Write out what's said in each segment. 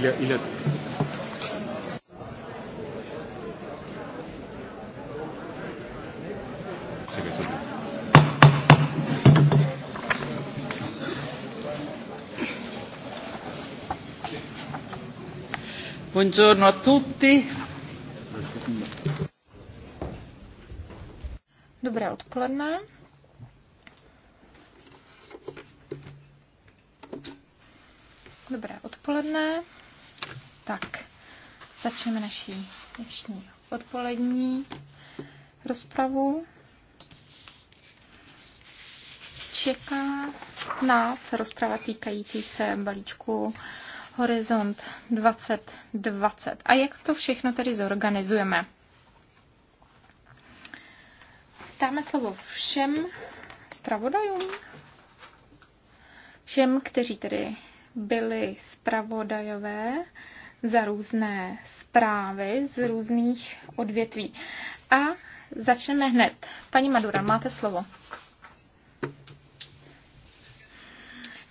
il a, il a Buongiorno a tutti. Dobré odpoledne. Dobré odpoledne. Tak, začneme naší dnešní odpolední rozpravu. Čeká nás rozprava týkající se balíčku Horizont 2020. A jak to všechno tedy zorganizujeme? Dáme slovo všem zpravodajům, všem, kteří tedy byli zpravodajové za různé zprávy z různých odvětví. A začneme hned. Paní Madura, máte slovo.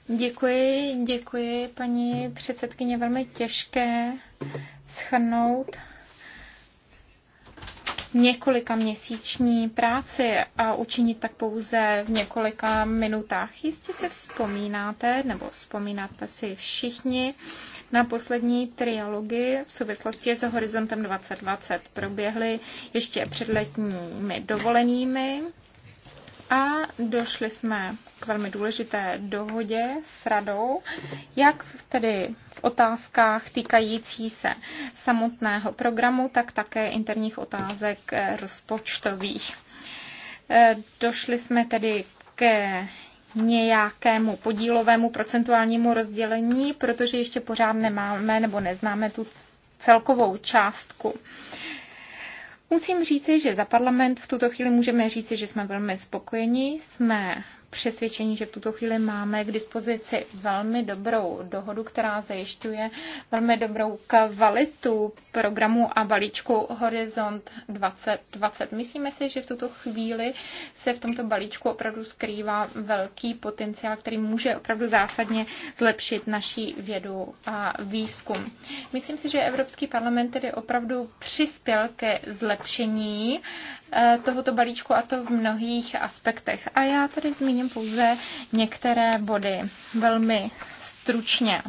Děkuji, děkuji, paní předsedkyně. Velmi těžké schrnout několika měsíční práci a učinit tak pouze v několika minutách. Jistě si vzpomínáte, nebo vzpomínáte si všichni, na poslední trialogy v souvislosti s Horizontem 2020 proběhly ještě před letními dovolenými a došli jsme k velmi důležité dohodě s radou, jak tedy v otázkách týkající se samotného programu, tak také interních otázek rozpočtových. E, došli jsme tedy ke nějakému podílovému procentuálnímu rozdělení, protože ještě pořád nemáme nebo neznáme tu celkovou částku. Musím říci, že za parlament v tuto chvíli můžeme říci, že jsme velmi spokojeni, jsme přesvědčení, že v tuto chvíli máme k dispozici velmi dobrou dohodu, která zajišťuje velmi dobrou kvalitu programu a balíčku Horizont 2020. Myslíme si, že v tuto chvíli se v tomto balíčku opravdu skrývá velký potenciál, který může opravdu zásadně zlepšit naší vědu a výzkum. Myslím si, že Evropský parlament tedy opravdu přispěl ke zlepšení eh, tohoto balíčku a to v mnohých aspektech. A já tady zmíním zmíním pouze některé body velmi stručně.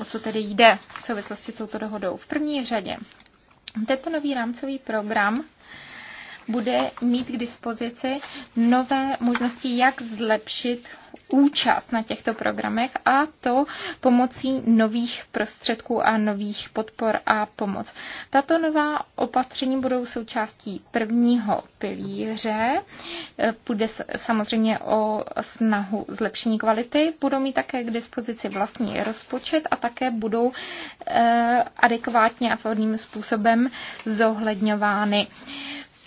O co tedy jde v souvislosti s touto dohodou? V první řadě tento nový rámcový program bude mít k dispozici nové možnosti, jak zlepšit účast na těchto programech a to pomocí nových prostředků a nových podpor a pomoc. Tato nová opatření budou součástí prvního pilíře. Půjde samozřejmě o snahu zlepšení kvality. Budou mít také k dispozici vlastní rozpočet a také budou eh, adekvátně a vhodným způsobem zohledňovány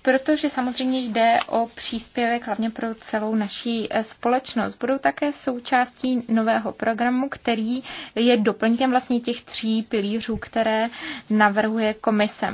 protože samozřejmě jde o příspěvek hlavně pro celou naší eh, společnost. Budou také součástí nového programu, který je doplňkem vlastně těch tří pilířů, které navrhuje komise.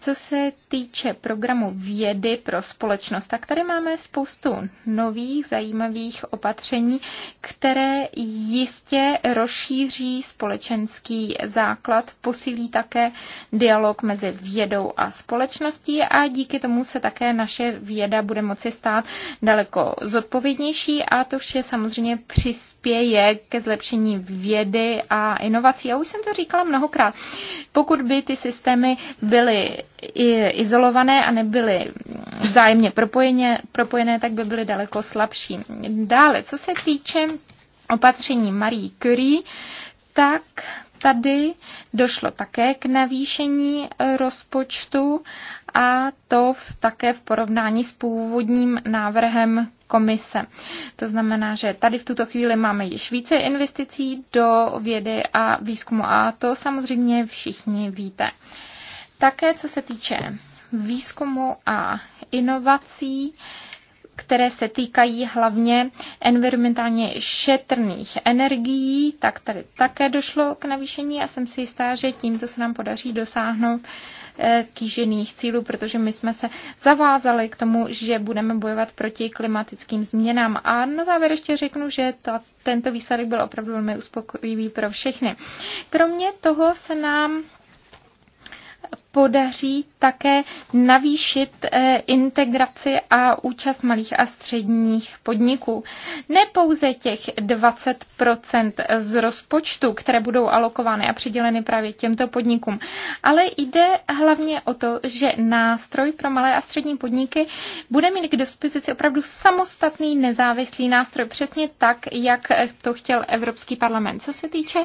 Co se týče programu vědy pro společnost, tak tady máme spoustu nových zajímavých opatření, které jistě rozšíří společenský základ, posílí také dialog mezi vědou a společností a díky tomu se také naše věda bude moci stát daleko zodpovědnější a to vše samozřejmě přispěje ke zlepšení vědy a inovací. Já už jsem to říkala mnohokrát. Pokud by ty systémy byly izolované a nebyly vzájemně propojeně, propojené, tak by byly daleko slabší. Dále, co se týče opatření Marie Curie, tak tady došlo také k navýšení rozpočtu a to také v porovnání s původním návrhem komise. To znamená, že tady v tuto chvíli máme již více investicí do vědy a výzkumu a to samozřejmě všichni víte. Také co se týče výzkumu a inovací, které se týkají hlavně environmentálně šetrných energií, tak tady také došlo k navýšení a jsem si jistá, že tímto se nám podaří dosáhnout eh, kýžených cílů, protože my jsme se zavázali k tomu, že budeme bojovat proti klimatickým změnám. A na závěr ještě řeknu, že to, tento výsledek byl opravdu velmi uspokojivý pro všechny. Kromě toho se nám podaří také navýšit eh, integraci a účast malých a středních podniků. Ne pouze těch 20 z rozpočtu, které budou alokovány a přiděleny právě těmto podnikům, ale jde hlavně o to, že nástroj pro malé a střední podniky bude mít k dispozici opravdu samostatný nezávislý nástroj, přesně tak, jak to chtěl Evropský parlament. Co se týče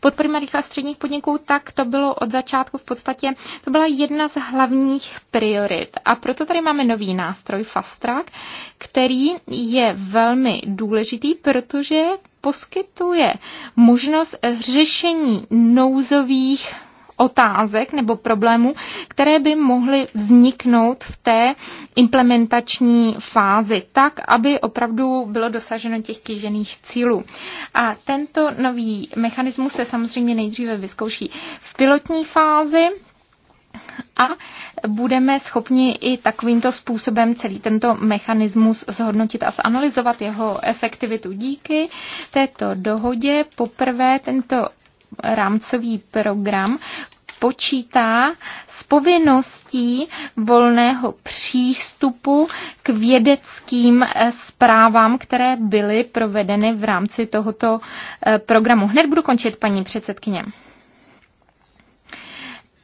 podpory malých a středních podniků, tak to bylo od začátku v podstatě to byla jedna z hlavních priorit. A proto tady máme nový nástroj Fast Track, který je velmi důležitý, protože poskytuje možnost řešení nouzových otázek nebo problémů, které by mohly vzniknout v té implementační fázi, tak, aby opravdu bylo dosaženo těch kýžených cílů. A tento nový mechanismus se samozřejmě nejdříve vyzkouší v pilotní fázi, a budeme schopni i takovýmto způsobem celý tento mechanismus zhodnotit a zanalizovat jeho efektivitu. Díky této dohodě poprvé tento rámcový program počítá s povinností volného přístupu k vědeckým eh, zprávám, které byly provedeny v rámci tohoto eh, programu. Hned budu končit, paní předsedkyně.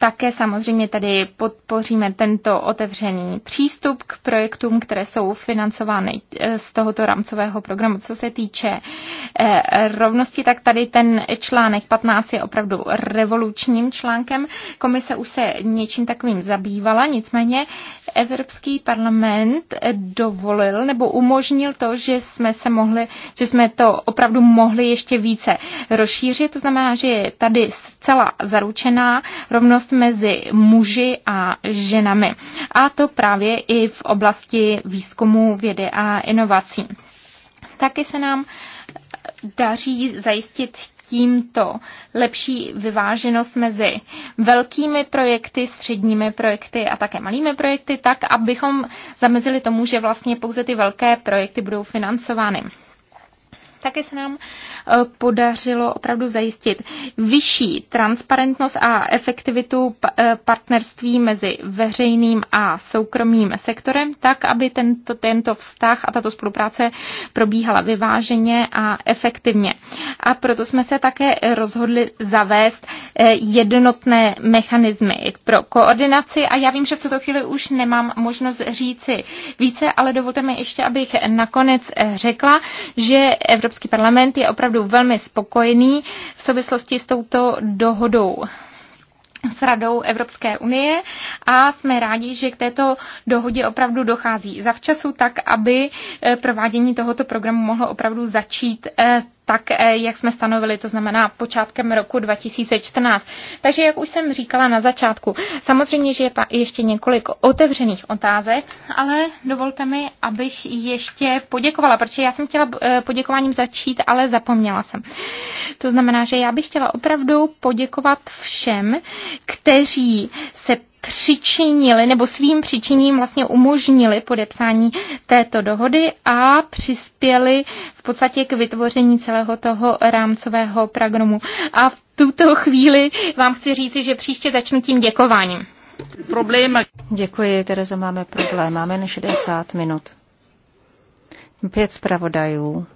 Také samozřejmě tady podpoříme tento otevřený přístup k projektům, které jsou financovány eh, z tohoto rámcového programu. Co se týče eh, rovnosti, tak tady ten článek 15 je opravdu revolučním článkem. Komise už se něčím takovým zabývala, nicméně Evropský parlament eh, dovolil nebo umožnil to, že jsme se mohli, že jsme to opravdu mohli ještě více rozšířit. To znamená, že je tady zcela zaručená rovnost mezi muži a ženami. A to právě i v oblasti výzkumu, vědy a inovací. Taky se nám daří zajistit tímto lepší vyváženost mezi velkými projekty, středními projekty a také malými projekty, tak abychom zamezili tomu, že vlastně pouze ty velké projekty budou financovány také se nám eh, podařilo opravdu zajistit vyšší transparentnost a efektivitu eh, partnerství mezi veřejným a soukromým sektorem, tak, aby tento, tento vztah a tato spolupráce probíhala vyváženě a efektivně. A proto jsme se také rozhodli zavést eh, jednotné mechanismy pro koordinaci a já vím, že v tuto chvíli už nemám možnost říci více, ale dovolte mi ještě, abych nakonec řekla, že Evropská Evropský parlament je opravdu velmi spokojený v souvislosti s touto dohodou s Radou Evropské unie a jsme rádi, že k této dohodě opravdu dochází zavčasu tak, aby eh, provádění tohoto programu mohlo opravdu začít eh, tak, eh, jak jsme stanovili, to znamená počátkem roku 2014. Takže, jak už jsem říkala na začátku, samozřejmě, že je ještě několik otevřených otázek, ale dovolte mi, abych ještě poděkovala, protože já jsem chtěla eh, poděkováním začít, ale zapomněla jsem. To znamená, že já bych chtěla opravdu poděkovat všem, kteří se přičinili nebo svým přičiním vlastně umožnili podepsání této dohody a přispěli v podstatě k vytvoření celého toho rámcového programu. A v tuto chvíli vám chci říci, že příště začnu tím děkováním. Problém. Děkuji, Tereza, máme problém. Máme na 60 minut. Pět zpravodajů.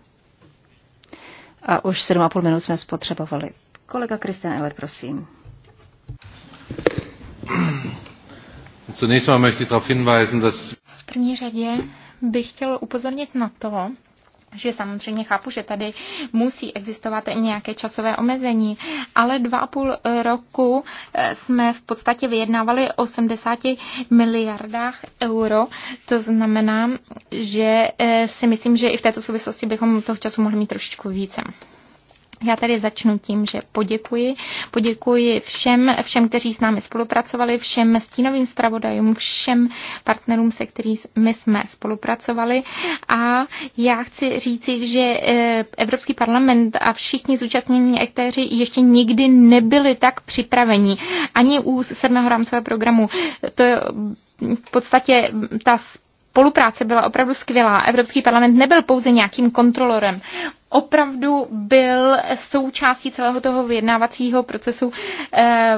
A už 7,5 minut jsme spotřebovali. Kolega Kristian Eller, prosím. Zunächst mal möchte ich darauf hinweisen, dass v první řadě bych chtěl upozornit na to, že samozřejmě chápu, že tady musí existovat nějaké časové omezení, ale dva a půl roku eh, jsme v podstatě vyjednávali o 80 miliardách euro, to znamená, že eh, si myslím, že i v této souvislosti bychom toho času mohli mít trošičku více. Já tady začnu tím, že poděkuji. Poděkuji všem, všem, kteří s námi spolupracovali, všem stínovým zpravodajům, všem partnerům, se kterými jsme spolupracovali. A já chci říci, že eh, Evropský parlament a všichni zúčastnění aktéři ještě nikdy nebyli tak připraveni. Ani u sedmého rámcového programu. To je v podstatě ta spolupráce byla opravdu skvělá. Evropský parlament nebyl pouze nějakým kontrolorem. Opravdu byl součástí celého toho vyjednávacího procesu, eh,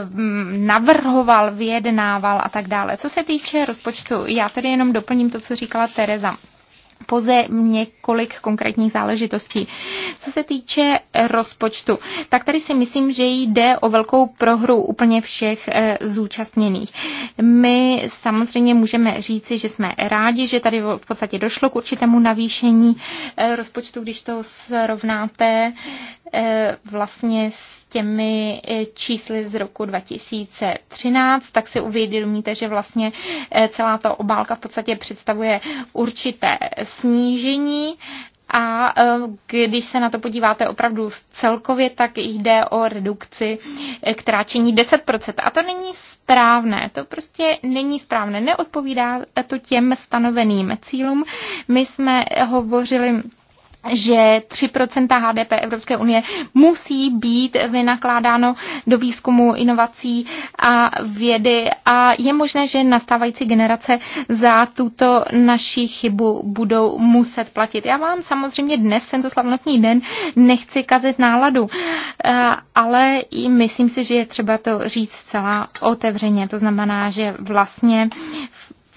navrhoval, vyjednával a tak dále. Co se týče rozpočtu, já tedy jenom doplním to, co říkala Tereza pouze několik konkrétních záležitostí. Co se týče rozpočtu, tak tady si myslím, že jde o velkou prohru úplně všech eh, zúčastněných. My samozřejmě můžeme říci, že jsme rádi, že tady v podstatě došlo k určitému navýšení eh, rozpočtu, když to srovnáte eh, vlastně s těmi eh, čísly z roku 2013, tak si uvědomíte, že vlastně eh, celá ta obálka v podstatě představuje určité snížení a eh, když se na to podíváte opravdu celkově, tak jde o redukci, která činí 10%. A to není správné, to prostě není správné, neodpovídá to těm stanoveným cílům. My jsme hovořili že 3% HDP Evropské unie musí být vynakládáno do výzkumu, inovací a vědy a je možné, že nastávající generace za tuto naši chybu budou muset platit. Já vám samozřejmě dnes, tento slavnostní den, nechci kazit náladu, eh, ale i myslím si, že je třeba to říct celá otevřeně. To znamená, že vlastně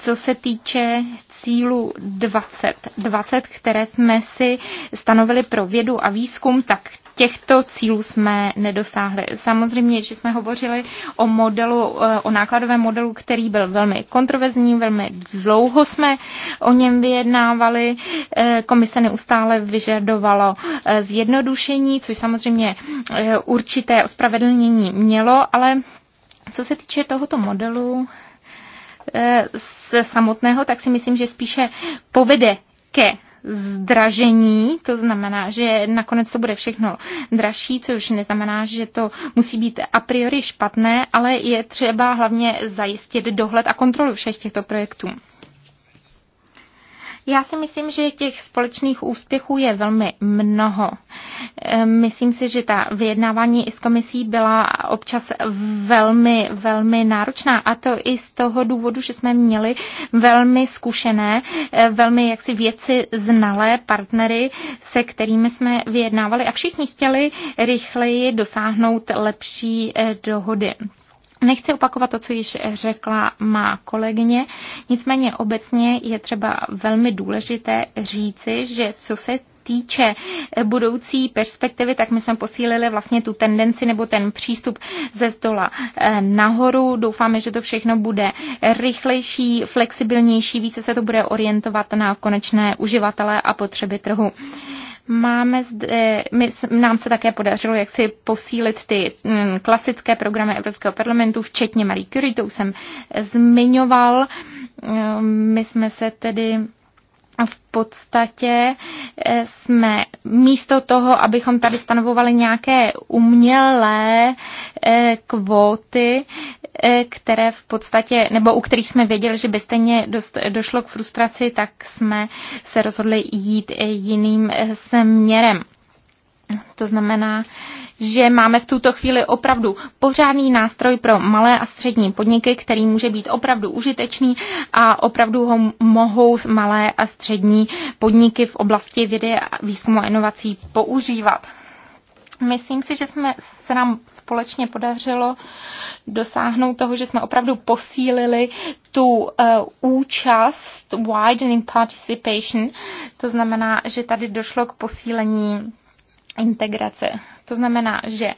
co se týče cílu 20, 20, které jsme si stanovili pro vědu a výzkum, tak těchto cílů jsme nedosáhli. Samozřejmě, že jsme hovořili o modelu, eh, o nákladovém modelu, který byl velmi kontroverzní, velmi dlouho jsme o něm vyjednávali. Eh, komise neustále vyžadovalo eh, zjednodušení, což samozřejmě určité ospravedlnění mělo, ale co se týče tohoto modelu, z samotného, tak si myslím, že spíše povede ke zdražení, to znamená, že nakonec to bude všechno dražší, což neznamená, že to musí být a priori špatné, ale je třeba hlavně zajistit dohled a kontrolu všech těchto projektů. Já si myslím, že těch společných úspěchů je velmi mnoho. E, myslím si, že ta vyjednávání i s komisí byla občas velmi, velmi náročná a to i z toho důvodu, že jsme měli velmi zkušené, e, velmi jaksi věci znalé partnery, se kterými jsme vyjednávali a všichni chtěli rychleji dosáhnout lepší e, dohody. Nechci opakovat to, co již řekla má kolegyně, nicméně obecně je třeba velmi důležité říci, že co se týče budoucí perspektivy, tak my jsme posílili vlastně tu tendenci nebo ten přístup ze stola eh, nahoru. Doufáme, že to všechno bude rychlejší, flexibilnější, více se to bude orientovat na konečné uživatele a potřeby trhu. Máme zde, eh, my, nám se také podařilo, jak si posílit ty mm, klasické programy Evropského parlamentu, včetně Marie Curie, to už jsem zmiňoval. Ehm, my jsme se tedy v podstatě eh, jsme místo toho, abychom tady stanovovali nějaké umělé eh, kvóty, eh, které v podstatě, nebo u kterých jsme věděli, že by stejně dost, došlo k frustraci, tak jsme se rozhodli jít jiným směrem. To znamená, že máme v tuto chvíli opravdu pořádný nástroj pro malé a střední podniky, který může být opravdu užitečný a opravdu ho mohou malé a střední podniky v oblasti vědy, a výzkumu a inovací používat. Myslím si, že jsme, se nám společně podařilo dosáhnout toho, že jsme opravdu posílili tu uh, účast, widening participation, to znamená, že tady došlo k posílení integrace. To znamená, že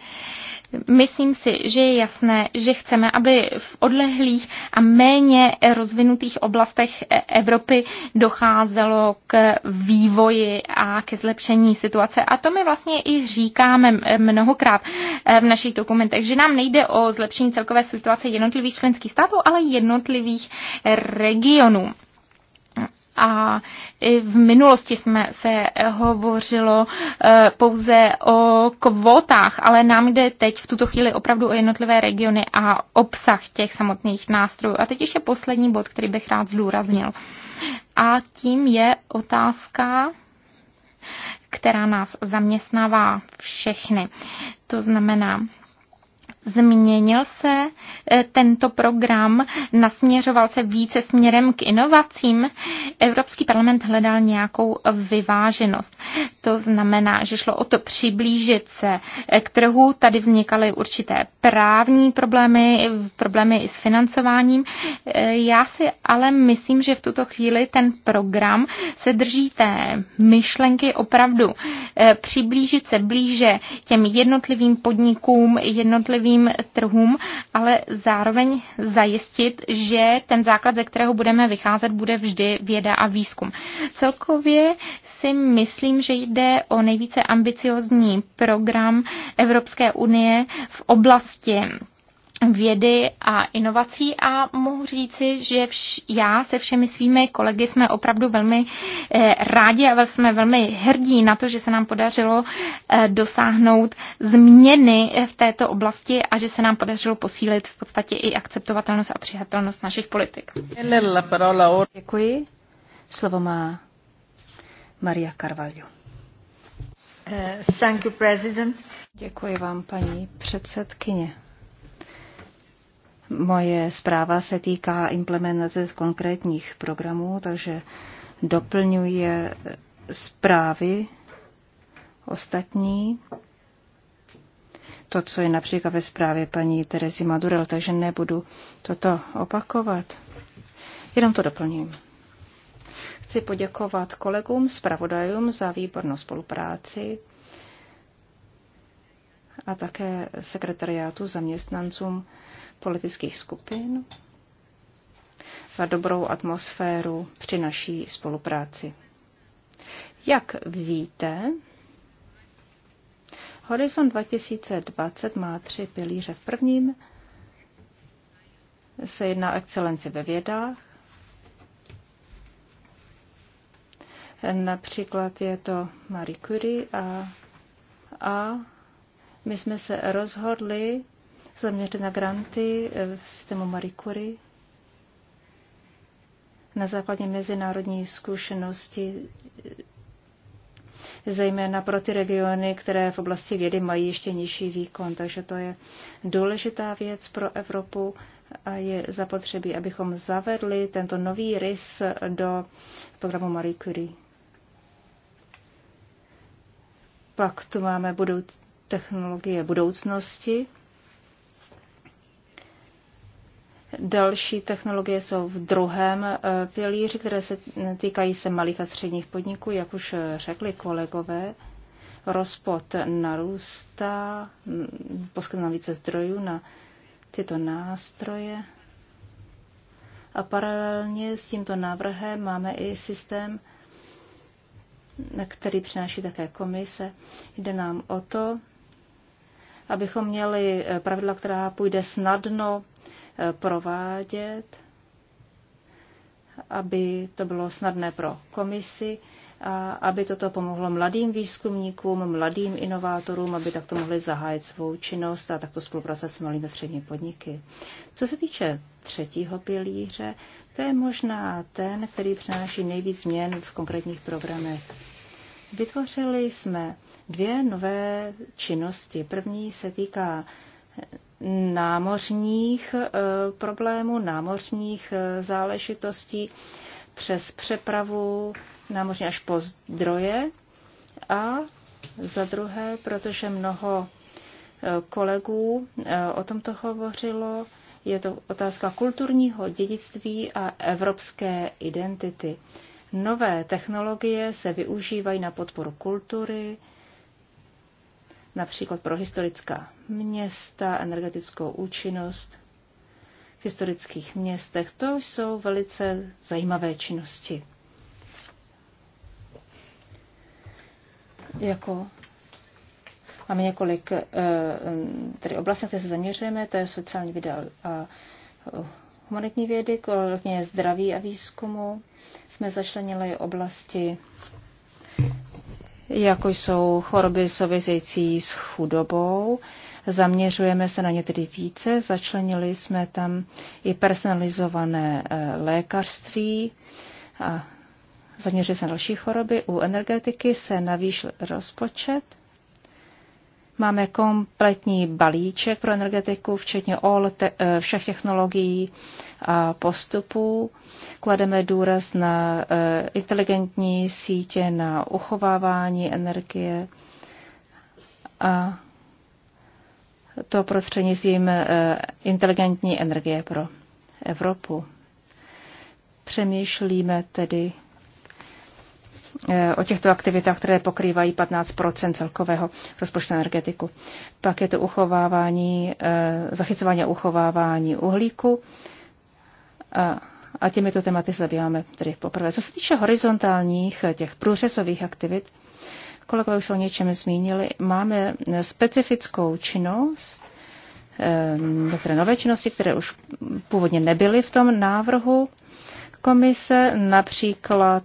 Myslím si, že je jasné, že chceme, aby v odlehlých a méně rozvinutých oblastech Evropy docházelo k vývoji a ke zlepšení situace. A to my vlastně i říkáme mnohokrát v našich dokumentech, že nám nejde o zlepšení celkové situace jednotlivých členských států, ale jednotlivých regionů a i v minulosti jsme se hovořilo eh, pouze o kvotách, ale nám jde teď v tuto chvíli opravdu o jednotlivé regiony a obsah těch samotných nástrojů. A teď ještě poslední bod, který bych rád zdůraznil. A tím je otázka která nás zaměstnává všechny. To znamená, Změnil se eh, tento program, nasměřoval se více směrem k inovacím. Evropský parlament hledal nějakou vyváženost. To znamená, že šlo o to přiblížit se k trhu. Tady vznikaly určité právní problémy, problémy i s financováním. Eh, já si ale myslím, že v tuto chvíli ten program se drží té myšlenky opravdu eh, přiblížit se blíže těm jednotlivým podnikům, jednotlivým finančním trhům, ale zároveň zajistit, že ten základ, ze kterého budeme vycházet, bude vždy věda a výzkum. Celkově si myslím, že jde o nejvíce ambiciozní program Evropské unie v oblasti vědy a inovací a mohu říci, že vš- já se všemi svými kolegy jsme opravdu velmi e, rádi a jsme velmi hrdí na to, že se nám podařilo e, dosáhnout změny v této oblasti a že se nám podařilo posílit v podstatě i akceptovatelnost a přijatelnost našich politik. Děkuji. Slovo má Maria Carvalho. Uh, thank you, President. Děkuji vám, paní předsedkyně. Moje zpráva se týká implementace konkrétních programů, takže doplňuje zprávy ostatní. To, co je například ve zprávě paní Terezy Madurel, takže nebudu toto opakovat. Jenom to doplním. Chci poděkovat kolegům, zpravodajům za výbornou spolupráci a také sekretariátu zaměstnancům politických skupin za dobrou atmosféru při naší spolupráci. Jak víte, Horizont 2020 má tři pilíře. V prvním se jedná o excelenci ve vědách. Například je to Marie Curie a, a my jsme se rozhodli zaměřit na granty eh, v systému Marie Curie na základě mezinárodní zkušenosti, eh, zejména pro ty regiony, které v oblasti vědy mají ještě nižší výkon. Takže to je důležitá věc pro Evropu a je zapotřebí, abychom zavedli tento nový rys do programu Marie Curie. Pak tu máme budouc- technologie budoucnosti. Další technologie jsou v druhém eh, pilíři, které se týkají se malých a středních podniků, jak už eh, řekli kolegové. Rozpod narůstá, mm, poskytná více zdrojů na tyto nástroje. A paralelně s tímto návrhem máme i systém, který přináší také komise. Jde nám o to, abychom měli eh, pravidla, která půjde snadno provádět, aby to bylo snadné pro komisi a aby toto pomohlo mladým výzkumníkům, mladým inovátorům, aby takto mohli zahájit svou činnost a takto spolupracovat s malými střední podniky. Co se týče třetího pilíře, to je možná ten, který přináší nejvíc změn v konkrétních programech. Vytvořili jsme dvě nové činnosti. První se týká námořních eh, problémů, námořních eh, záležitostí přes přepravu námořní až po zdroje a za druhé, protože mnoho eh, kolegů o tomto hovořilo, je to otázka kulturního dědictví a evropské identity. Nové technologie se využívají na podporu kultury, například pro historická města, energetickou účinnost v historických městech. To jsou velice zajímavé činnosti. Jako máme několik eh, tedy oblastí, které se zaměřujeme, to je sociální věda a eh, humanitní vědy, kolegně zdraví a výzkumu. Jsme začlenili oblasti jako jsou choroby související s chudobou. Zaměřujeme se na ně tedy více, začlenili jsme tam i personalizované eh, lékařství a zaměřili se na další choroby. U energetiky se navýšil rozpočet Máme kompletní balíček pro energetiku, včetně all te- eh, všech technologií a postupů. Klademe důraz na eh, inteligentní sítě, na uchovávání energie a to prostřednictvím eh, inteligentní energie pro Evropu. Přemýšlíme tedy Eh, o těchto aktivitách, které pokrývají 15 celkového rozpočtu energetiku. Pak je to uchovávání, eh, zachycování a uchovávání uhlíku. A, a těmito tématy zabýváme tedy poprvé. Co se týče horizontálních, eh, těch průřezových aktivit, kolegové už se o něčem zmínili, máme specifickou činnost, některé nové činnosti, které už původně nebyly v tom návrhu komise, například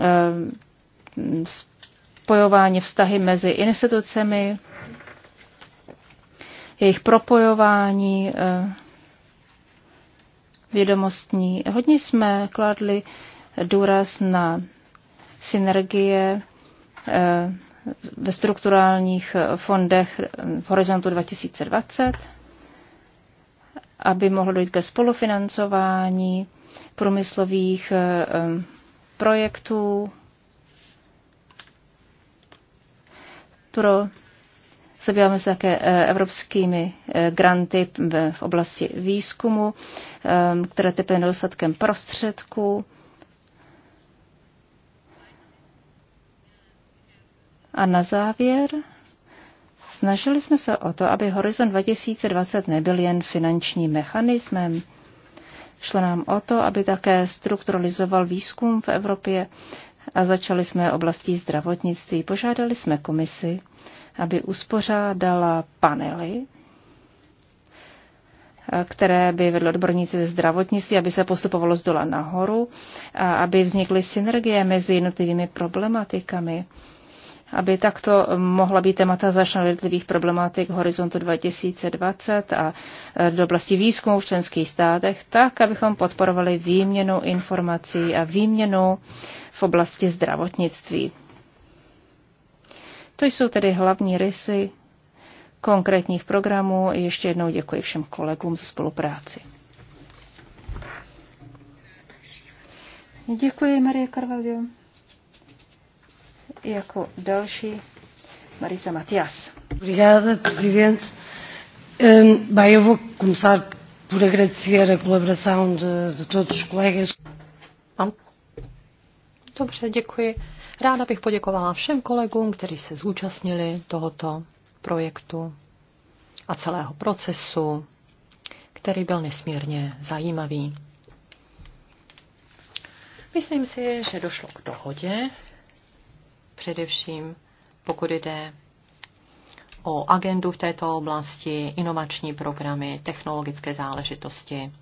Eh, spojování vztahy mezi institucemi, jejich propojování eh, vědomostní. Hodně jsme kladli důraz na synergie eh, ve strukturálních fondech v horizontu 2020, aby mohlo dojít ke spolufinancování průmyslových projektů pro Zabýváme se také eh, evropskými eh, granty v oblasti výzkumu, eh, které typy nedostatkem prostředků. A na závěr snažili jsme se o to, aby Horizon 2020 nebyl jen finančním mechanismem, Šlo nám o to, aby také strukturalizoval výzkum v Evropě a začali jsme oblastí zdravotnictví. Požádali jsme komisi, aby uspořádala panely, které by vedly odborníci ze zdravotnictví, aby se postupovalo z dola nahoru a aby vznikly synergie mezi jednotlivými problematikami aby takto mohla být témata začlena jednotlivých problematik Horizontu 2020 a e, do oblasti výzkumu v členských státech, tak, abychom podporovali výměnu informací a výměnu v oblasti zdravotnictví. To jsou tedy hlavní rysy konkrétních programů. Ještě jednou děkuji všem kolegům za spolupráci. Děkuji, Marie Carvalho. Jako další Marisa Matias. Obrigada, presidente. Um, bem, eu vou começar por agradecer a colaboração de, de todos os colegas. Dobře, děkuji. Ráda bych poděkovala všem kolegům, kteří se zúčastnili tohoto projektu a celého procesu, který byl nesmírně zajímavý. Myslím si, že došlo k dohodě především pokud jde o agendu v této oblasti, inovační programy, technologické záležitosti.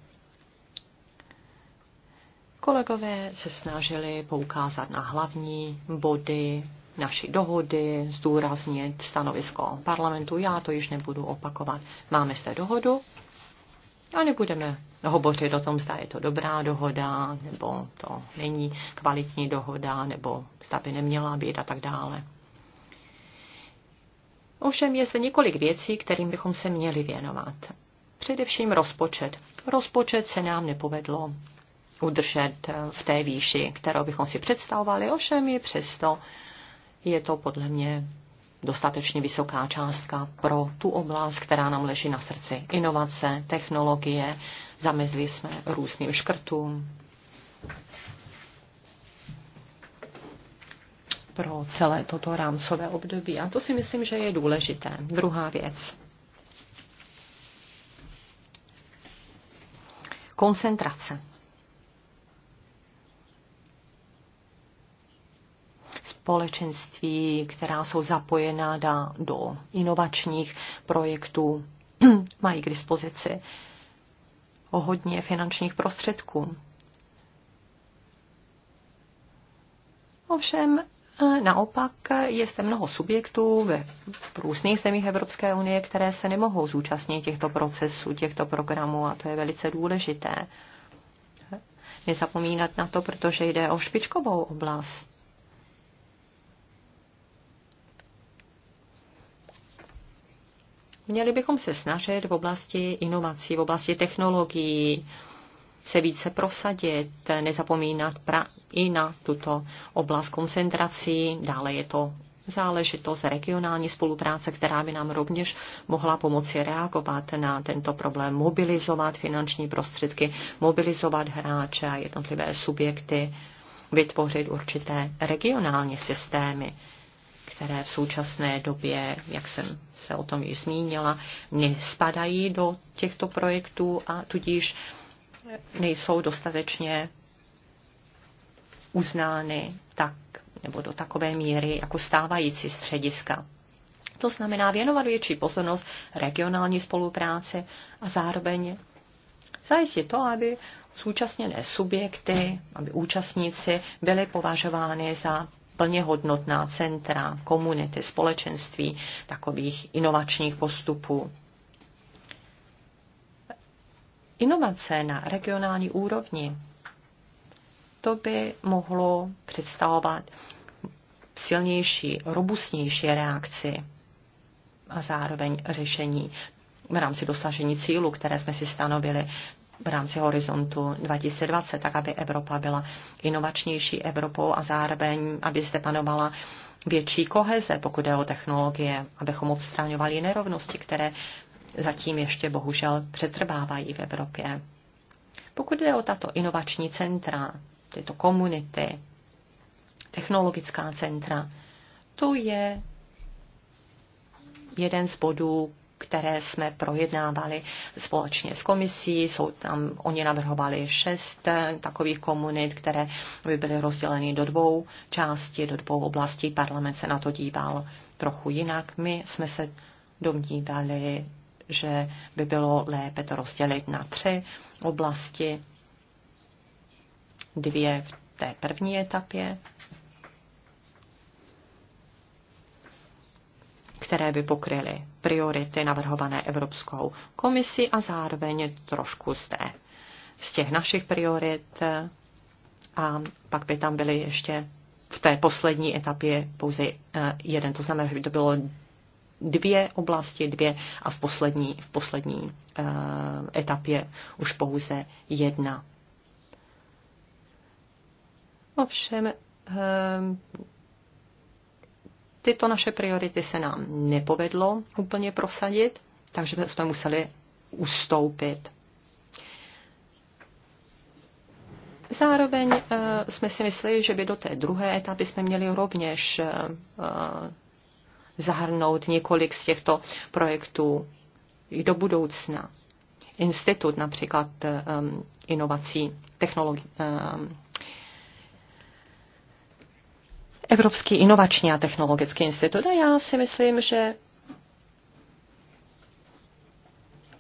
Kolegové se snažili poukázat na hlavní body naší dohody, zdůraznit stanovisko parlamentu. Já to již nebudu opakovat. Máme zde dohodu, a nebudeme hovořit o tom, zda je to dobrá dohoda, nebo to není kvalitní dohoda, nebo zda by neměla být a tak dále. Ovšem je zde několik věcí, kterým bychom se měli věnovat. Především rozpočet. Rozpočet se nám nepovedlo udržet v té výši, kterou bychom si představovali, ovšem i přesto je to podle mě dostatečně vysoká částka pro tu oblast, která nám leží na srdci. Inovace, technologie, zamezli jsme různým škrtům. pro celé toto rámcové období. A to si myslím, že je důležité. Druhá věc. Koncentrace. společenství, která jsou zapojená do inovačních projektů, mají k dispozici o hodně finančních prostředků. Ovšem, eh, naopak je zde mnoho subjektů ve různých zemích Evropské unie, které se nemohou zúčastnit těchto procesů, těchto programů a to je velice důležité. Nezapomínat na to, protože jde o špičkovou oblast Měli bychom se snažit v oblasti inovací, v oblasti technologií se více prosadit, nezapomínat pra- i na tuto oblast koncentrací. Dále je to záležitost regionální spolupráce, která by nám rovněž mohla pomoci reagovat na tento problém, mobilizovat finanční prostředky, mobilizovat hráče a jednotlivé subjekty, vytvořit určité regionální systémy, které v současné době, jak jsem se o tom již zmínila, nespadají do těchto projektů a tudíž nejsou dostatečně uznány tak nebo do takové míry jako stávající střediska. To znamená věnovat větší pozornost regionální spolupráci a zároveň zajistit to, aby současněné subjekty, aby účastníci byli považovány za plně hodnotná centra, komunity, společenství takových inovačních postupů. Inovace na regionální úrovni, to by mohlo představovat silnější, robustnější reakci a zároveň řešení v rámci dosažení cílu, které jsme si stanovili v rámci horizontu 2020, tak aby Evropa byla inovačnější Evropou a zároveň, aby zde panovala větší koheze, pokud jde o technologie, abychom odstraňovali nerovnosti, které zatím ještě bohužel přetrvávají v Evropě. Pokud jde o tato inovační centra, tyto komunity, technologická centra, to je jeden z bodů, které jsme projednávali společně s komisí. Jsou tam, oni navrhovali šest eh, takových komunit, které by byly rozděleny do dvou částí, do dvou oblastí. Parlament se na to díval trochu jinak. My jsme se domnívali, že by bylo lépe to rozdělit na tři oblasti. Dvě v té první etapě, které by pokryly priority navrhované Evropskou komisi a zároveň trošku z, té, z těch našich priorit. A pak by tam byly ještě v té poslední etapě pouze eh, jeden. To znamená, že by to bylo dvě oblasti, dvě a v poslední, v poslední eh, etapě už pouze jedna. Ovšem, eh, tyto naše priority se nám nepovedlo úplně prosadit, takže jsme museli ustoupit. Zároveň uh, jsme si mysleli, že by do té druhé etapy jsme měli rovněž uh, zahrnout několik z těchto projektů i do budoucna. Institut například um, inovací, technologi- um, Evropský inovační a technologický institut. A já si myslím, že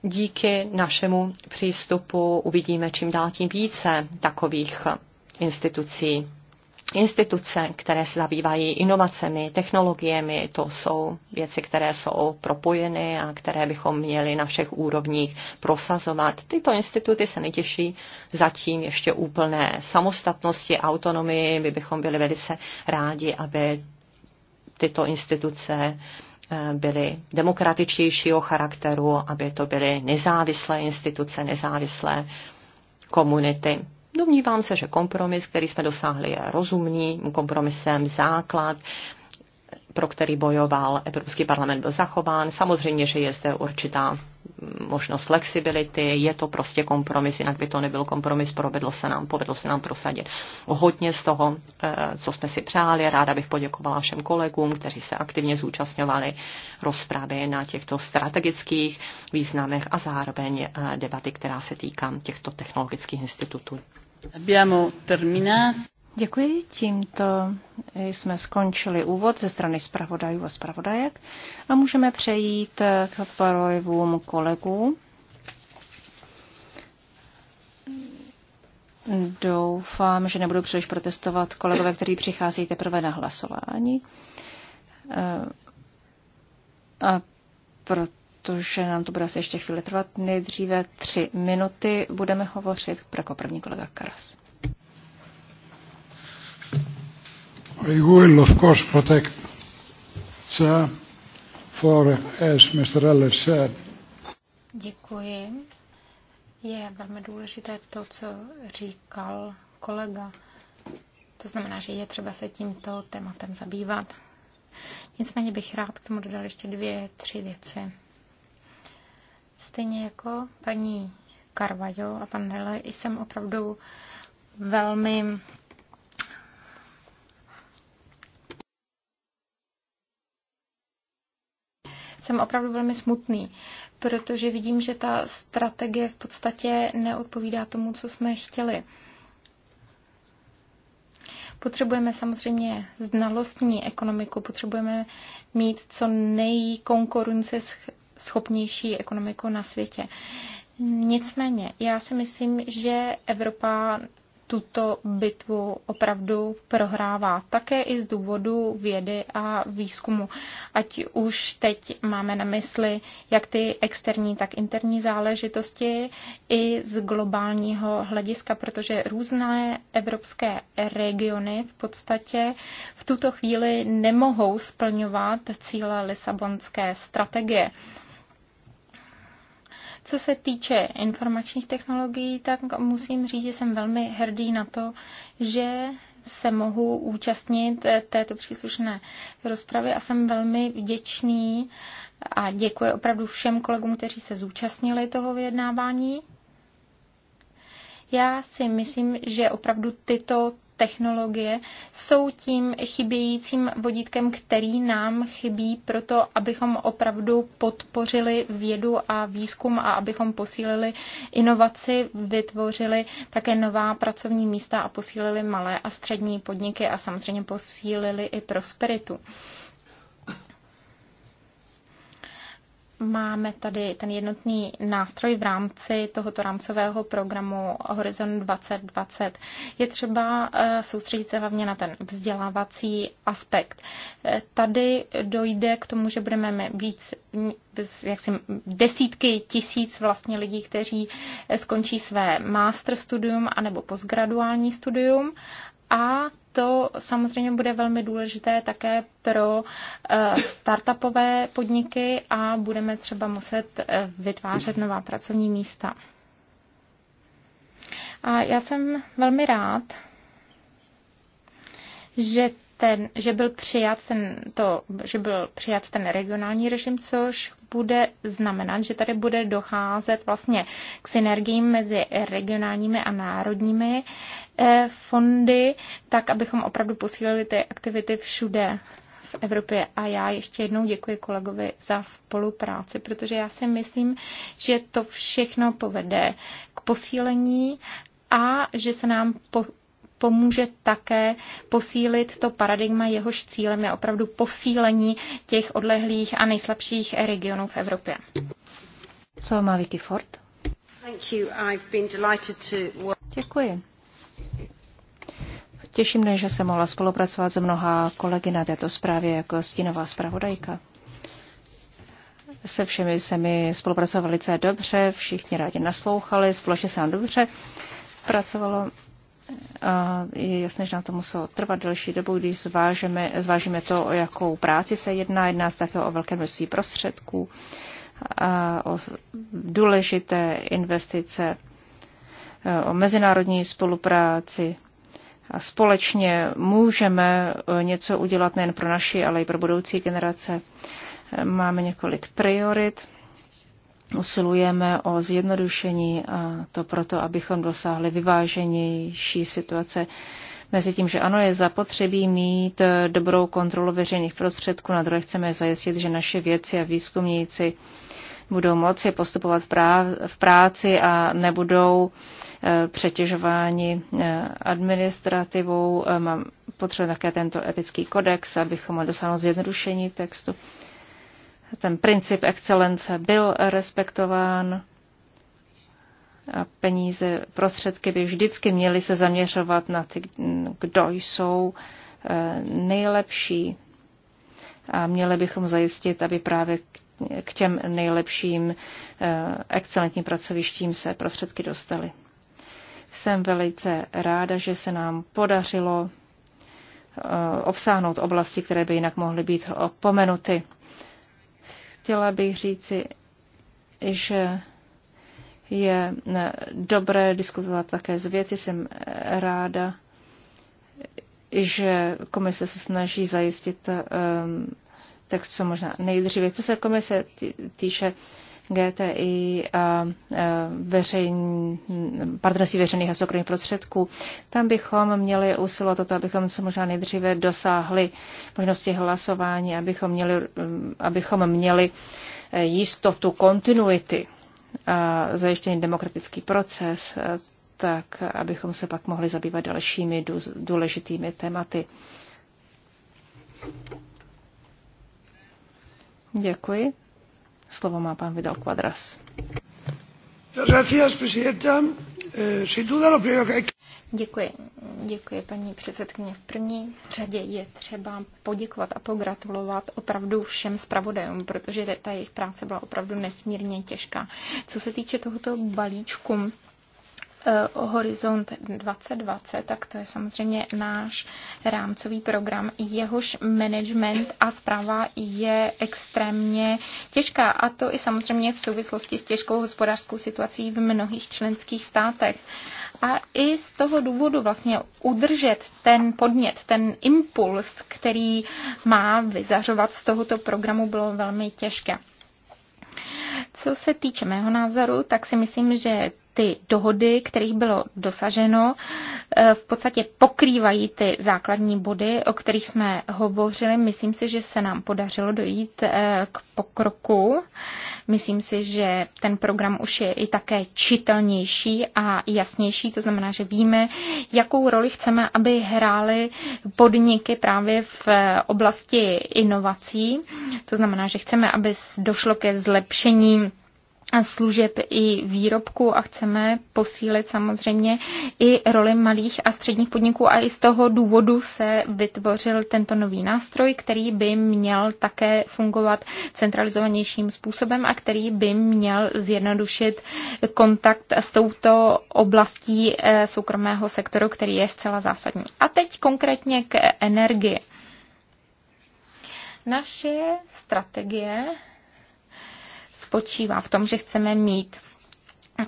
díky našemu přístupu uvidíme čím dál tím více takových institucí instituce, které se zabývají inovacemi, technologiemi, to jsou věci, které jsou propojeny a které bychom měli na všech úrovních prosazovat. Tyto instituty se netěší zatím ještě úplné samostatnosti, autonomii. My bychom byli velice rádi, aby tyto instituce eh, byly demokratičtějšího charakteru, aby to byly nezávislé instituce, nezávislé komunity. Domnívám se, že kompromis, který jsme dosáhli, je rozumný kompromisem, základ pro který bojoval Evropský parlament, byl zachován. Samozřejmě, že je zde určitá možnost flexibility, je to prostě kompromis, jinak by to nebyl kompromis, povedlo se nám, povedlo se nám prosadit hodně z toho, eh, co jsme si přáli. Ráda bych poděkovala všem kolegům, kteří se aktivně zúčastňovali rozpravy na těchto strategických významech a zároveň eh, debaty, která se týká těchto technologických institutů. Abbiamo terminato. Děkuji. Tímto jsme skončili úvod ze strany zpravodajů a zpravodajek a můžeme přejít k projevům kolegů. Doufám, že nebudu příliš protestovat kolegové, kteří přichází teprve na hlasování. A protože nám to bude asi ještě chvíli trvat, nejdříve tři minuty budeme hovořit jako první kolega Karas. we will of course protect for, as Mr. said. Děkuji. Je velmi důležité to, co říkal kolega. To znamená, že je třeba se tímto tématem zabývat. Nicméně bych rád k tomu dodal ještě dvě, tři věci. Stejně jako paní Carvajo a pan Rele, jsem opravdu velmi jsem opravdu velmi smutný, protože vidím, že ta strategie v podstatě neodpovídá tomu, co jsme chtěli. Potřebujeme samozřejmě znalostní ekonomiku, potřebujeme mít co nejkonkurence schopnější ekonomiku na světě. Nicméně, já si myslím, že Evropa tuto bitvu opravdu prohrává. Také i z důvodu vědy a výzkumu. Ať už teď máme na mysli jak ty externí, tak interní záležitosti i z globálního hlediska, protože různé evropské regiony v podstatě v tuto chvíli nemohou splňovat cíle Lisabonské strategie. Co se týče informačních technologií, tak musím říct, že jsem velmi hrdý na to, že se mohu účastnit této příslušné rozpravy a jsem velmi vděčný a děkuji opravdu všem kolegům, kteří se zúčastnili toho vyjednávání. Já si myslím, že opravdu tyto technologie jsou tím chybějícím vodítkem, který nám chybí pro to, abychom opravdu podpořili vědu a výzkum a abychom posílili inovaci, vytvořili také nová pracovní místa a posílili malé a střední podniky a samozřejmě posílili i prosperitu. Máme tady ten jednotný nástroj v rámci tohoto rámcového programu Horizon 2020. Je třeba eh, soustředit se hlavně na ten vzdělávací aspekt. Eh, tady dojde k tomu, že budeme víc jak si, desítky tisíc vlastně lidí, kteří eh, skončí své master studium anebo postgraduální studium a to samozřejmě bude velmi důležité také pro eh, startupové podniky a budeme třeba muset eh, vytvářet nová pracovní místa. A já jsem velmi rád, že ten, že byl přijat ten, to, že byl přijat ten regionální režim, což bude znamenat, že tady bude docházet vlastně k synergiím mezi regionálními a národními eh, fondy, tak abychom opravdu posílili ty aktivity všude v Evropě. A já ještě jednou děkuji kolegovi za spolupráci, protože já si myslím, že to všechno povede k posílení a že se nám po, pomůže také posílit to paradigma, jehož cílem je opravdu posílení těch odlehlých a nejslabších regionů v Evropě. Co má Vicky Ford? Děkuji. Těší mne, že jsem mohla spolupracovat se mnoha kolegy na této zprávě jako stínová zpravodajka. Se všemi se mi spolupracovali velice dobře, všichni rádi naslouchali, společně se nám dobře pracovalo. A je jasné, že nám to muselo trvat delší dobu, když zvážeme, zvážíme to, o jakou práci se jedná. Jedná se také o velké množství prostředků, a o důležité investice, e, o mezinárodní spolupráci. A společně můžeme e, něco udělat nejen pro naši, ale i pro budoucí generace. E, máme několik priorit usilujeme o zjednodušení a to proto, abychom dosáhli vyváženější situace mezi tím, že ano, je zapotřebí mít dobrou kontrolu veřejných prostředků, na druhé chceme zajistit, že naše věci a výzkumníci budou moci postupovat v práci a nebudou e, přetěžováni e, administrativou. E, mám potřebu také tento etický kodex, abychom dosáhli zjednodušení textu ten princip excelence byl respektován a peníze, prostředky by vždycky měly se zaměřovat na ty, kdo jsou eh, nejlepší. A měli bychom zajistit, aby právě k těm nejlepším eh, excelentním pracovištím se prostředky dostaly. Jsem velice ráda, že se nám podařilo eh, obsáhnout oblasti, které by jinak mohly být opomenuty. Chtěla bych říci, že je eh, dobré diskutovat také z věci. Jsem eh, ráda, že komise se snaží zajistit um, text co možná nejdříve. Co se komise týče, GTI a veřejní, partnerství veřejných a soukromých prostředků. Tam bychom měli usilovat o to, abychom se možná nejdříve dosáhli možnosti hlasování, abychom měli, abychom měli e, jistotu kontinuity a zajištěný demokratický proces, e, tak abychom se pak mohli zabývat dalšími důležitými tématy. Děkuji. Slovo má pan Vidal Quadras. Eh, Děkuji. Děkuji, paní předsedkyně. V první řadě je třeba poděkovat a pogratulovat opravdu všem zpravodajům, protože ta jejich práce byla opravdu nesmírně těžká. Co se týče tohoto balíčku Horizont 2020, tak to je samozřejmě náš rámcový program. Jehož management a zpráva je extrémně těžká a to i samozřejmě v souvislosti s těžkou hospodářskou situací v mnohých členských státech. A i z toho důvodu vlastně udržet ten podnět, ten impuls, který má vyzařovat z tohoto programu, bylo velmi těžké. Co se týče mého názoru, tak si myslím, že ty dohody, kterých bylo dosaženo, eh, v podstatě pokrývají ty základní body, o kterých jsme hovořili. Myslím si, že se nám podařilo dojít eh, k pokroku. Myslím si, že ten program už je i také čitelnější a jasnější, to znamená, že víme, jakou roli chceme, aby hrály podniky právě v oblasti inovací. To znamená, že chceme, aby došlo ke zlepšení a služeb i výrobku a chceme posílit samozřejmě i roli malých a středních podniků a i z toho důvodu se vytvořil tento nový nástroj, který by měl také fungovat centralizovanějším způsobem a který by měl zjednodušit kontakt s touto oblastí eh, soukromého sektoru, který je zcela zásadní. A teď konkrétně k energii. Naše strategie spočívá v tom, že chceme mít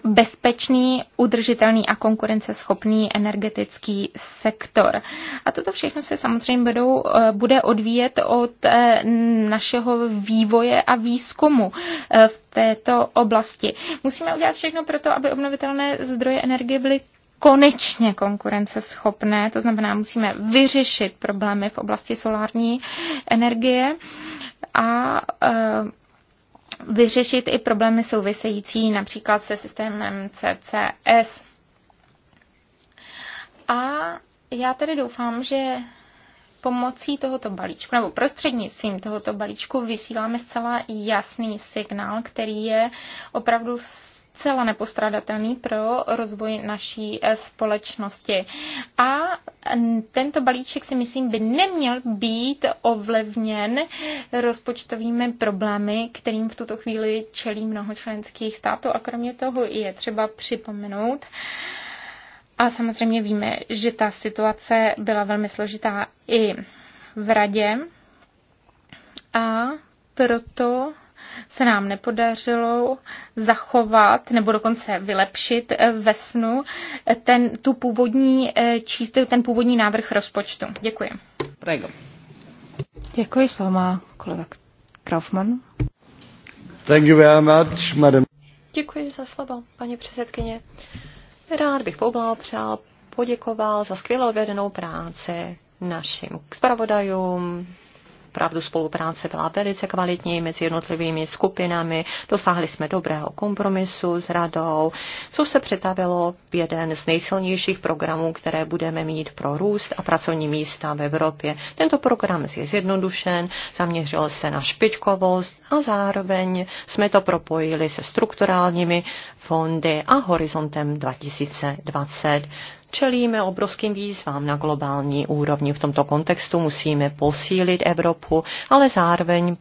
bezpečný, udržitelný a konkurenceschopný energetický sektor. A toto všechno se samozřejmě budou, eh, bude odvíjet od eh, našeho vývoje a výzkumu eh, v této oblasti. Musíme udělat všechno pro to, aby obnovitelné zdroje energie byly konečně konkurenceschopné, to znamená, musíme vyřešit problémy v oblasti solární energie a vyřešit i problémy související například se systémem CCS. A já tedy doufám, že pomocí tohoto balíčku, nebo prostřednictvím tohoto balíčku vysíláme zcela jasný signál, který je opravdu zcela nepostradatelný pro rozvoj naší eh, společnosti. A tento balíček si myslím by neměl být ovlivněn rozpočtovými problémy, kterým v tuto chvíli čelí mnoho členských států. A kromě toho je třeba připomenout, a samozřejmě víme, že ta situace byla velmi složitá i v radě. A proto se nám nepodařilo zachovat nebo dokonce vylepšit eh, ve snu eh, ten, tu původní, eh, číst, ten původní návrh rozpočtu. Děkuji. Prego. Děkuji, slova kolega Kaufmann. Thank you very much, madam. Děkuji za slovo, paní předsedkyně. Rád bych poblahopřál, poděkoval za skvěle odvedenou práci našim zpravodajům, opravdu spolupráce byla velice kvalitní mezi jednotlivými skupinami, dosáhli jsme dobrého kompromisu s radou, co se přetavilo v jeden z nejsilnějších programů, které budeme mít pro růst a pracovní místa v Evropě. Tento program je zjednodušen, zaměřil se na špičkovost a zároveň jsme to propojili se strukturálními fondy a horizontem 2020. Čelíme obrovským výzvám na globální úrovni. V tomto kontextu musíme posílit Evropu, ale zároveň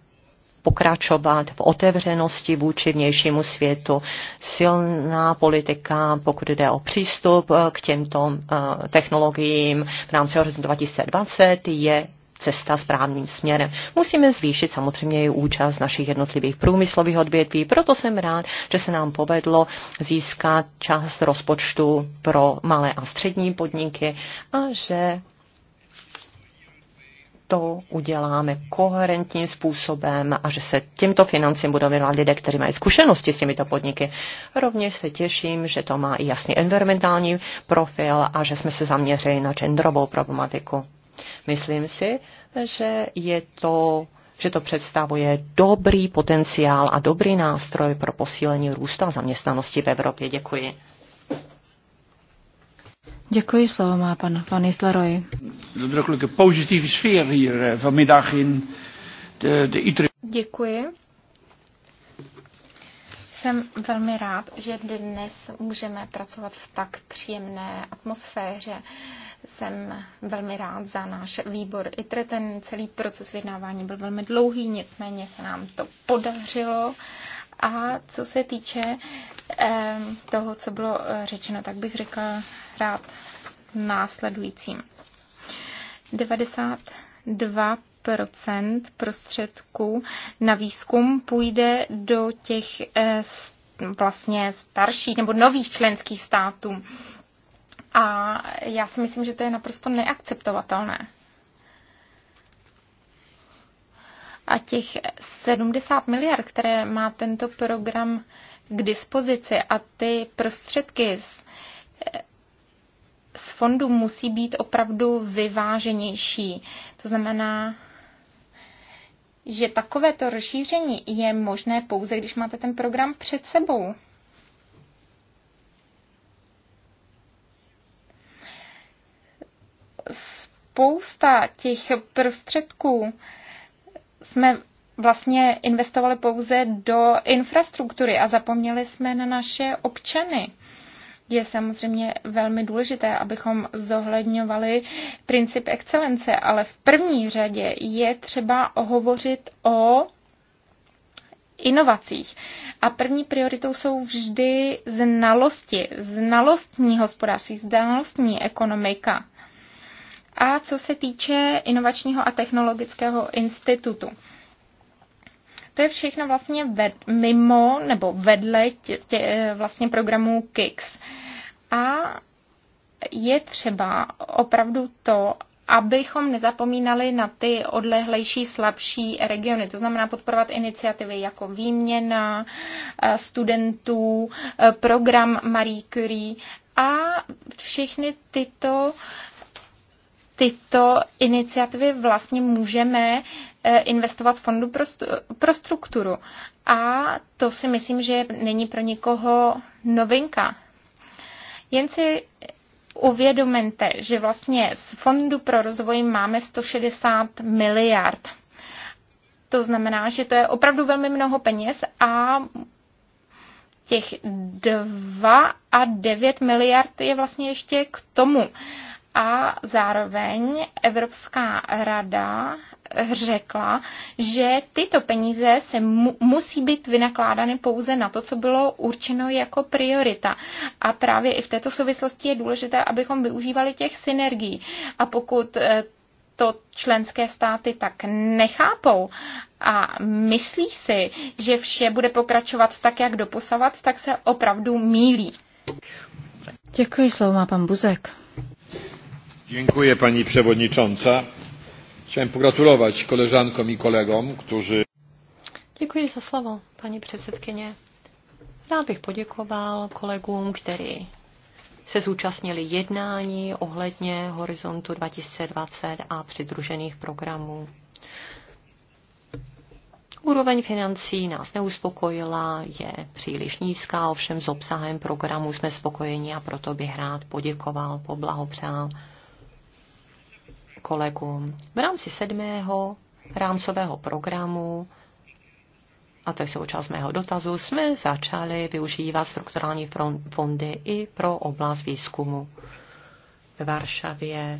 pokračovat v otevřenosti vůči vnějšímu světu. Silná politika, pokud jde o přístup eh, k těmto eh, technologiím v rámci horizontu 2020, je cesta správným směrem. Musíme zvýšit samozřejmě i účast našich jednotlivých průmyslových odvětví, proto jsem rád, že se nám povedlo získat část rozpočtu pro malé a střední podniky a že to uděláme koherentním způsobem a že se těmto financím budou věnovat lidé, kteří mají zkušenosti s těmito podniky. Rovněž se těším, že to má i jasný environmentální profil a že jsme se zaměřili na genderovou problematiku. Myslím si, že je to že to představuje dobrý potenciál a dobrý nástroj pro posílení růstu a zaměstnanosti v Evropě. Děkuji. Děkuji, slovo má pan Van Nistelrooy. Děkuji. Jsem velmi rád, že dnes můžeme pracovat v tak příjemné atmosféře. Uh, jsem velmi rád za náš výbor ITRE. Ten celý proces vyjednávání byl velmi dlouhý, nicméně se nám to podařilo. A co se týče toho, co bylo eh, řečeno, tak bych řekla rád následujícím. 92 prostředků na výzkum půjde do těch eh, vlastně starších nebo nových členských států. A já si myslím, že to je naprosto neakceptovatelné. A těch 70 miliard, které má tento program k dispozici a ty prostředky z, z fondu musí být opravdu vyváženější. To znamená, že takovéto rozšíření je možné pouze, když máte ten program před sebou. spousta těch prostředků jsme vlastně investovali pouze do infrastruktury a zapomněli jsme na naše občany. Je samozřejmě velmi důležité, abychom zohledňovali princip excelence, ale v první řadě je třeba hovořit o inovacích. A první prioritou jsou vždy znalosti, znalostní hospodářství, znalostní ekonomika a co se týče inovačního a technologického institutu. To je všechno vlastně ved, mimo nebo vedle tě, tě, vlastně programů KIX. A je třeba opravdu to, abychom nezapomínali na ty odlehlejší, slabší regiony. To znamená podporovat iniciativy jako výměna eh, studentů, eh, program Marie Curie a všechny tyto tyto iniciativy vlastně můžeme eh, investovat z fondu pro, pro strukturu. A to si myslím, že není pro nikoho novinka. Jen si uvědomte, že vlastně z Fondu pro rozvoj máme 160 miliard. To znamená, že to je opravdu velmi mnoho peněz a těch 2 a 9 miliard je vlastně ještě k tomu a zároveň Evropská rada řekla, že tyto peníze se mu, musí být vynakládány pouze na to, co bylo určeno jako priorita. A právě i v této souvislosti je důležité, abychom využívali těch synergií. A pokud eh, to členské státy tak nechápou a myslí si, že vše bude pokračovat tak, jak doposavat, tak se opravdu mílí. Děkuji, slovo má pan Buzek. Dziękuję pani przewodnicząca. Chciałem pogratulować koleżankom i kolegom, którzy... Děkuji za slovo, paní předsedkyně. Rád bych poděkoval kolegům, kteří se zúčastnili jednání ohledně Horizontu 2020 a přidružených programů. Úroveň financí nás neuspokojila, je příliš nízká, ovšem s obsahem programu jsme spokojeni a proto bych rád poděkoval, poblahopřál kolegům. V rámci sedmého rámcového programu a to je součást mého dotazu, jsme začali využívat strukturální fondy i pro oblast výzkumu. V Varšavě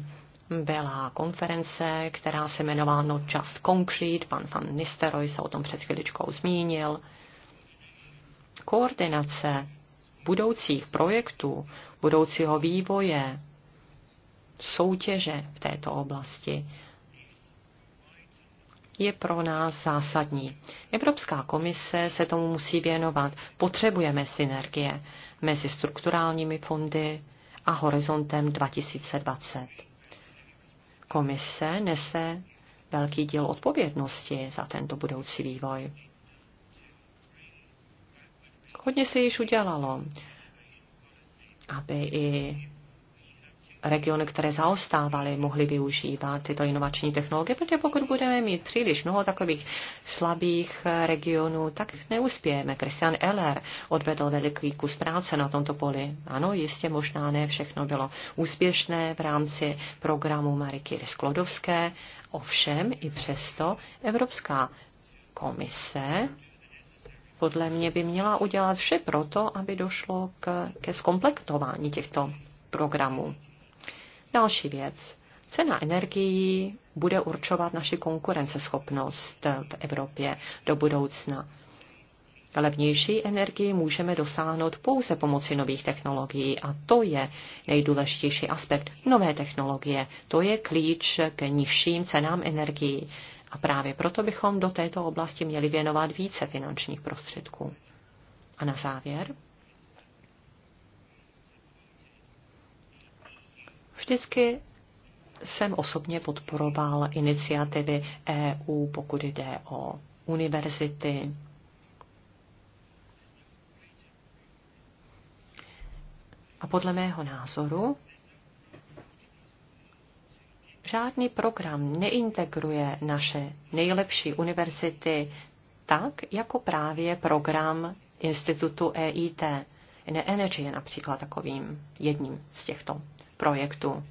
byla konference, která se jmenovala Not Just Concrete, pan van Nisteroj se o tom před chviličkou zmínil. Koordinace budoucích projektů, budoucího vývoje soutěže v této oblasti je pro nás zásadní. Evropská komise se tomu musí věnovat. Potřebujeme synergie mezi strukturálními fondy a horizontem 2020. Komise nese velký díl odpovědnosti za tento budoucí vývoj. Hodně se již udělalo, aby i regiony, které zaostávaly, mohly využívat tyto inovační technologie, protože pokud budeme mít příliš mnoho takových slabých eh, regionů, tak neuspějeme. Christian Eller odvedl veliký kus práce na tomto poli. Ano, jistě možná ne všechno bylo úspěšné v rámci programu Marie Curie Sklodovské, ovšem i přesto Evropská komise podle mě by měla udělat vše proto, aby došlo k, ke zkomplektování těchto programů. Další věc. Cena energií bude určovat naši konkurenceschopnost v Evropě do budoucna. Levnější energii můžeme dosáhnout pouze pomocí nových technologií a to je nejdůležitější aspekt nové technologie. To je klíč k nižším cenám energií a právě proto bychom do této oblasti měli věnovat více finančních prostředků. A na závěr. Vždycky jsem osobně podporoval iniciativy EU, pokud jde o univerzity, A podle mého názoru žádný program neintegruje naše nejlepší univerzity tak, jako právě program institutu EIT. Energy je například takovým jedním z těchto projektu.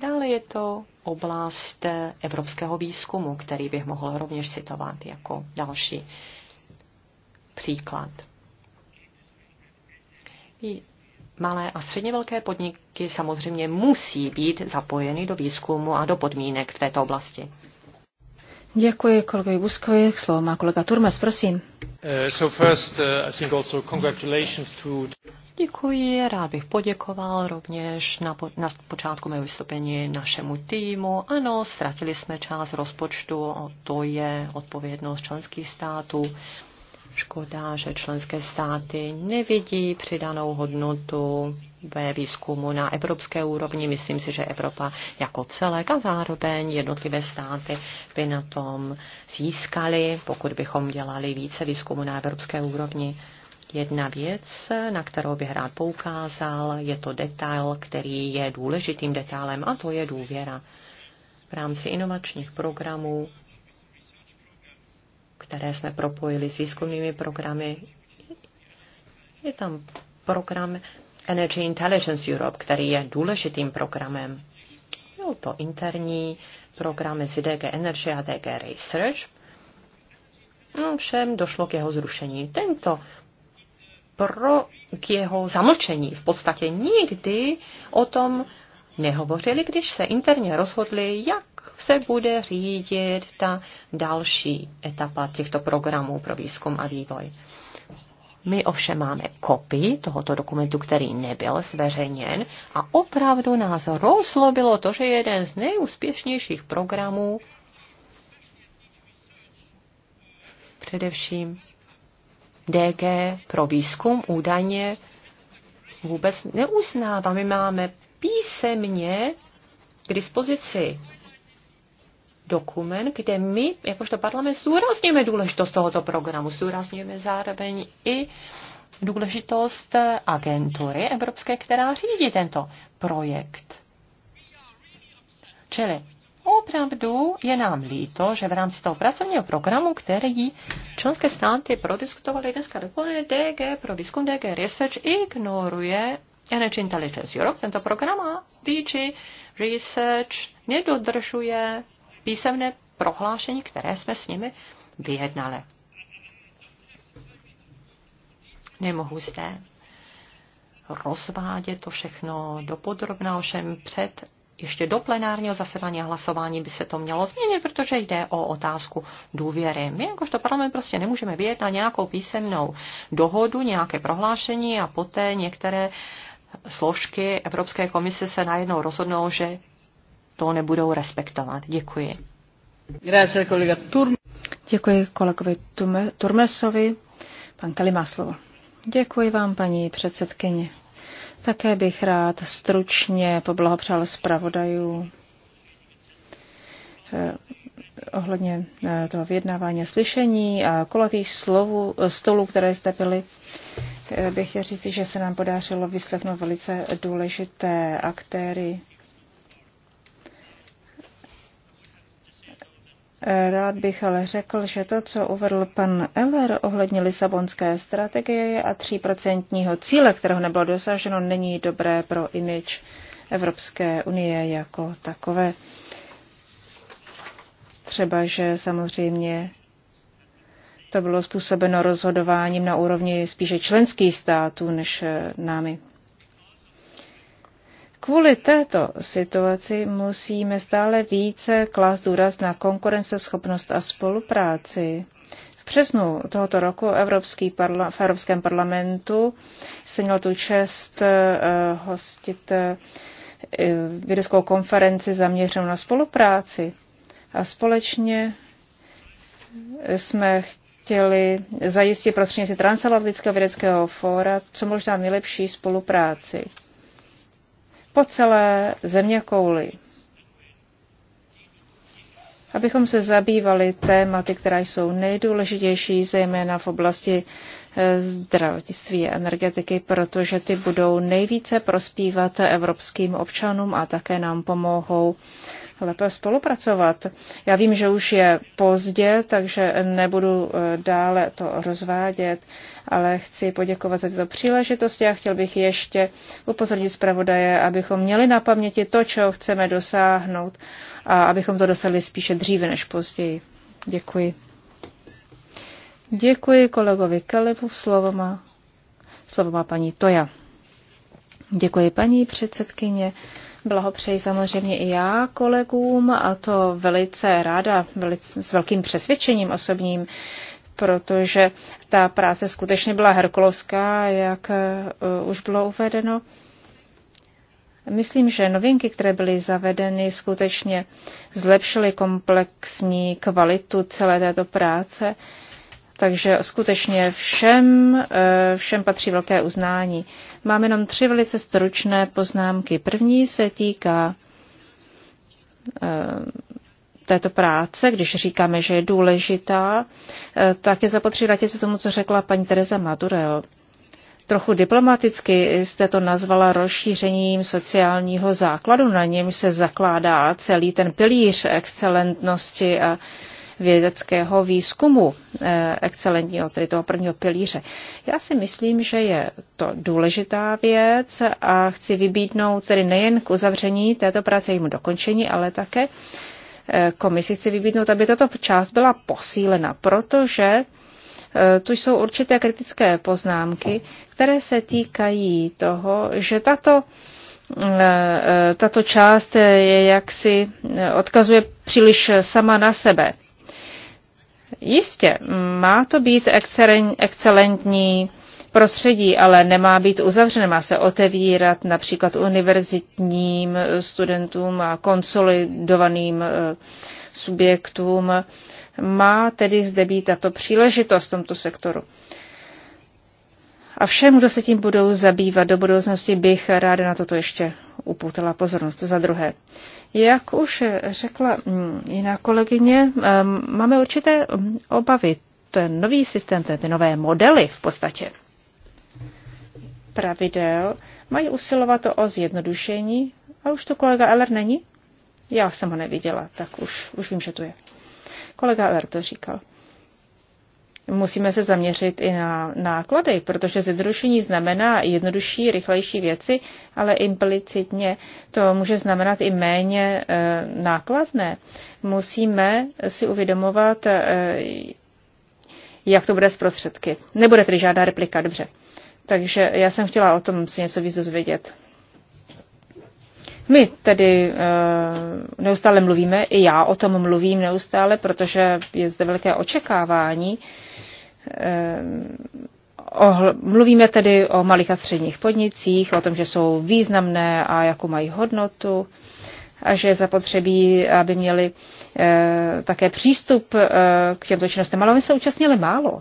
Dále je to oblast evropského výzkumu, který bych mohl rovněž citovat jako další příklad. Malé a středně velké podniky samozřejmě musí být zapojeny do výzkumu a do podmínek v této oblasti. Děkuji kolegovi Buskovi. Slovo má kolega Turmes, prosím. Uh, so first, uh, I think also congratulations to... Děkuji, rád bych poděkoval rovněž na, po, na počátku mého vystoupení našemu týmu. Ano, ztratili jsme část rozpočtu, a to je odpovědnost členských států. Škoda, že členské státy nevidí přidanou hodnotu ve výzkumu na evropské úrovni. Myslím si, že Evropa jako celek a zároveň jednotlivé státy by na tom získali, pokud bychom dělali více výzkumu na evropské úrovni jedna věc, na kterou bych rád poukázal, je to detail, který je důležitým detailem, a to je důvěra. V rámci inovačních programů, které jsme propojili s výzkumnými programy, je tam program Energy Intelligence Europe, který je důležitým programem. Byl to interní program mezi DG Energy a DG Research. No všem došlo k jeho zrušení. Tento pro k jeho zamlčení. V podstatě nikdy o tom nehovořili, když se interně rozhodli, jak se bude řídit ta další etapa těchto programů pro výzkum a vývoj. My ovšem máme kopii tohoto dokumentu, který nebyl zveřejněn a opravdu nás rozlobilo to, že jeden z nejúspěšnějších programů, především DG pro výzkum údajně vůbec neuznává. My máme písemně k dispozici dokument, kde my, jakožto parlament, zdůrazněme důležitost tohoto programu, zdůrazněme zároveň i důležitost agentury evropské, která řídí tento projekt. Čili Opravdu je nám líto, že v rámci toho pracovního programu, který členské státy prodiskutovaly dneska dopoledne, DG pro výzkum DG Research ignoruje Energy Intelligence Europe, tento program a DG Research nedodržuje písemné prohlášení, které jsme s nimi vyjednali. Nemohu zde rozvádět to všechno podrobna, ovšem před ještě do plenárního zasedání a hlasování by se to mělo změnit, protože jde o otázku důvěry. My jakožto parlament prostě nemůžeme vyjet na nějakou písemnou dohodu, nějaké prohlášení a poté některé složky Evropské komise se najednou rozhodnou, že to nebudou respektovat. Děkuji. Grazie, kolega Turm. Děkuji kolegovi Turmesovi. Pan Kali má slovo. Děkuji vám, paní předsedkyně. Také bych rád stručně poblahopřál zpravodajů eh, ohledně eh, toho vyjednávání slyšení a kulatých slovu, stolů, které zde byly. Eh, bych chtěl říct, že se nám podařilo vyslechnout velice důležité aktéry Rád bych ale řekl, že to, co uvedl pan Eller ohledně Lisabonské strategie a 3% cíle, kterého nebylo dosaženo, není dobré pro imič Evropské unie jako takové. Třeba, že samozřejmě to bylo způsobeno rozhodováním na úrovni spíše členských států než eh, námi. Kvůli této situaci musíme stále více klást důraz na konkurenceschopnost a spolupráci. V březnu tohoto roku Evropský parla- v Evropském parlamentu se měl tu čest uh, hostit uh, vědeckou konferenci zaměřenou na spolupráci. A společně jsme chtěli zajistit prostřednictvím Transatlantického vědeckého fóra co možná nejlepší spolupráci po celé země kouli. Abychom se zabývali tématy, které jsou nejdůležitější, zejména v oblasti eh, zdravotnictví a energetiky, protože ty budou nejvíce prospívat evropským občanům a také nám pomohou uh, lépe spolupracovat. Já vím, že už je pozdě, takže nebudu eh, dále to rozvádět, ale chci poděkovat za tyto příležitosti a chtěl bych ještě upozornit zpravodaje, abychom měli na paměti to, čeho chceme dosáhnout a abychom to dosáhli spíše dříve než později. Děkuji. Děkuji kolegovi Kalipu. Slovo má, slovo má paní Toja. Děkuji paní předsedkyně. Blahopřeji samozřejmě i já kolegům a to velice ráda, velice, s velkým přesvědčením osobním, protože ta práce skutečně byla herkulovská, jak eh, už bylo uvedeno. Myslím, že novinky, které byly zavedeny, skutečně zlepšily komplexní kvalitu celé této práce. Takže skutečně všem, eh, všem patří velké uznání. Mám jenom tři velice stručné poznámky. První se týká eh, této práce, když říkáme, že je důležitá, eh, tak je zapotřebí vrátit se tomu, co řekla paní Teresa Madureo. Trochu diplomaticky jste to nazvala rozšířením sociálního základu, na něm se zakládá celý ten pilíř excelentnosti a vědeckého výzkumu eh, excelentního, tedy toho prvního pilíře. Já si myslím, že je to důležitá věc a chci vybídnout tedy nejen k uzavření této práce, jejímu dokončení, ale také eh, komisi chci vybídnout, aby tato část byla posílena, protože eh, tu jsou určité kritické poznámky, které se týkají toho, že tato, tato část je jaksi odkazuje příliš sama na sebe. Jistě, má to být excelentní prostředí, ale nemá být uzavřené, má se otevírat například univerzitním studentům a konsolidovaným eh, subjektům. Má tedy zde být tato příležitost v tomto sektoru. A všem, kdo se tím budou zabývat do budoucnosti, bych ráda na toto ještě upoutala pozornost. Za druhé, jak už řekla mm, jiná kolegyně, máme určité mm, obavy. Ten nový systém, ten, ty nové modely v podstatě pravidel mají usilovat o zjednodušení. A už to kolega Eller není? Já jsem ho neviděla, tak už, už vím, že tu je. Kolega Eller to říkal musíme se zaměřit i na náklady, protože zjednodušení znamená jednodušší, rychlejší věci, ale implicitně to může znamenat i méně e, nákladné. Musíme si uvědomovat, e, jak to bude s prostředky. Nebude tedy žádná replika, dobře. Takže já jsem chtěla o tom si něco víc dozvědět. My tedy e, neustále mluvíme, i já o tom mluvím neustále, protože je zde velké očekávání Eh, ohl, mluvíme tedy o malých a středních podnicích, o tom, že jsou významné a jakou mají hodnotu a že je zapotřebí, aby měli e, také přístup e, k těmto činnostem, ale oni se účastnili málo.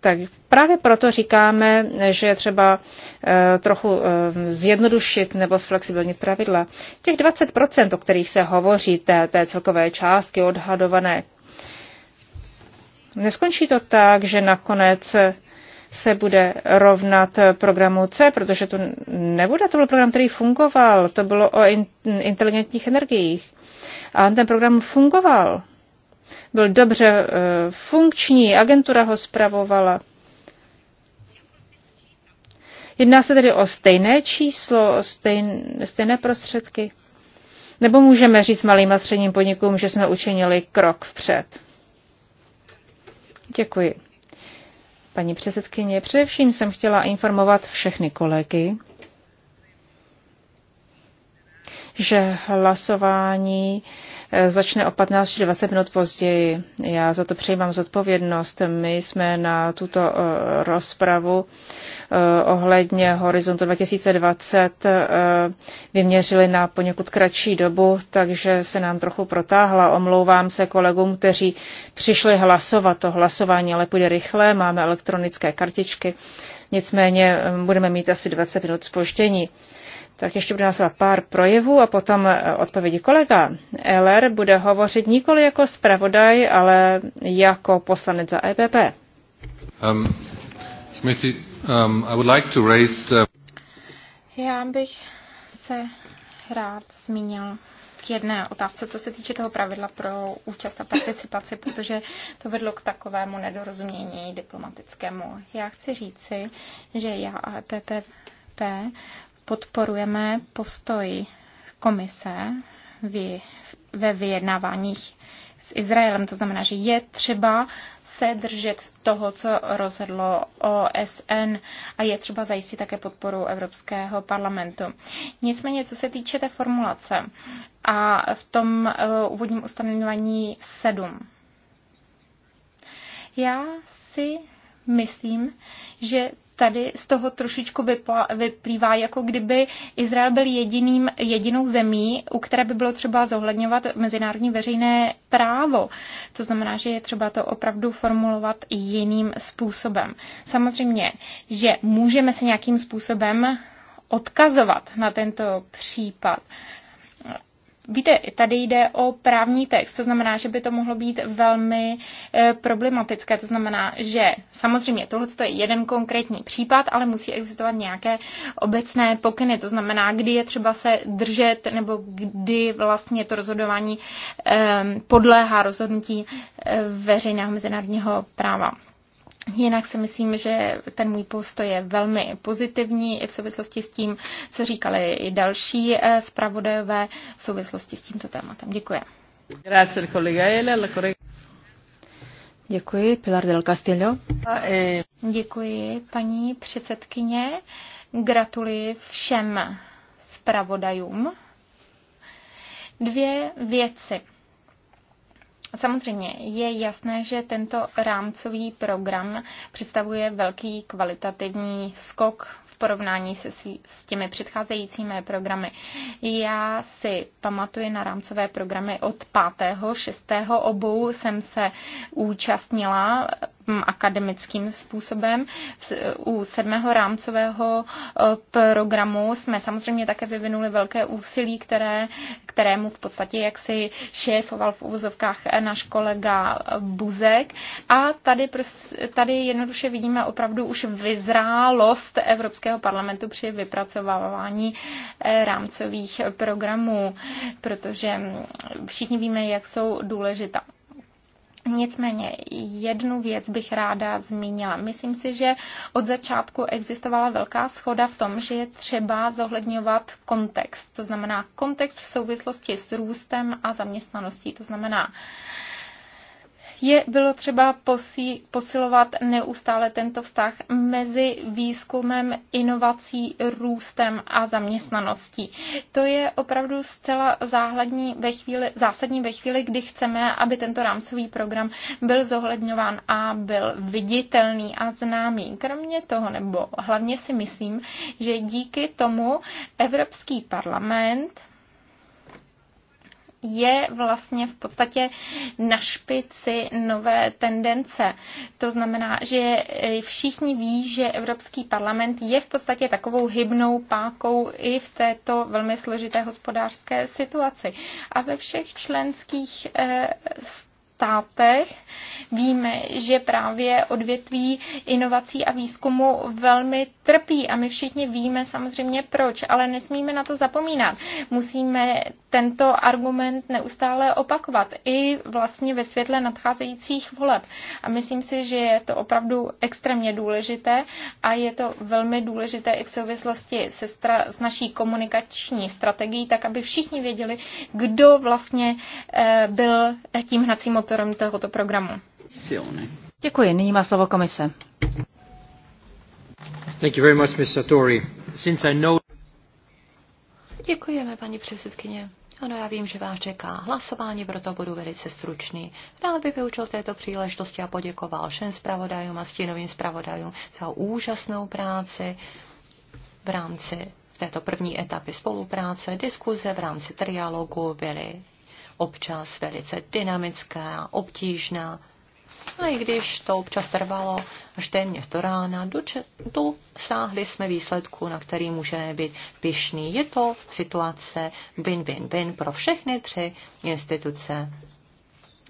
Tak právě proto říkáme, že je třeba e, trochu e, zjednodušit nebo zflexibilnit pravidla. Těch 20%, o kterých se hovoří, té, té celkové částky odhadované Neskončí to tak, že nakonec se bude rovnat programu C, protože to nebude, to byl program, který fungoval, to bylo o in, inteligentních energiích. A ten program fungoval. Byl dobře uh, funkční, agentura ho zpravovala. Jedná se tedy o stejné číslo, o stejn, stejné prostředky? Nebo můžeme říct malým a středním podnikům, že jsme učinili krok vpřed? Děkuji. Paní předsedkyně, především jsem chtěla informovat všechny kolegy, že hlasování Eh, začne o 15 či 20 minut později. Já za to přejímám zodpovědnost. My jsme na tuto eh, rozpravu eh, ohledně horizontu 2020 vyměřili na poněkud kratší dobu, takže se nám trochu protáhla. Omlouvám se kolegům, kteří přišli hlasovat. To hlasování ale půjde rychle, máme elektronické kartičky. Nicméně budeme mít asi 20 minut spoždění tak ještě bude následovat pár projevů a potom eh, odpovědi kolega. LR bude hovořit nikoli jako zpravodaj, ale jako poslanec za EPP. Um, um, I would like to raise, uh... Já bych se rád zmínil k jedné otázce, co se týče toho pravidla pro účast a participaci, protože to vedlo k takovému nedorozumění diplomatickému. Já chci říci, že já a EPP podporujeme postoj komise ve vyjednáváních s Izraelem. To znamená, že je třeba se držet toho, co rozhodlo OSN a je třeba zajistit také podporu Evropského parlamentu. Nicméně, co se týče té formulace a v tom eh, úvodním ustanovení 7, já si myslím, že tady z toho trošičku vyplývá, jako kdyby Izrael byl jediným, jedinou zemí, u které by bylo třeba zohledňovat mezinárodní veřejné právo. To znamená, že je třeba to opravdu formulovat jiným způsobem. Samozřejmě, že můžeme se nějakým způsobem odkazovat na tento případ. Víte, tady jde o právní text, to znamená, že by to mohlo být velmi e, problematické. To znamená, že samozřejmě tohle je jeden konkrétní případ, ale musí existovat nějaké obecné pokyny. To znamená, kdy je třeba se držet nebo kdy vlastně to rozhodování e, podléhá rozhodnutí e, veřejného mezinárodního práva. Jinak si myslím, že ten můj postoj je velmi pozitivní i v souvislosti s tím, co říkali i další eh, zpravodajové v souvislosti s tímto tématem. Děkuji. Děkuji, Pilar del Castillo. E- Děkuji, paní předsedkyně. Gratuluji všem zpravodajům. Dvě věci. Samozřejmě je jasné, že tento rámcový program představuje velký kvalitativní skok v porovnání se s těmi předcházejícími programy. Já si pamatuji na rámcové programy od 5. 6. obou jsem se účastnila Mm, akademickým způsobem. U sedmého rámcového eh, programu jsme samozřejmě také vyvinuli velké úsilí, které, kterému v podstatě jaksi šéfoval v úvozovkách náš kolega Buzek. A tady, tady jednoduše vidíme opravdu už vyzrálost Evropského parlamentu při vypracovávání eh, rámcových programů, protože mm, všichni víme, jak jsou důležitá Nicméně jednu věc bych ráda zmínila. Myslím si, že od začátku existovala velká schoda v tom, že je třeba zohledňovat kontext. To znamená kontext v souvislosti s růstem a zaměstnaností. To znamená, je bylo třeba posí, posilovat neustále tento vztah mezi výzkumem, inovací, růstem a zaměstnaností. To je opravdu zcela záhladní ve chvíli, zásadní ve chvíli, kdy chceme, aby tento rámcový program byl zohledňován a byl viditelný a známý. Kromě toho, nebo hlavně si myslím, že díky tomu Evropský parlament je vlastně v podstatě na špici nové tendence. To znamená, že všichni ví, že Evropský parlament je v podstatě takovou hybnou pákou i v této velmi složité hospodářské situaci. A ve všech členských eh, státech. Víme, že právě odvětví inovací a výzkumu velmi trpí a my všichni víme samozřejmě proč, ale nesmíme na to zapomínat. Musíme tento argument neustále opakovat i vlastně ve světle nadcházejících voleb. A myslím si, že je to opravdu extrémně důležité a je to velmi důležité i v souvislosti se stra- s naší komunikační strategií, tak aby všichni věděli, kdo vlastně eh, byl tím hnacím autorem tohoto programu. Děkuji. Nyní má slovo komise. Thank you very much, Mr. Satori. Since I know... Děkujeme, paní předsedkyně. Ano, já vím, že vás čeká hlasování, proto budu velice stručný. Rád bych vyučil této příležitosti a poděkoval všem zpravodajům a stínovým zpravodajům za úžasnou práci v rámci této první etapy spolupráce. Diskuze v rámci trialogu byly občas velice dynamická, obtížná. A i když to občas trvalo až téměř do rána, dosáhli jsme výsledku, na který můžeme být pišný. Je to situace win-win-win pro všechny tři instituce.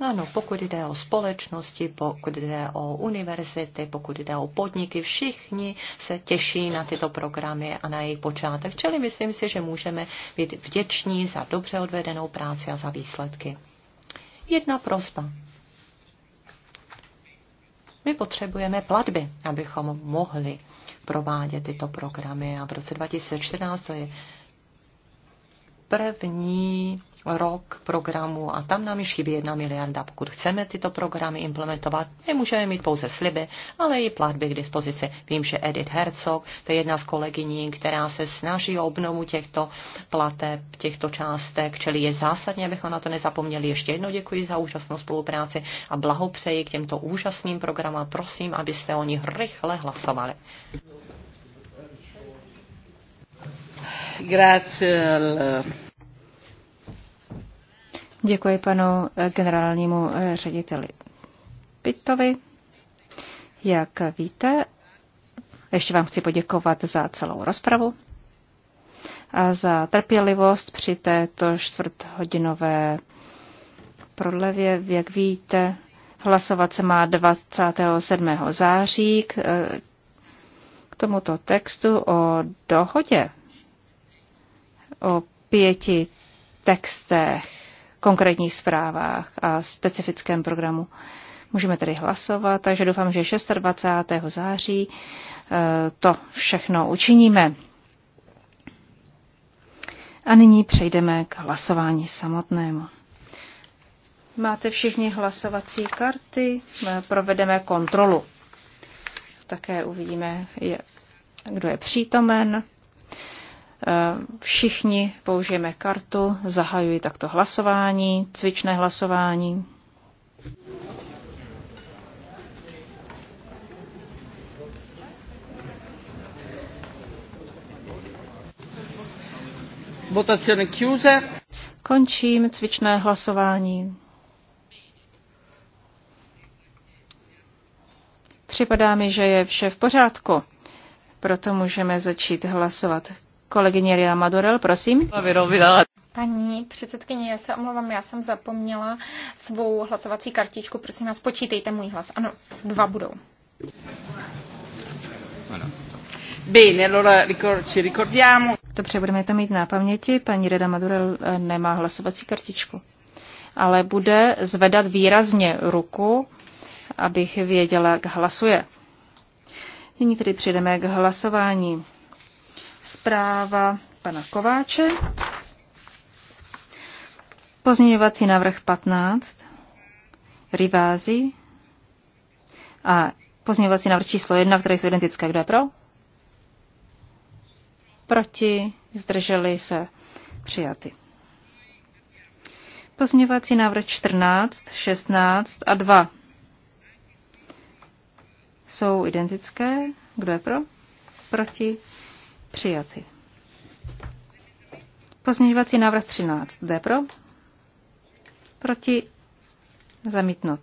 Ano, pokud jde o společnosti, pokud jde o univerzity, pokud jde o podniky, všichni se těší na tyto programy a na jejich počátek. Čili myslím si, že můžeme být vděční za dobře odvedenou práci a za výsledky. Jedna prosba. My potřebujeme platby, abychom mohli provádět tyto programy a v roce 2014 to je první rok programu a tam nám již chybí jedna miliarda. Pokud chceme tyto programy implementovat, nemůžeme mít pouze sliby, ale i platby k dispozici. Vím, že Edith Herzog, to je jedna z kolegyní, která se snaží o obnovu těchto plateb, těchto částek, čili je zásadně, abychom na to nezapomněli. Ještě jednou děkuji za úžasnou spolupráci a blahopřeji k těmto úžasným programům. Prosím, abyste o nich rychle hlasovali. Děkuji panu eh, generálnímu eh, řediteli Pitovi. Jak víte, ještě vám chci poděkovat za celou rozpravu a za trpělivost při této čtvrthodinové prodlevě. Jak víte, hlasovat se má 27. září k, eh, k tomuto textu o dohodě o pěti textech, konkrétních zprávách a specifickém programu. Můžeme tedy hlasovat, takže doufám, že 26. září eh, to všechno učiníme. A nyní přejdeme k hlasování samotnému. Máte všichni hlasovací karty, eh, provedeme kontrolu. Také uvidíme, kdo je přítomen. Eh, všichni použijeme kartu, zahajuji takto hlasování, cvičné hlasování. Votazione chiusa. Končím cvičné hlasování. Připadá mi, že je vše v pořádku, proto můžeme začít hlasovat. Kolegyně Rila Madurel, prosím. Paní předsedkyně, já se omlouvám, já jsem zapomněla svou hlasovací kartičku. Prosím vás, počítejte můj hlas. Ano, dva budou. Bene, allora ci ricordiamo. Dobře, budeme to mít na paměti. Paní Reda Madurel eh, nemá hlasovací kartičku. Ale bude zvedat výrazně ruku, abych věděla, jak hlasuje. Nyní tedy přijdeme k hlasování. Zpráva pana Kováče. Pozměňovací návrh 15. Rivázy. A pozměňovací návrh číslo 1, které jsou identické. Kdo je pro? Proti. Zdrželi se. Přijaty. Pozměňovací návrh 14, 16 a 2 jsou identické. Kdo je pro? Proti? Přijaty. Pozměňovací návrh 13. Jde pro? Proti? Zamítnut.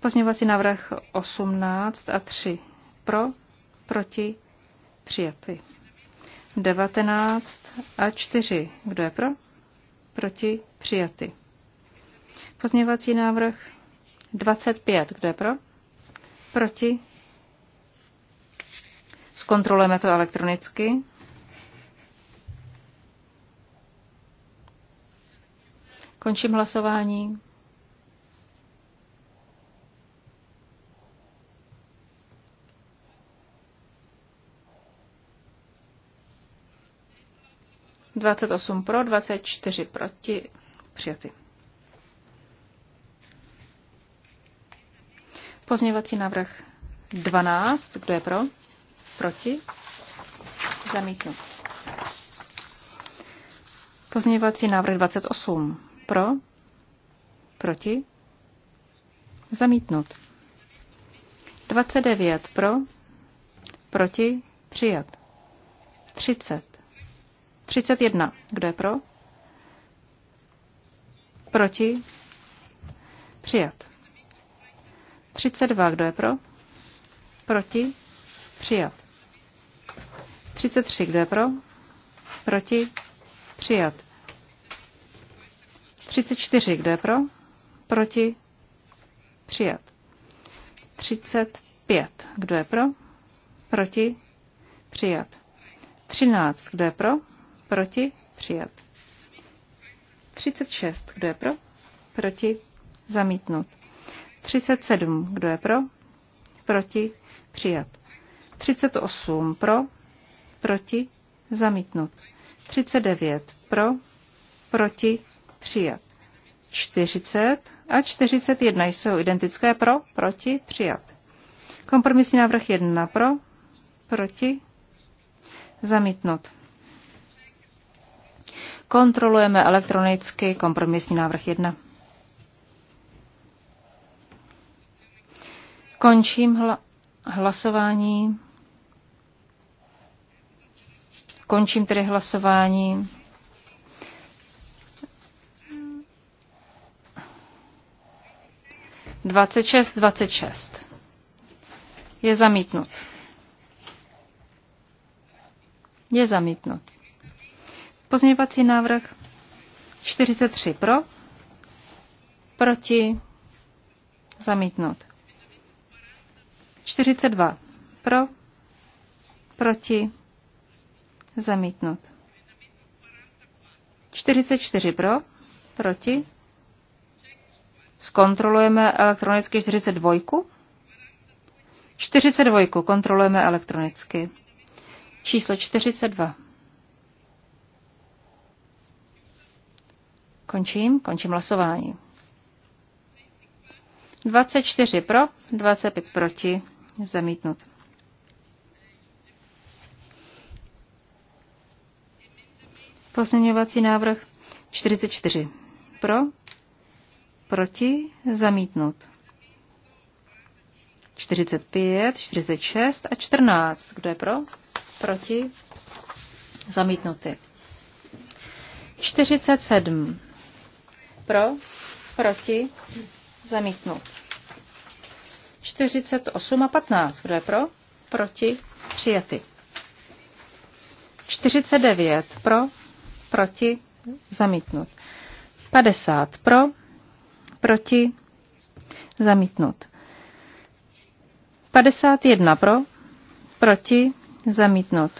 Pozměňovací návrh 18 a 3. Pro? Proti? Přijaty. 19 a 4. Kdo je pro? Proti? Přijaty. Pozměňovací návrh 25. Kdo je pro? Proti? Zkontrolujeme to elektronicky. Končím hlasování. Dvacet osm pro, dvacet čtyři proti, přijaty. Pozměňovací návrh 12, kdo je pro? Proti? Zamítnut. Pozměňovací návrh 28. Pro? Proti? Zamítnut. 29. Pro? Proti? Přijat. 30. 31. Kdo je pro? Proti? Přijat. 32. Kdo je pro? Proti? Přijat. 33, kdo je pro? Proti? Přijat. 34, kdo je pro? Proti? Přijat. 35, kdo je pro? Proti? Přijat. 13, kdo je pro? Proti? Přijat. 36, kdo je pro? Proti? Zamítnut. 37, kdo je pro? Proti? Přijat. 38 pro, proti, zamítnut. 39 pro, proti, přijat. 40 a 41 jsou identické pro, proti, přijat. Kompromisní návrh 1 pro, proti, zamítnut. Kontrolujeme elektronicky kompromisní návrh 1. Končím hla- hlasování. Končím tedy hlasování. Dvacet šest, dvacet šest. Je zamítnut. Je zamítnut. Pozměňovací návrh 43 pro, proti, zamítnut. 42 pro, proti, Zamítnut. 44 pro, proti. Zkontrolujeme elektronicky 42. 42 kontrolujeme elektronicky. Číslo 42. Končím, končím hlasování. 24 pro, 25 proti, zamítnut. Pozměňovací návrh 44. Pro? Proti? Zamítnut. 45, 46 a 14. Kdo je pro? Proti? Zamítnuty. 47. Pro? Proti? Zamítnut. 48 a 15. Kdo je pro? Proti? Přijaty. 49. Pro? proti, zamítnut. 50 pro, proti, zamítnut. 51 pro, proti, zamítnut.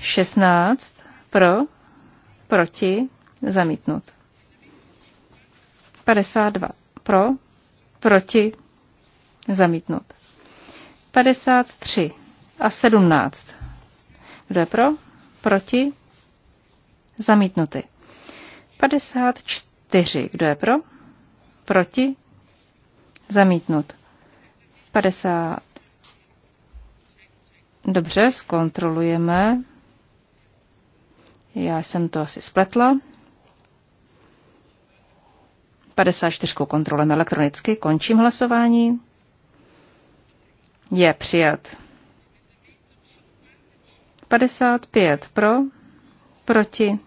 16 pro, proti, zamítnut. 52 pro, proti, zamítnut. 53 a 17. Kdo je pro? Proti? Zamítnuty. 54. Kdo je pro? Proti? Zamítnut. 50. Dobře, zkontrolujeme. Já jsem to asi spletla. 54 kontrolujeme elektronicky. Končím hlasování. Je přijat. 55 pro, proti,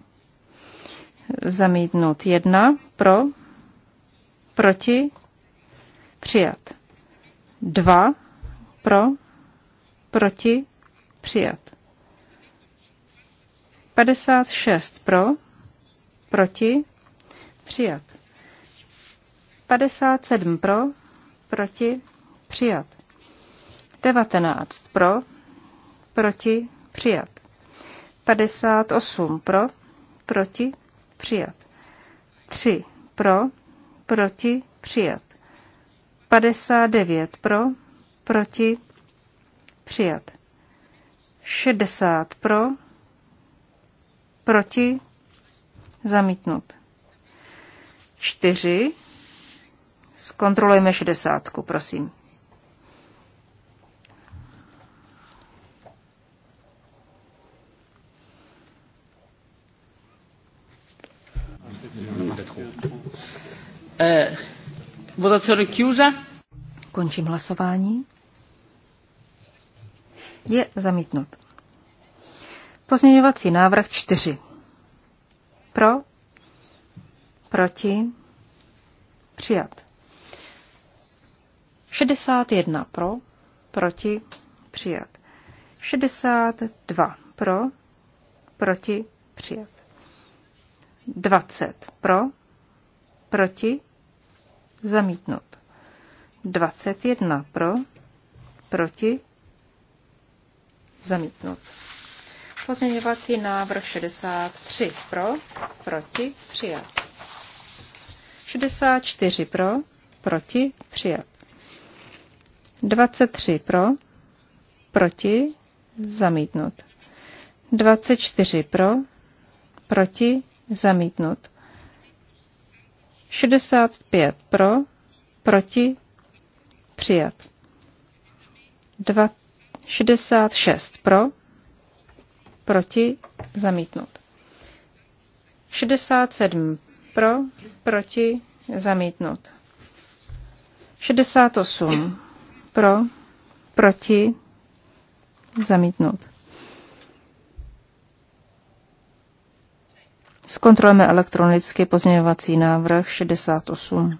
zamítnout. Jedna pro, proti, přijat. Dva pro, proti, přijat. 56 pro, proti, přijat. 57 pro, proti, přijat. 19 pro, proti, přijat. 58 pro, proti, přijat. 3 pro, proti, přijat. 59 pro, proti, přijat. 60 pro, proti, zamítnut. 4. Zkontrolujeme 60, prosím. Votazione chiusa. Končím hlasování. Je zamítnut. Pozměňovací návrh 4. Pro. Proti. Přijat. 61 pro. Proti. Přijat. 62 pro. Proti. Přijat. 20 pro. Proti. Zamítnut. 21 pro, proti, zamítnut. Pozměňovací návrh 63 pro, proti, přijat. 64 pro, proti, přijat. 23 pro, proti, zamítnut. 24 pro, proti, zamítnut. 65 pro, proti, přijat. 2, 66 pro, proti, zamítnout. 67 pro, proti, zamítnout. 68 pro, proti, zamítnout. Zkontrolujeme elektronicky pozměňovací návrh 68.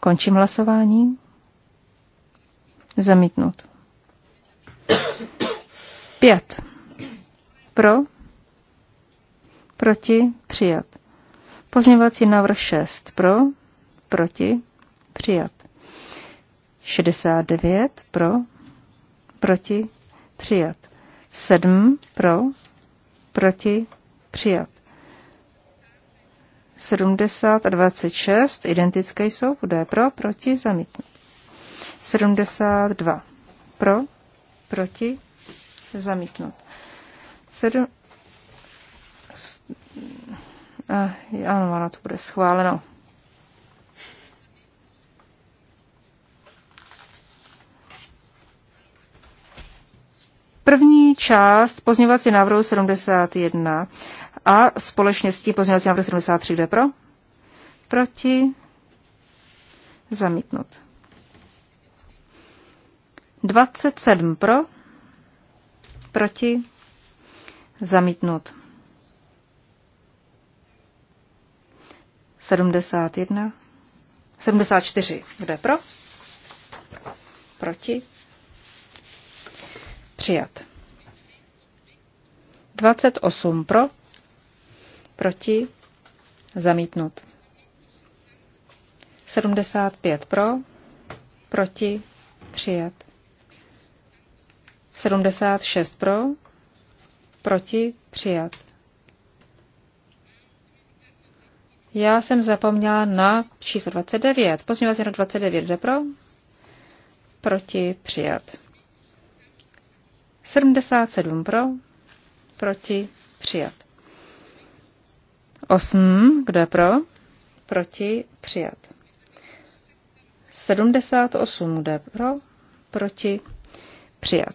Končím hlasování. Zamítnut. 5. Pro. Proti. Přijat. Pozměňovací návrh 6. Pro. Proti. Přijat. 69. Pro. Proti. Přijat. 7. Pro proti, přijat. 70 a 26 identické jsou, bude pro, proti, zamítnout. 72 pro, proti, zamítnout. 7, a, eh, ano, ona to bude schváleno. První část pozměňovací návrhu 71 a společně s tím pozměňovací návrh 73, jde pro? Proti? Zamítnut. 27 pro? Proti? Zamítnut. 71. 74. Kdo pro? Proti? Přijat. 28 pro, proti, zamítnut. 75 pro, proti, přijat. 76 pro, proti, přijat. Já jsem zapomněla na číslo 29. Pozměňovací na 29 jde pro, proti, přijat. 77 pro, proti, přijat. 8, kdo je pro, proti, přijat. 78, kdo je pro, proti, přijat.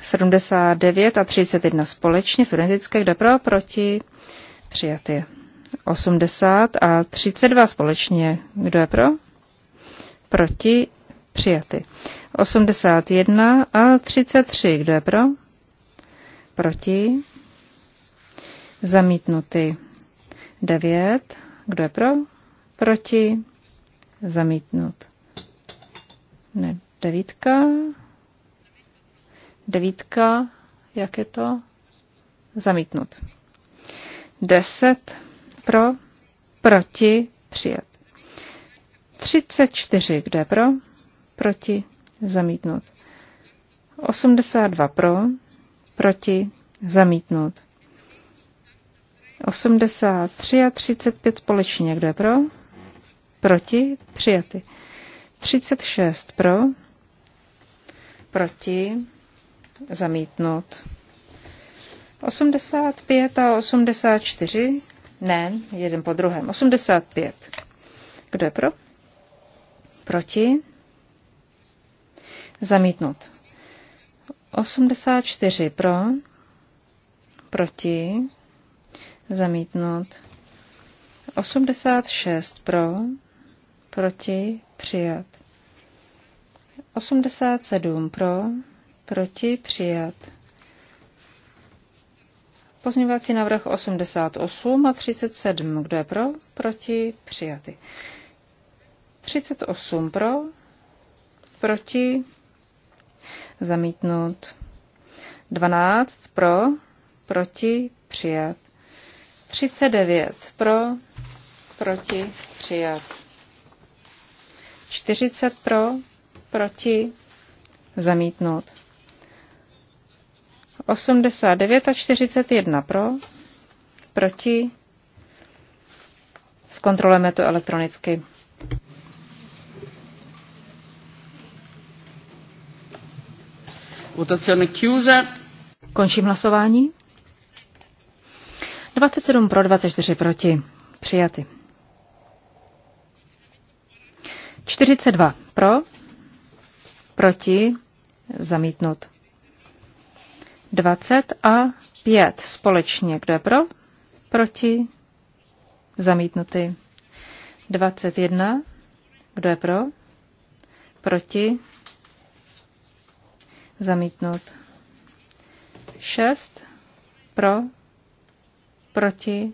79 a 31 společně jsou identické, kdo je pro, proti, přijat je. 80 a 32 společně, kdo je pro, proti, Přijaty. 81 a 33. Kdo je pro? Proti. Zamítnuty. 9. Kdo je pro? Proti. Zamítnut. Ne, devítka. Devítka. Jak je to? Zamítnut. 10 pro, proti, přijat. 34, je pro, proti, zamítnut. 82 pro, proti, zamítnut. 83 a 35 společně, kdo je pro? Proti, přijaty. 36 pro, proti, zamítnut. 85 a 84, ne, jeden po druhém. 85. Kdo je pro? Proti, Zamítnut. 84 pro, proti, zamítnut. 86 pro, proti, přijat. 87 pro, proti, přijat. Pozměňovací návrh 88 a 37. Kdo je pro? Proti? Přijaty. 38 pro? Proti? zamítnout. 12 pro, proti, přijat. 39 pro, proti, přijat. 40 pro, proti, zamítnout. 89 a 41 pro, proti, zkontrolujeme to elektronicky. Votazione chiusa. Končím hlasování. 27 pro, 24 proti. Přijaty. 42 pro, proti, zamítnut. 20 a 5 společně. Kdo je pro? Proti, zamítnuty. 21. Kdo je pro? Proti, zamítnut. 6 pro, proti,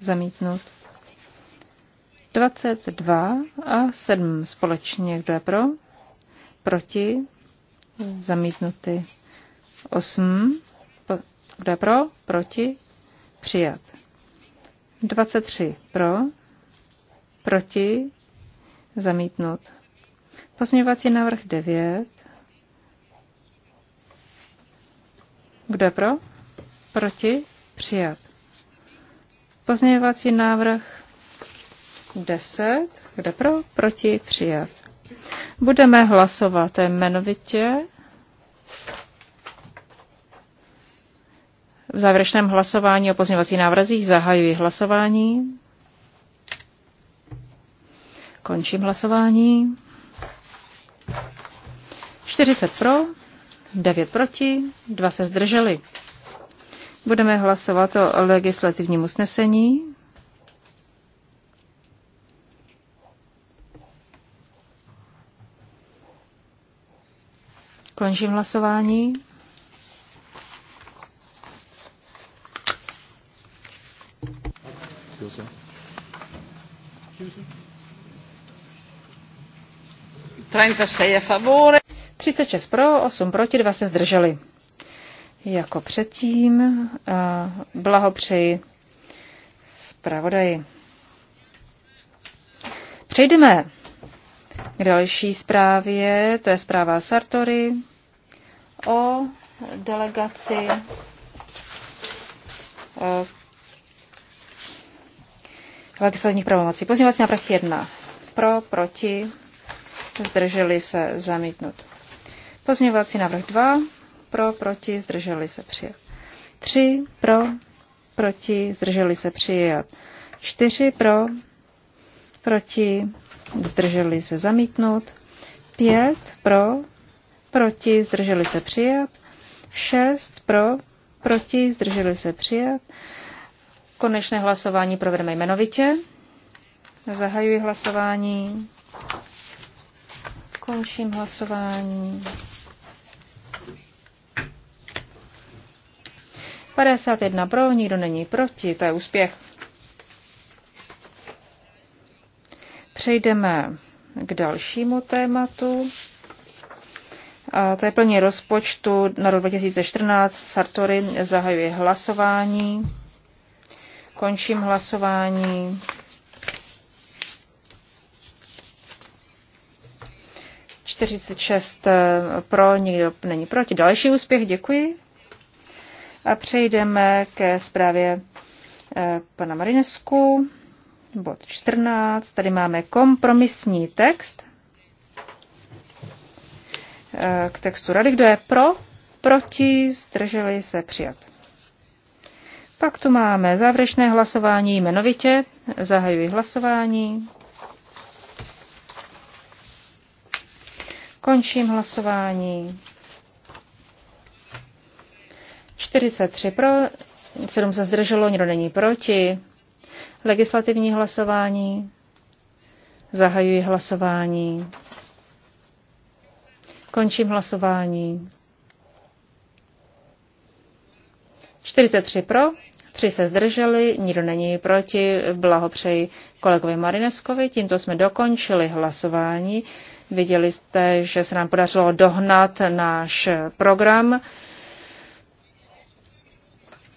zamítnut. 22 a 7 společně, kdo je pro, proti, zamítnuty. 8, kdo je pro, proti, přijat. 23 pro, proti, zamítnut. Pozměňovací návrh 9 Kdo je pro? Proti? Přijat. Pozměňovací návrh 10. Kdo pro? Proti? Přijat. Budeme hlasovat jmenovitě. V závěrečném hlasování o pozměňovací návrzích zahajuji hlasování. Končím hlasování. 40 pro, 9 proti, 2 se zdrželi. Budeme hlasovat o legislativním usnesení. Končím hlasování. Trenta a favore. 36 pro, 8 proti, 2 se zdrželi. Jako předtím blahopřeji zpravodaji. Přejdeme k další zprávě, to je zpráva Sartory o delegaci uh, legislativních pravomocí. Pozměňovací návrh 1. Pro, proti, zdrželi se zamítnout. Pozměňovací návrh 2. Pro, proti, zdrželi se přijat. 3. Pro, proti, zdrželi se přijat. 4. Pro, proti, zdrželi se zamítnout. 5. Pro, proti, zdrželi se přijat. 6. Pro, proti, zdrželi se přijat. Konečné hlasování provedeme jmenovitě. Zahajuji hlasování. Končím hlasování. 51 pro, nikdo není proti, to je úspěch. Přejdeme k dalšímu tématu. A to je plně rozpočtu na rok 2014. Sartory zahajuje hlasování. Končím hlasování. Čtyřicet šest eh, pro, nikdo není proti. Další úspěch, děkuji. A přejdeme ke zprávě eh, pana Marinesku, bod 14. Tady máme kompromisní text eh, k textu rady. Kdo je pro? Proti? Zdrželi se přijat. Pak tu máme závěrečné hlasování jmenovitě. Zahajuji hlasování. Končím hlasování. 43 pro, 7 se zdrželo, nikdo není proti. Legislativní hlasování. Zahajuji hlasování. Končím hlasování. 43 pro, 3 se zdrželi, nikdo není proti. Blahopřeji kolegovi Marineskovi. Tímto jsme dokončili hlasování. Viděli jste, že se nám podařilo dohnat náš program.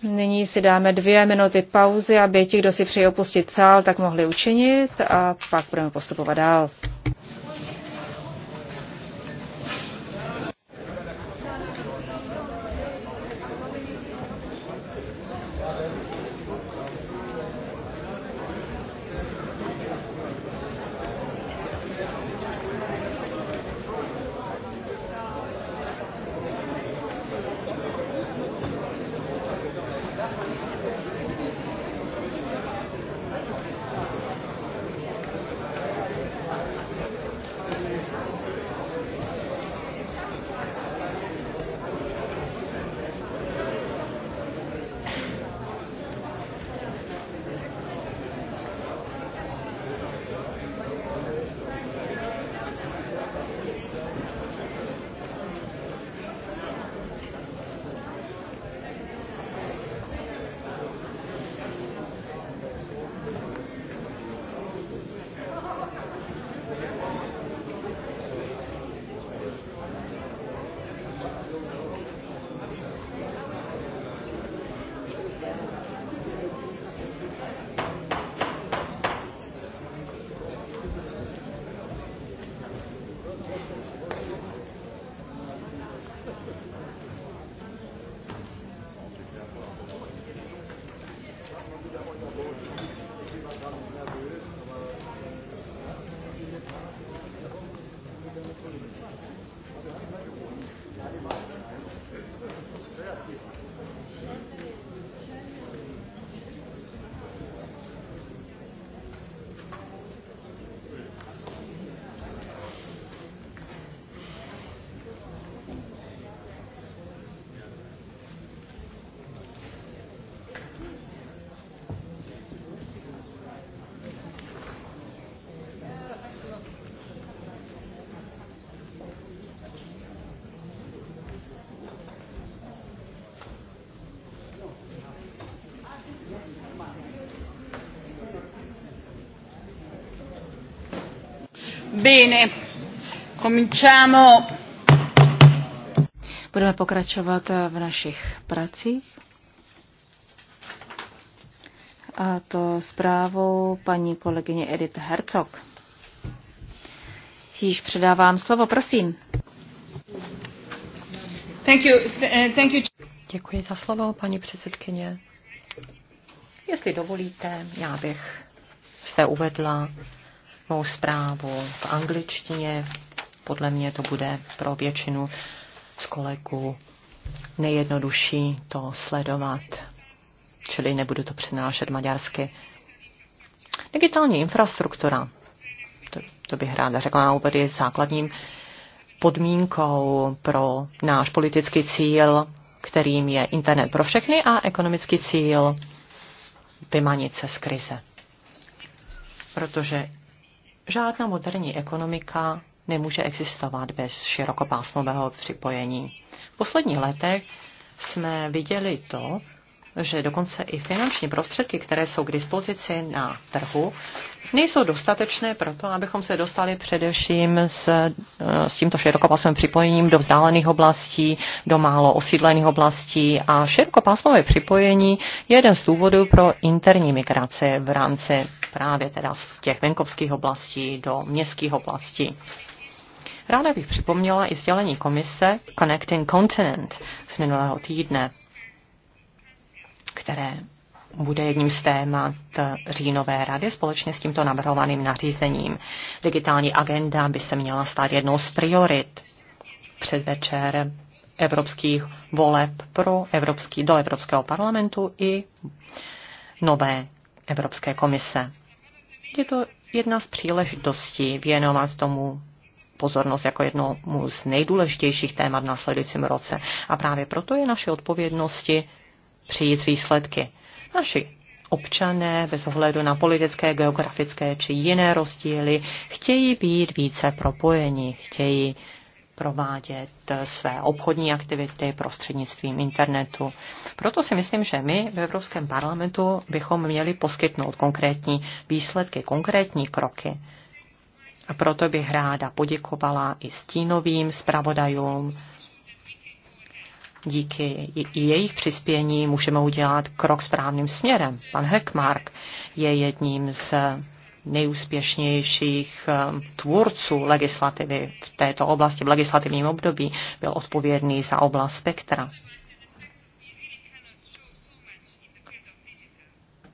Nyní si dáme dvě minuty pauzy, aby ti, kdo si přejí opustit sál, tak mohli učinit a pak budeme postupovat dál. Bene, cominciamo. Budeme pokračovat v našich pracích. A to zprávou paní kolegyně Edith Herzog. Již předávám slovo, prosím. Thank you. Eh, thank you. Děkuji za slovo, paní předsedkyně. Jestli dovolíte, já bych se uvedla mou zprávu v angličtině. Podle mě to bude pro většinu z kolegů nejjednodušší to sledovat, čili nebudu to přenášet maďarsky. Digitální infrastruktura, to, to bych ráda řekla na úvod, je základním podmínkou pro náš politický cíl, kterým je internet pro všechny a ekonomický cíl vymanit se z krize. Protože Žádná moderní ekonomika nemůže existovat bez širokopásmového připojení. V posledních letech jsme viděli to, že dokonce i finanční prostředky, které jsou k dispozici na trhu, nejsou dostatečné pro to, abychom se dostali především s, eh, s tímto širokopásmovým připojením do vzdálených oblastí, do málo osídlených oblastí a širokopásmové připojení je jeden z důvodů pro interní migrace v rámci právě teda z těch venkovských oblastí do městských oblastí. Ráda bych připomněla i sdělení komise Connecting Continent z minulého týdne, které bude jedním z témat říjnové rady společně s tímto navrhovaným nařízením. Digitální agenda by se měla stát jednou z priorit předvečer evropských voleb pro evropský, do Evropského parlamentu i nové Evropské komise. Je to jedna z příležitostí věnovat tomu pozornost jako jednomu z nejdůležitějších témat v následujícím roce. A právě proto je naše odpovědnosti přijít s výsledky. Naši občané bez ohledu na politické, geografické či jiné rozdíly chtějí být více propojeni, chtějí provádět své obchodní aktivity prostřednictvím internetu. Proto si myslím, že my v Evropském parlamentu bychom měli poskytnout konkrétní výsledky, konkrétní kroky. A proto bych ráda poděkovala i stínovým zpravodajům. Díky jejich přispění můžeme udělat krok správným směrem. Pan Heckmark je jedním z nejúspěšnějších um, tvůrců legislativy v této oblasti, v legislativním období, byl odpovědný za oblast spektra.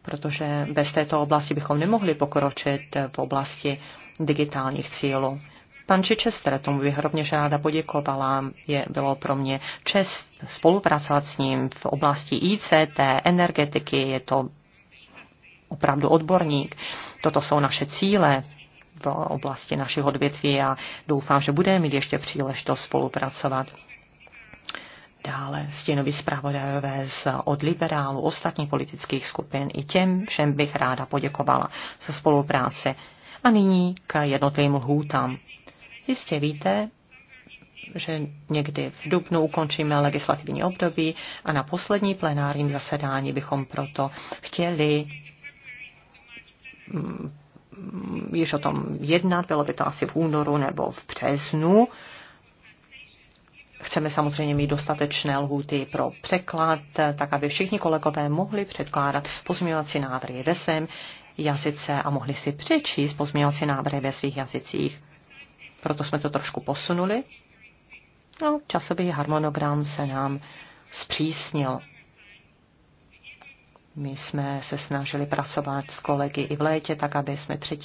Protože bez této oblasti bychom nemohli pokročit v oblasti digitálních cílů. Pan Chichester, tomu bych rovněž ráda poděkovala, je, bylo pro mě čest spolupracovat s ním v oblasti ICT, energetiky, je to opravdu odborník. Toto jsou naše cíle v oblasti našich odvětví a doufám, že budeme mít ještě příležitost spolupracovat. Dále stěnoví zpravodajové z od liberálů ostatních politických skupin. I těm všem bych ráda poděkovala za spolupráci. A nyní k jednotlivým lhůtám. Jistě víte, že někdy v dubnu ukončíme legislativní období a na poslední plenárním zasedání bychom proto chtěli Mm, již o tom jednat, bylo by to asi v únoru nebo v březnu. Chceme samozřejmě mít dostatečné lhuty pro překlad, tak aby všichni kolegové mohli předkládat pozměňovací návrhy ve svém jazyce a mohli si přečíst pozměňovací návrhy ve svých jazycích. Proto jsme to trošku posunuli. No, časový harmonogram se nám zpřísnil. My jsme se snažili pracovat s kolegy i v létě, tak aby jsme 3.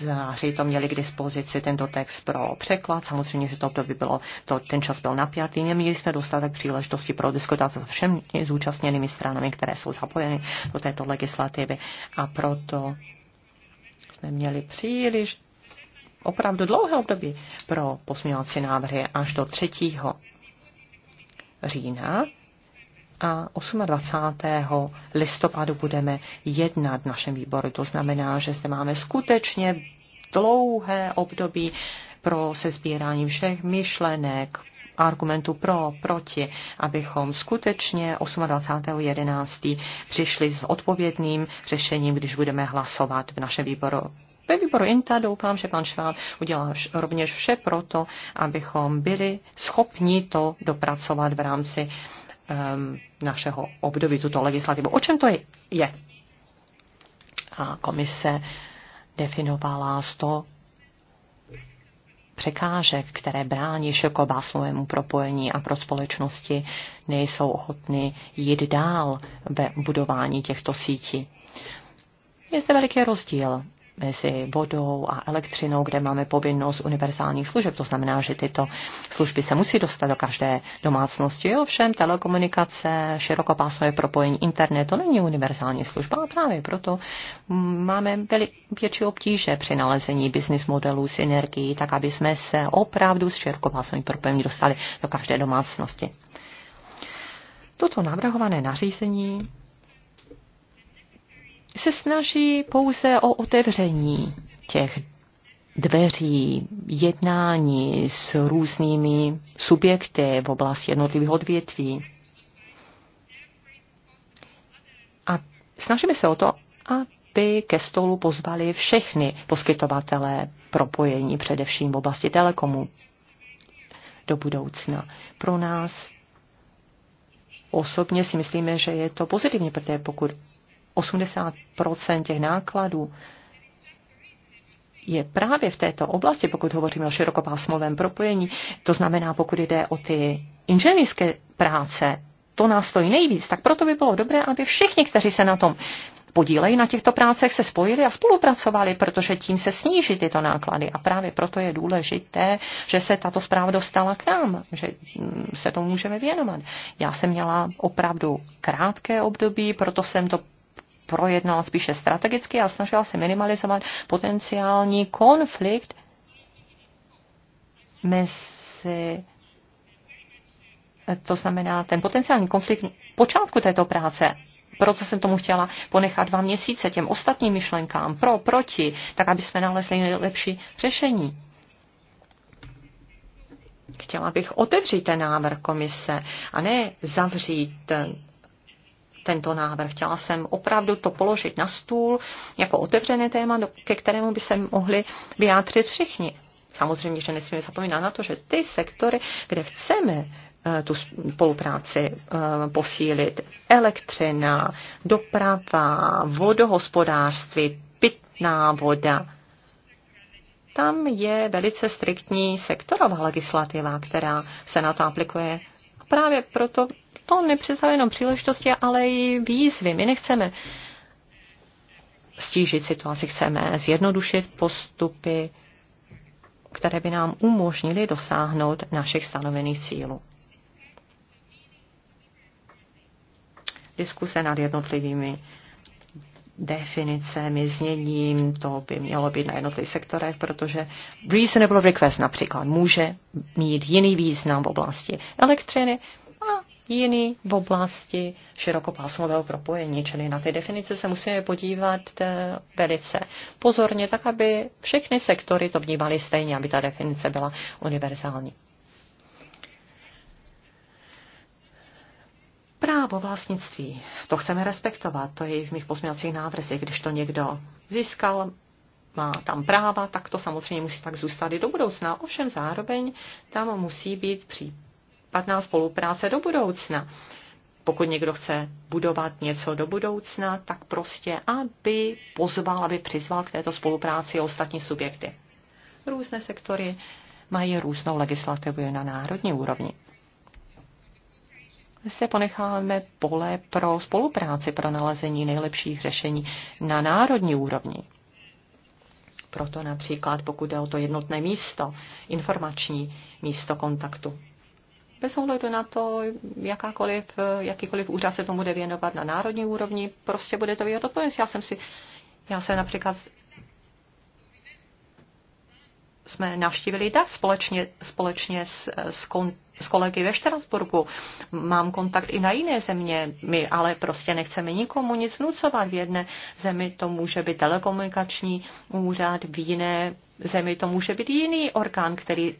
září to měli k dispozici tento text pro překlad. Samozřejmě, že to období bylo, to, ten čas byl napjatý. Neměli jsme dostatek příležitosti pro diskutaci se všemi zúčastněnými stranami, které jsou zapojeny do této legislativy. A proto jsme měli příliš opravdu dlouhé období pro posměvací návrhy až do 3. října a 28. listopadu budeme jednat v našem výboru. To znamená, že zde máme skutečně dlouhé období pro sezbírání všech myšlenek, argumentů pro, proti, abychom skutečně 28.11. přišli s odpovědným řešením, když budeme hlasovat v našem výboru. Ve výboru INTA doufám, že pan Šváb udělá rovněž vše proto, abychom byli schopni to dopracovat v rámci um, našeho období, tuto legislativu. O čem to je? A komise definovala 100 překážek, které brání širokobásmovému propojení a pro společnosti nejsou ochotny jít dál ve budování těchto sítí. Je zde veliký rozdíl mezi vodou a elektřinou, kde máme povinnost univerzálních služeb. To znamená, že tyto služby se musí dostat do každé domácnosti. Ovšem telekomunikace, širokopásové propojení internet, to není univerzální služba a právě proto mm, máme větší obtíže při nalezení business modelů, synergií, tak aby jsme se opravdu s širokopásovým propojením dostali do každé domácnosti. Toto navrhované nařízení se snaží pouze o otevření těch dveří, jednání s různými subjekty v oblasti jednotlivých odvětví. A snažíme se o to, aby ke stolu pozvali všechny poskytovatele propojení, především v oblasti telekomu do budoucna. Pro nás osobně si myslíme, že je to pozitivní, protože pokud 80 těch nákladů je právě v této oblasti, pokud hovoříme o širokopásmovém propojení, to znamená, pokud jde o ty inženýrské práce, to nás stojí nejvíc, tak proto by bylo dobré, aby všichni, kteří se na tom podílejí na těchto prácech, se spojili a spolupracovali, protože tím se sníží tyto náklady. A právě proto je důležité, že se tato zpráva dostala k nám, že mm, se tomu můžeme věnovat. Já jsem měla opravdu krátké období, proto jsem to projednal spíše strategicky a snažila se minimalizovat potenciální konflikt mezi to znamená ten potenciální konflikt počátku této práce. Proto jsem tomu chtěla ponechat dva měsíce těm ostatním myšlenkám, pro, proti, tak aby jsme nalezli nejlepší řešení. Chtěla bych otevřít ten návrh komise a ne zavřít tento návrh. Chtěla jsem opravdu to položit na stůl jako otevřené téma, ke kterému by se mohli vyjádřit všichni. Samozřejmě, že nesmíme zapomínat na to, že ty sektory, kde chceme eh, tu spolupráci eh, posílit, elektřina, doprava, vodohospodářství, pitná voda, tam je velice striktní sektorová legislativa, která se na to aplikuje. A právě proto to nepředstavuje jenom příležitosti, ale i výzvy. My nechceme stížit situaci, chceme zjednodušit postupy, které by nám umožnily dosáhnout našich stanovených cílů. Diskuse nad jednotlivými definicemi, zněním, to by mělo být na jednotlivých sektorech, protože reasonable request například může mít jiný význam v oblasti elektřiny jiný v oblasti širokopásmového propojení, čili na ty definice se musíme podívat eh, velice pozorně, tak aby všechny sektory to vnímaly stejně, aby ta definice byla univerzální. Právo vlastnictví, to chceme respektovat, to je i v mých pozměňovacích návrzích, když to někdo získal, má tam práva, tak to samozřejmě musí tak zůstat i do budoucna. Ovšem zároveň tam musí být případ dopadná spolupráce do budoucna. Pokud někdo chce budovat něco do budoucna, tak prostě, aby pozval, aby přizval k této spolupráci ostatní subjekty. Různé sektory mají různou legislativu na národní úrovni. Zde ponecháme pole pro spolupráci, pro nalezení nejlepších řešení na národní úrovni. Proto například, pokud jde o to jednotné místo, informační místo kontaktu, bez ohledu na to, jakákoliv, jakýkoliv úřad se tomu bude věnovat na národní úrovni, prostě bude to vyhodnotit. Já jsem si, já jsem například jsme navštívili DAF společně, společně s, s, kon, s kolegy ve Štrasburgu. Mám kontakt i na jiné země, my ale prostě nechceme nikomu nic vnucovat. V jedné zemi to může být telekomunikační úřad, v jiné zemi to může být jiný orgán, který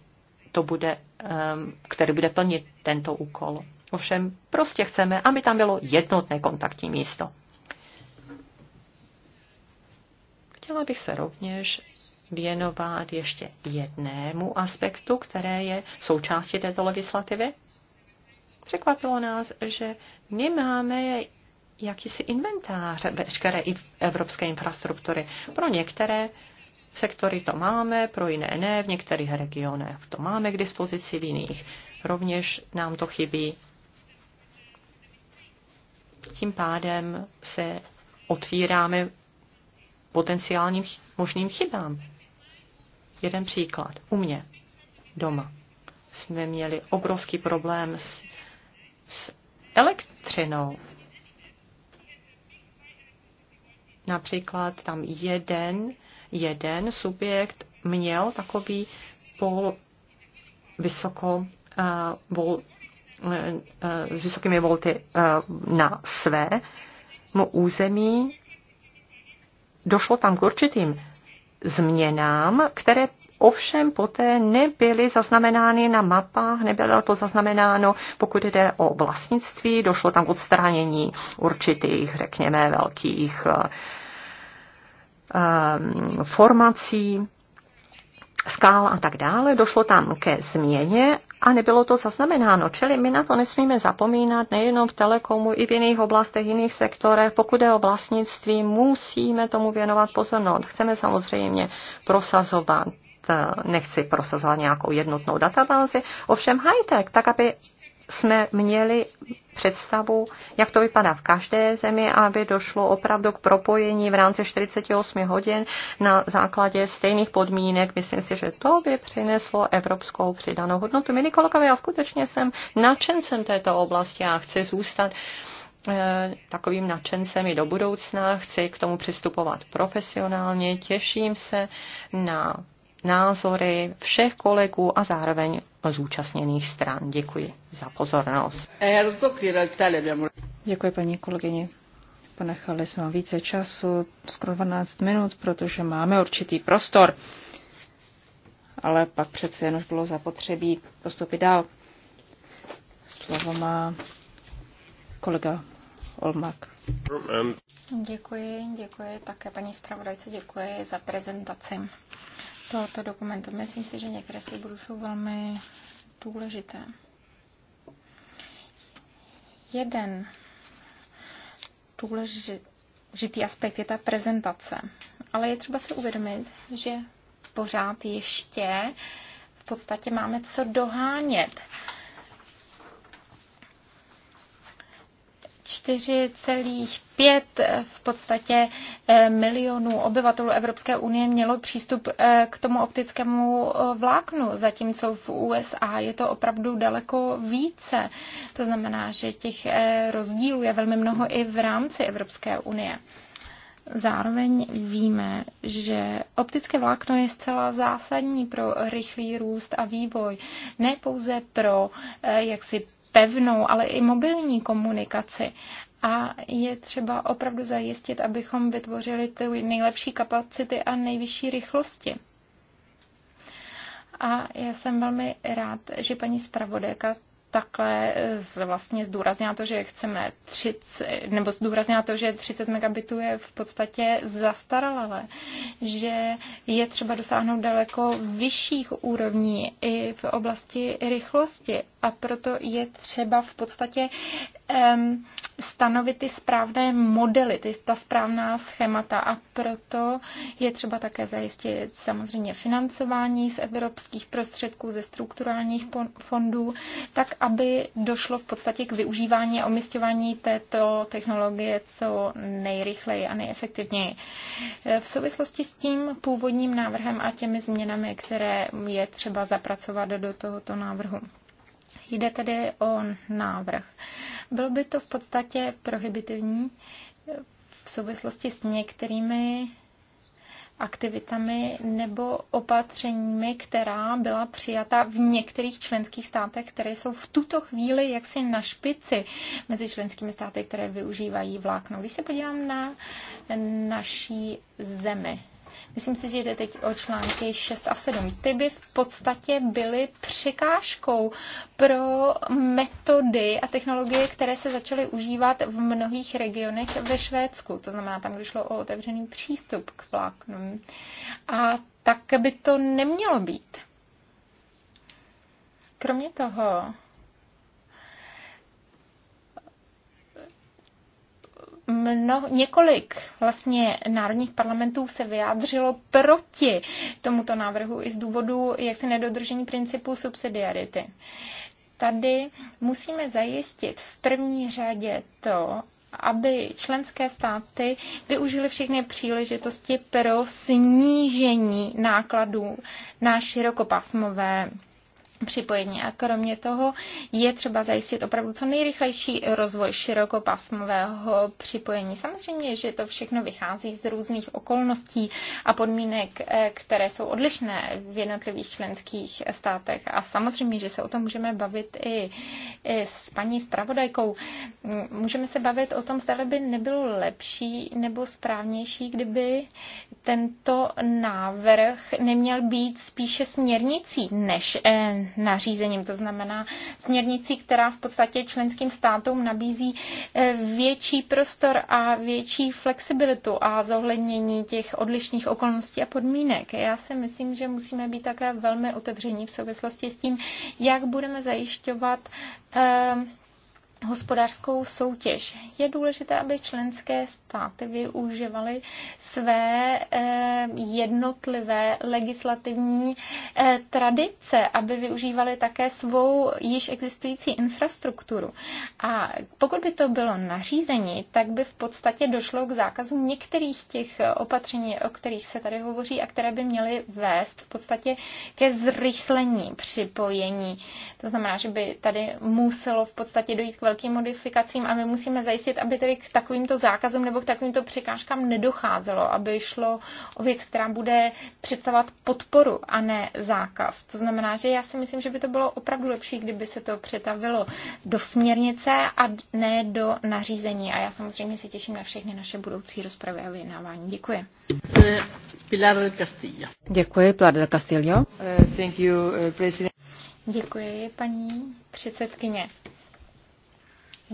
to bude, ehm, který bude plnit tento úkol. Ovšem prostě chceme, aby tam bylo jednotné kontaktní místo. Chtěla bych se rovněž věnovat ještě jednému aspektu, které je součástí této legislativy. Překvapilo nás, že my máme jakýsi inventář veškeré evropské infrastruktury. Pro některé sektory to máme, pro jiné ne, v některých regionech to máme k dispozici, v jiných rovněž nám to chybí. Tím pádem se otvíráme potenciálním možným chybám. Jeden příklad. U mě doma jsme měli obrovský problém s, s elektřinou. Například tam jeden jeden subjekt měl takový pol vysoko eh, vol, eh, eh, s vysokými volty na své mu území. Došlo tam k určitým změnám, které ovšem poté nebyly zaznamenány na mapách, nebylo to zaznamenáno, pokud jde o vlastnictví, došlo tam k odstranění určitých, řekněme, velkých Um, formací, skál a tak dále. Došlo tam ke změně a nebylo to zaznamenáno. Čili my na to nesmíme zapomínat nejenom v telekomu, i v jiných oblastech, jiných sektorech. Pokud je o vlastnictví, musíme tomu věnovat pozornost. Chceme samozřejmě prosazovat nechci prosazovat nějakou jednotnou databázi, ovšem high-tech, tak aby jsme měli představu, jak to vypadá v každé zemi, aby došlo opravdu k propojení v rámci 48 hodin na základě stejných podmínek. Myslím si, že to by přineslo evropskou přidanou hodnotu. Milí kolegové, já skutečně jsem nadšencem této oblasti a chci zůstat eh, takovým nadšencem i do budoucna, chci k tomu přistupovat profesionálně, těším se na názory všech kolegů a zároveň zúčastněných stran. Děkuji za pozornost. Děkuji paní kolegyni. Ponechali jsme více času, skoro 12 minut, protože máme určitý prostor. Ale pak přece jen už bylo zapotřebí postupit dál. Slovo má kolega Olmak. Děkuji, děkuji také paní zpravodajce, děkuji za prezentaci tohoto dokumentu. Myslím si, že některé z bodů jsou velmi důležité. Jeden důležitý aspekt je ta prezentace. Ale je třeba si uvědomit, že pořád ještě v podstatě máme co dohánět. 4,5 v podstatě eh, milionů obyvatelů Evropské unie mělo přístup eh, k tomu optickému eh, vláknu, zatímco v USA je to opravdu daleko více. To znamená, že těch rozdílů je velmi mnoho i v rámci Evropské unie. Zároveň víme, že optické vlákno je zcela zásadní pro rychlý růst a vývoj, ne pouze pro jaksi pevnou, ale i mobilní komunikaci. A je třeba opravdu zajistit, abychom vytvořili ty nejlepší kapacity a nejvyšší rychlosti. A já jsem velmi rád, že paní zpravodajka takhle eh, vlastně zdůraznila to, že chceme 30, nebo zdůraznila to, že 30 megabitů je v podstatě zastaralé, že je třeba dosáhnout daleko vyšších úrovní i v oblasti rychlosti a proto je třeba v podstatě um, stanovit ty správné modely, ty, ta správná schémata a proto je třeba také zajistit samozřejmě financování z evropských prostředků, ze strukturálních fondů, tak aby došlo v podstatě k využívání a omistování této technologie co nejrychleji a nejefektivněji. V souvislosti s tím původním návrhem a těmi změnami, které je třeba zapracovat do tohoto návrhu. Jde tedy o návrh. Bylo by to v podstatě prohibitivní v souvislosti s některými aktivitami nebo opatřeními, která byla přijata v některých členských státech, které jsou v tuto chvíli jaksi na špici mezi členskými státy, které využívají vlákno. Když se podívám na naší zemi, Myslím si, že jde teď o články 6 a 7. Ty by v podstatě byly překážkou pro metody a technologie, které se začaly užívat v mnohých regionech ve Švédsku. To znamená tam, kde šlo o otevřený přístup k vláknům. A tak by to nemělo být. Kromě toho, mno, několik vlastně národních parlamentů se vyjádřilo proti tomuto návrhu i z důvodu jaksi nedodržení principu subsidiarity. Tady musíme zajistit v první řadě to, aby členské státy využily všechny příležitosti pro snížení nákladů na širokopásmové připojení. A kromě toho je třeba zajistit opravdu co nejrychlejší rozvoj širokopasmového připojení. Samozřejmě, že to všechno vychází z různých okolností a podmínek, eh, které jsou odlišné v jednotlivých členských státech. A samozřejmě, že se o tom můžeme bavit i s paní zpravodajkou. Můžeme se bavit o tom, zda by nebylo lepší nebo správnější, kdyby tento návrh neměl být spíše směrnicí než eh, nařízením, to znamená směrnicí, která v podstatě členským státům nabízí eh, větší prostor a větší flexibilitu a zohlednění těch odlišných okolností a podmínek. Já si myslím, že musíme být také velmi otevření v souvislosti s tím, jak budeme zajišťovat eh, hospodářskou soutěž. Je důležité, aby členské státy využívaly své eh, jednotlivé legislativní eh, tradice, aby využívaly také svou již existující infrastrukturu. A pokud by to bylo nařízení, tak by v podstatě došlo k zákazu některých těch opatření, o kterých se tady hovoří a které by měly vést v podstatě ke zrychlení připojení. To znamená, že by tady muselo v podstatě dojít k velkým modifikacím a my musíme zajistit, aby tedy k takovýmto zákazům nebo k takovýmto překážkám nedocházelo, aby šlo o věc, která bude představovat podporu a ne zákaz. To znamená, že já si myslím, že by to bylo opravdu lepší, kdyby se to přetavilo do směrnice a ne do nařízení. A já samozřejmě se těším na všechny naše budoucí rozpravy a vyjednávání. Děkuji. Pilar del Castillo. Děkuji, Pilar del Castillo. Uh, thank you, uh, President. Děkuji, paní předsedkyně.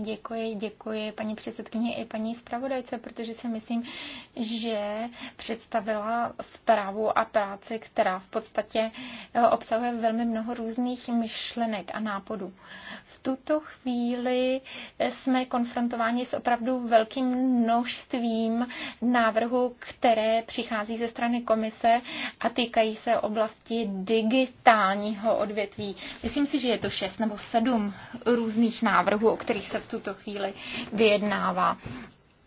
Děkuji, děkuji paní předsedkyně i paní zpravodajce, protože si myslím, že představila zprávu a práci, která v podstatě eh, obsahuje velmi mnoho různých myšlenek a nápadů. V tuto chvíli eh, jsme konfrontováni s opravdu velkým množstvím návrhů, které přichází ze strany komise a týkají se oblasti digitálního odvětví. Myslím si, že je to šest nebo sedm různých návrhů, o kterých se v tuto chvíli vyjednává.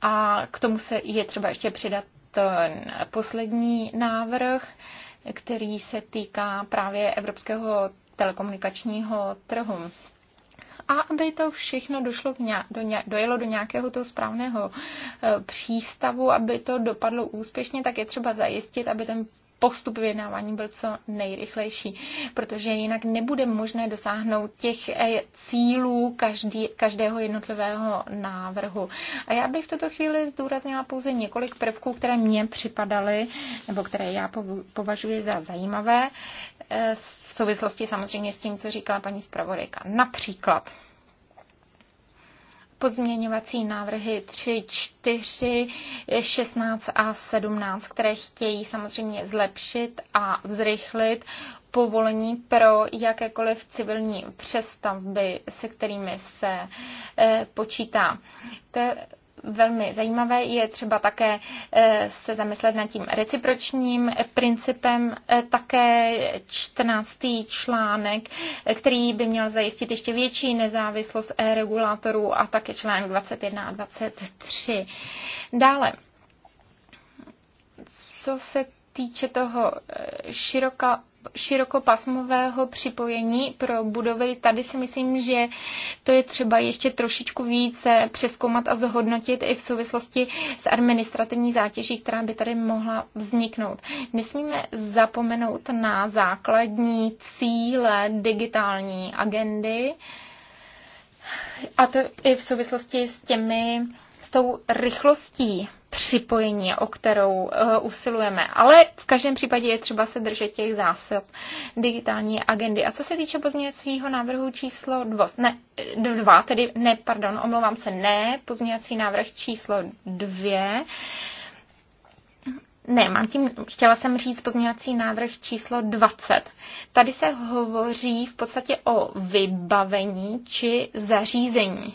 A k tomu se je třeba ještě přidat ten poslední návrh, který se týká právě evropského telekomunikačního trhu a aby to všechno došlo k nějak, do nějak, dojelo do nějakého toho správného eh, přístavu, aby to dopadlo úspěšně, tak je třeba zajistit, aby ten postup vyjednávání byl co nejrychlejší, protože jinak nebude možné dosáhnout těch eh, cílů každý, každého jednotlivého návrhu. A já bych v tuto chvíli zdůraznila pouze několik prvků, které mně připadaly, nebo které já považuji za zajímavé, eh, v souvislosti samozřejmě s tím, co říkala paní zpravodajka. Například pozměňovací návrhy 3, 4, 16 a 17, které chtějí samozřejmě zlepšit a zrychlit povolení pro jakékoliv civilní přestavby, se kterými se eh, počítá. To je velmi zajímavé. Je třeba také eh, se zamyslet nad tím recipročním principem, eh, také 14. článek, eh, který by měl zajistit ještě větší nezávislost regulátorů a také článek 21 a 23. Dále, co se týče toho široka širokopásmového připojení pro budovy. Tady si myslím, že to je třeba ještě trošičku více přeskoumat a zhodnotit i v souvislosti s administrativní zátěží, která by tady mohla vzniknout. Nesmíme zapomenout na základní cíle digitální agendy a to i v souvislosti s těmi s tou rychlostí připojení, o kterou eh, usilujeme. Ale v každém případě je třeba se držet těch zásob digitální agendy. A co se týče pozměňovacího návrhu číslo 2, ne, 2, tedy ne, pardon, omlouvám se, ne, pozměňovací návrh číslo 2, ne, mám tím, chtěla jsem říct pozměňovací návrh číslo 20. Tady se hovoří v podstatě o vybavení či zařízení.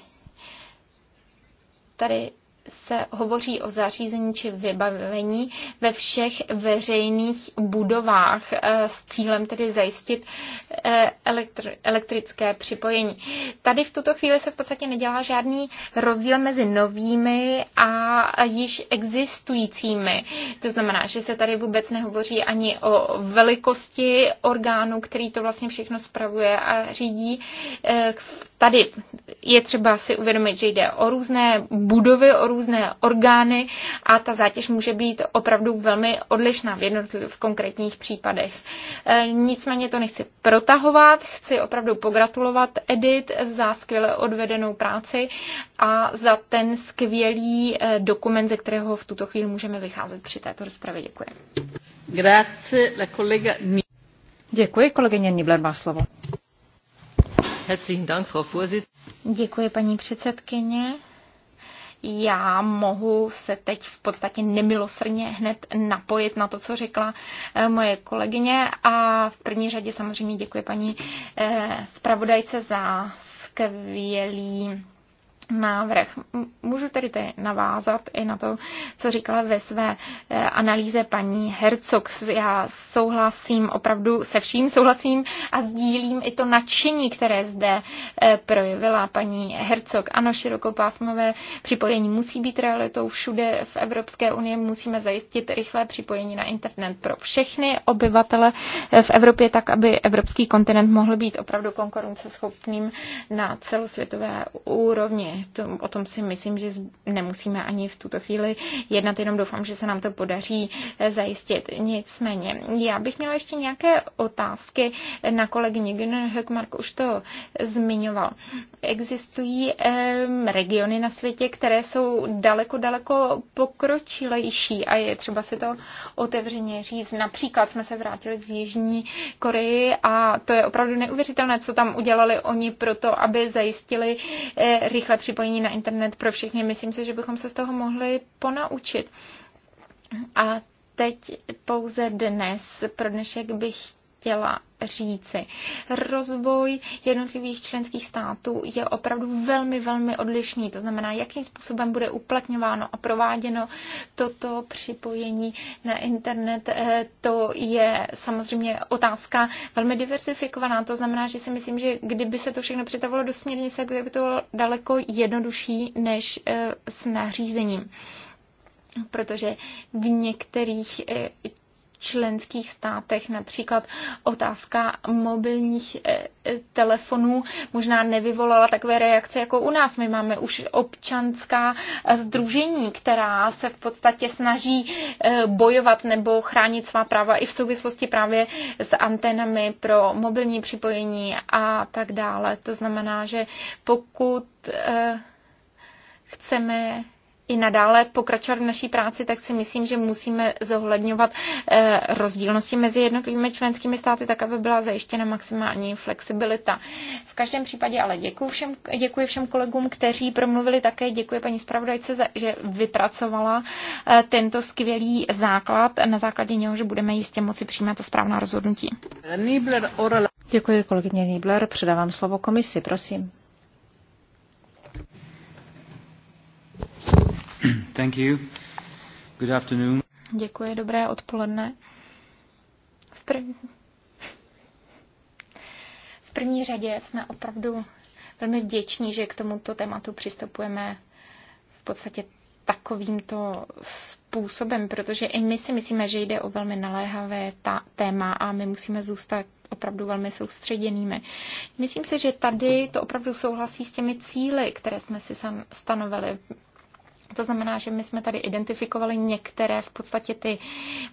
Tady se hovoří o zařízení či vybavení ve všech veřejných budovách eh, s cílem tedy zajistit eh, elektrické připojení. Tady v tuto chvíli se v podstatě nedělá žádný rozdíl mezi novými a již existujícími. To znamená, že se tady vůbec nehovoří ani o velikosti orgánu, který to vlastně všechno spravuje a řídí. Eh, tady je třeba si uvědomit, že jde o různé budovy, o různé různé orgány a ta zátěž může být opravdu velmi odlišná v, v konkrétních případech. E, nicméně to nechci protahovat, chci opravdu pogratulovat Edit za skvěle odvedenou práci a za ten skvělý e, dokument, ze kterého v tuto chvíli můžeme vycházet při této rozpravě. Děkuji. Grazie, la kolega... Děkuji, kolegyně Nibler má slovo. Herzlichen Dank, Frau Děkuji, paní předsedkyně já mohu se teď v podstatě nemilosrdně hned napojit na to, co řekla eh, moje kolegyně a v první řadě samozřejmě děkuji paní eh, zpravodajce za skvělý návrh. Můžu tedy tady navázat i na to, co říkala ve své eh, analýze paní Hercog. Já souhlasím opravdu se vším, souhlasím a sdílím i to nadšení, které zde eh, projevila paní Hercog. Ano, širokopásmové připojení musí být realitou všude v Evropské unii. Musíme zajistit rychlé připojení na internet pro všechny obyvatele eh, v Evropě, tak aby evropský kontinent mohl být opravdu konkurenceschopným na celosvětové úrovni to, o tom si myslím, že nemusíme ani v tuto chvíli jednat, jenom doufám, že se nám to podaří eh, zajistit. Nicméně, já bych měla ještě nějaké otázky na kolegyni Gunnar Hökmark, už to zmiňoval. Existují um, regiony na světě, které jsou daleko, daleko pokročilejší a je třeba si to otevřeně říct. Například jsme se vrátili z Jižní Koreji a to je opravdu neuvěřitelné, co tam udělali oni pro to, aby zajistili eh, rychle připojení na internet pro všechny. Myslím si, že bychom se z toho mohli ponaučit. A teď pouze dnes, pro dnešek bych chtěla říci. Rozvoj jednotlivých členských států je opravdu velmi, velmi odlišný. To znamená, jakým způsobem bude uplatňováno a prováděno toto připojení na internet. Eh, to je samozřejmě otázka velmi diversifikovaná. To znamená, že si myslím, že kdyby se to všechno přetavilo do směrnice, by to bylo daleko jednodušší než eh, s nařízením protože v některých eh, členských státech, například otázka mobilních eh, telefonů možná nevyvolala takové reakce jako u nás. My máme už občanská združení, eh, která se v podstatě snaží eh, bojovat nebo chránit svá práva i v souvislosti právě s antenami pro mobilní připojení a tak dále. To znamená, že pokud chceme i nadále pokračovat v naší práci, tak si myslím, že musíme zohledňovat eh, rozdílnosti mezi jednotlivými členskými státy, tak aby byla zajištěna maximální flexibilita. V každém případě ale děkuji všem, děkuji všem kolegům, kteří promluvili také. Děkuji paní zpravodajce, že vypracovala eh, tento skvělý základ, na základě že budeme jistě moci přijímat to správná rozhodnutí. Děkuji kolegyně Nibler, předávám slovo komisi, prosím. Thank you. Good afternoon. Děkuji, dobré odpoledne. V, prv... v první řadě jsme opravdu velmi vděční, že k tomuto tématu přistupujeme v podstatě takovýmto způsobem, protože i my si myslíme, že jde o velmi naléhavé ta- téma a my musíme zůstat opravdu velmi soustředěnými. Myslím si, že tady to opravdu souhlasí s těmi cíly, které jsme si stanovili to znamená, že my jsme tady identifikovali některé v podstatě ty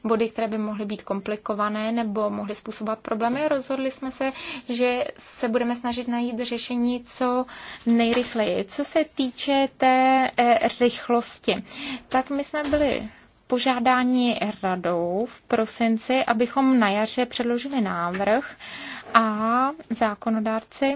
body, které by mohly být komplikované nebo mohly způsobovat problémy. Rozhodli jsme se, že se budeme snažit najít řešení co nejrychleji. Co se týče té e, rychlosti, tak my jsme byli požádání radou v prosinci, abychom na jaře předložili návrh a zákonodárci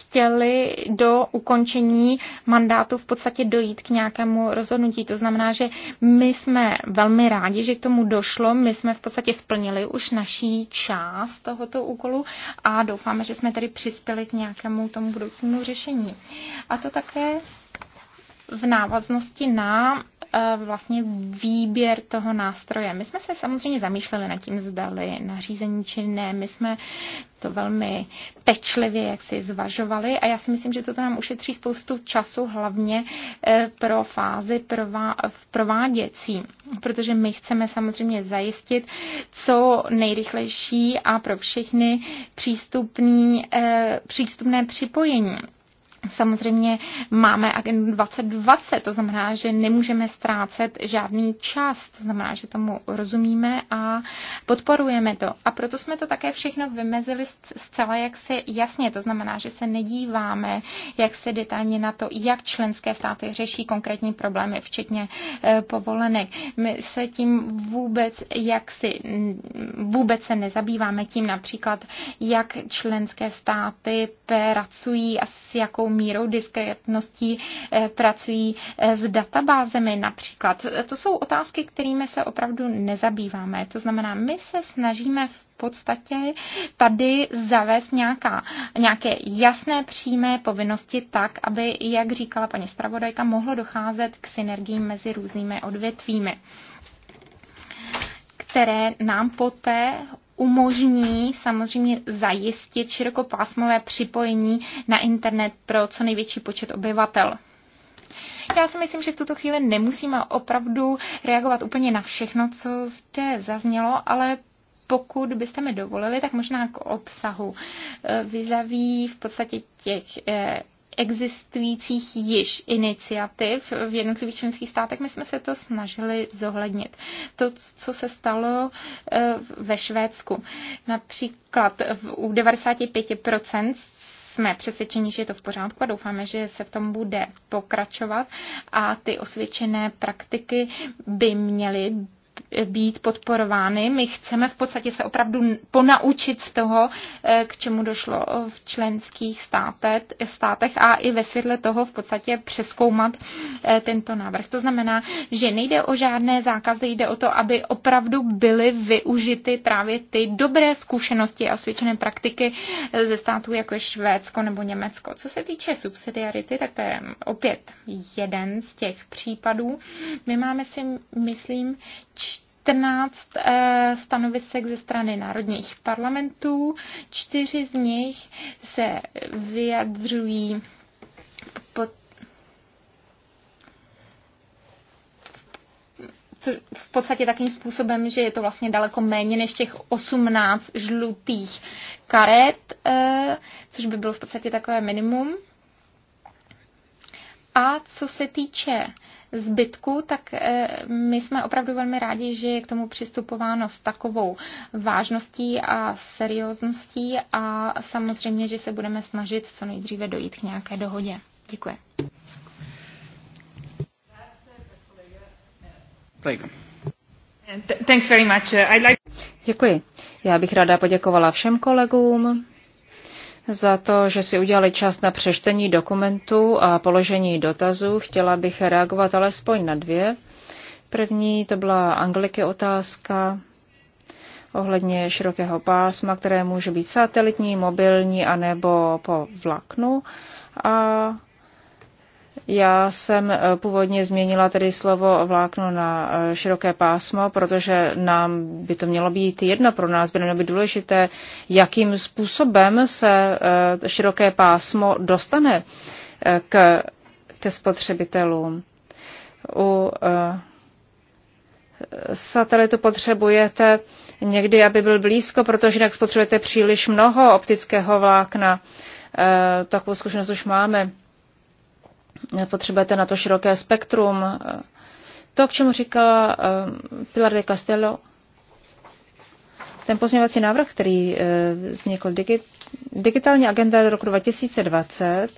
chtěli do ukončení mandátu v podstatě dojít k nějakému rozhodnutí. To znamená, že my jsme velmi rádi, že k tomu došlo. My jsme v podstatě splnili už naší část tohoto úkolu a doufáme, že jsme tedy přispěli k nějakému tomu budoucímu řešení. A to také v návaznosti na Eh, vlastně výběr toho nástroje. My jsme se samozřejmě zamýšleli nad tím, zdali nařízení či ne. My jsme to velmi pečlivě jak si zvažovali a já si myslím, že toto nám ušetří spoustu času, hlavně eh, pro fázi prová, prováděcí, protože my chceme samozřejmě zajistit co nejrychlejší a pro všechny přístupný, eh, přístupné připojení. Samozřejmě máme agendu 2020, to znamená, že nemůžeme ztrácet žádný čas, to znamená, že tomu rozumíme a podporujeme to. A proto jsme to také všechno vymezili zcela jaksi jasně, to znamená, že se nedíváme jak se detailně na to, jak členské státy řeší konkrétní problémy, včetně e, povolenek. My se tím vůbec jaksi vůbec se nezabýváme tím například, jak členské státy pracují a s jakou mírou diskrétností eh, pracují eh, s databázemi například. To jsou otázky, kterými se opravdu nezabýváme. To znamená, my se snažíme v podstatě tady zavést nějaká, nějaké jasné přímé povinnosti tak, aby, jak říkala paní zpravodajka, mohlo docházet k synergiím mezi různými odvětvími které nám poté umožní samozřejmě zajistit širokopásmové připojení na internet pro co největší počet obyvatel. Já si myslím, že v tuto chvíli nemusíme opravdu reagovat úplně na všechno, co zde zaznělo, ale pokud byste mi dovolili, tak možná k obsahu. E, Vyzaví v podstatě těch e, existujících již iniciativ v jednotlivých členských státech. My jsme se to snažili zohlednit. To, co se stalo eh, ve Švédsku. Například u 95% jsme přesvědčeni, že je to v pořádku a doufáme, že se v tom bude pokračovat a ty osvědčené praktiky by měly být podporovány. My chceme v podstatě se opravdu ponaučit z toho, eh, k čemu došlo v členských státech, státech a i ve světle toho v podstatě přeskoumat eh, tento návrh. To znamená, že nejde o žádné zákazy, jde o to, aby opravdu byly využity právě ty dobré zkušenosti a osvědčené praktiky eh, ze států jako je Švédsko nebo Německo. Co se týče subsidiarity, tak to je opět jeden z těch případů. My máme si, myslím, 14 eh, stanovisek ze strany národních parlamentů, čtyři z nich se vyjadřují Což v podstatě takým způsobem, že je to vlastně daleko méně než těch 18 žlutých karet, eh, což by bylo v podstatě takové minimum. A co se týče zbytku, tak eh, my jsme opravdu velmi rádi, že je k tomu přistupováno s takovou vážností a seriózností a samozřejmě, že se budeme snažit co nejdříve dojít k nějaké dohodě. Děkuji. Thanks very much. Děkuji. Já bych ráda poděkovala všem kolegům za to, že si udělali čas na přečtení dokumentů a položení dotazů. Chtěla bych reagovat alespoň na dvě. První to byla Angliky otázka ohledně širokého pásma, které může být satelitní, mobilní anebo po vláknu. A já jsem eh, původně změnila tedy slovo vlákno na eh, široké pásmo, protože nám by to mělo být jedno, pro nás by nemělo být důležité, jakým způsobem se eh, široké pásmo dostane k, ke spotřebitelům. U satelitu potřebujete někdy, aby byl blízko, protože jinak spotřebujete příliš mnoho optického vlákna. Takovou zkušenost už máme potřebujete na to široké spektrum. To, k čemu říkala eh, Pilar de Castello, ten pozměňovací návrh, který eh, vznikl digi- digitální agenda do roku 2020,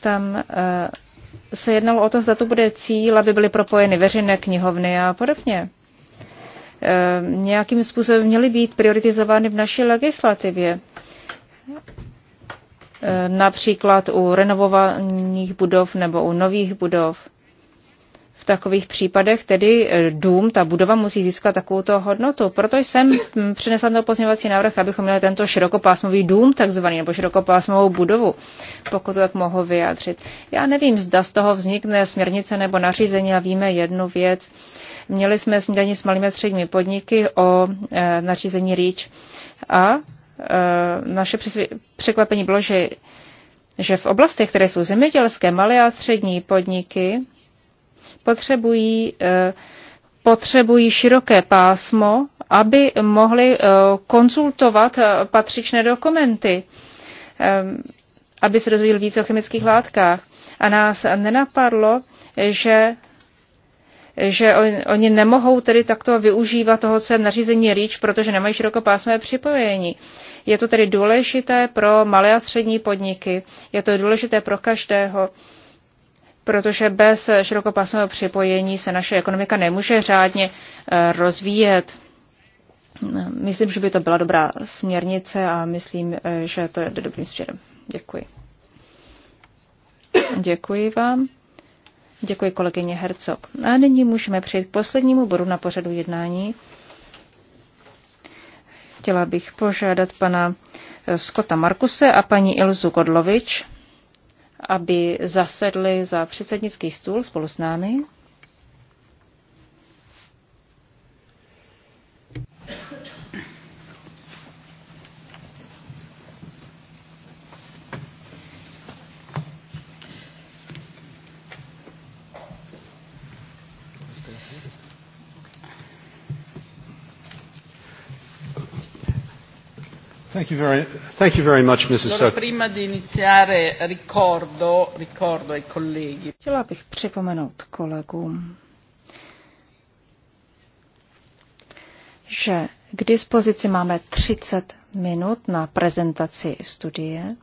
tam eh, se jednalo o to, zda to bude cíl, aby byly propojeny veřejné knihovny a podobně. Nějakým způsobem měly být prioritizovány v naší legislativě. Eh, například u renovovaných budov nebo u nových budov. V takových případech tedy eh, dům, ta budova musí získat takovouto hodnotu. Proto jsem hm, přinesla ten pozměňovací návrh, abychom měli tento širokopásmový dům takzvaný, nebo širokopásmovou budovu, pokud to tak mohu vyjádřit. Já nevím, zda z toho vznikne směrnice nebo nařízení a víme jednu věc. Měli jsme snídaní s malými a středními podniky o e, nařízení REACH a Eh, naše překvapení bylo, že, že v oblastech, které jsou zemědělské, malé a střední podniky potřebují, eh, potřebují široké pásmo, aby mohli eh, konzultovat patřičné dokumenty, aby se dozvěděli více o chemických látkách. A nás nenapadlo, že že on, oni nemohou tedy takto využívat toho, co je nařízení REACH, protože nemají širokopásmové připojení. Je to tedy důležité pro malé a střední podniky, je to důležité pro každého, protože bez širokopásmového připojení se naše ekonomika nemůže řádně eh, rozvíjet. Myslím, že by to byla dobrá směrnice a myslím, eh, že to je dobrým směrem. Děkuji. Děkuji vám. Děkuji kolegyně Hercog. A nyní můžeme přejít k poslednímu bodu na pořadu jednání. Chtěla bych požádat pana eh, Skota Markuse a paní Ilzu Kodlovič, aby zasedli za předsednický stůl spolu s námi. Thank you very, thank you very much, Mrs. prima di iniziare ricordo, ricordo ai colleghi. Chtěla bych připomenout kolegům, že k dispozici máme 30 minut na prezentaci studie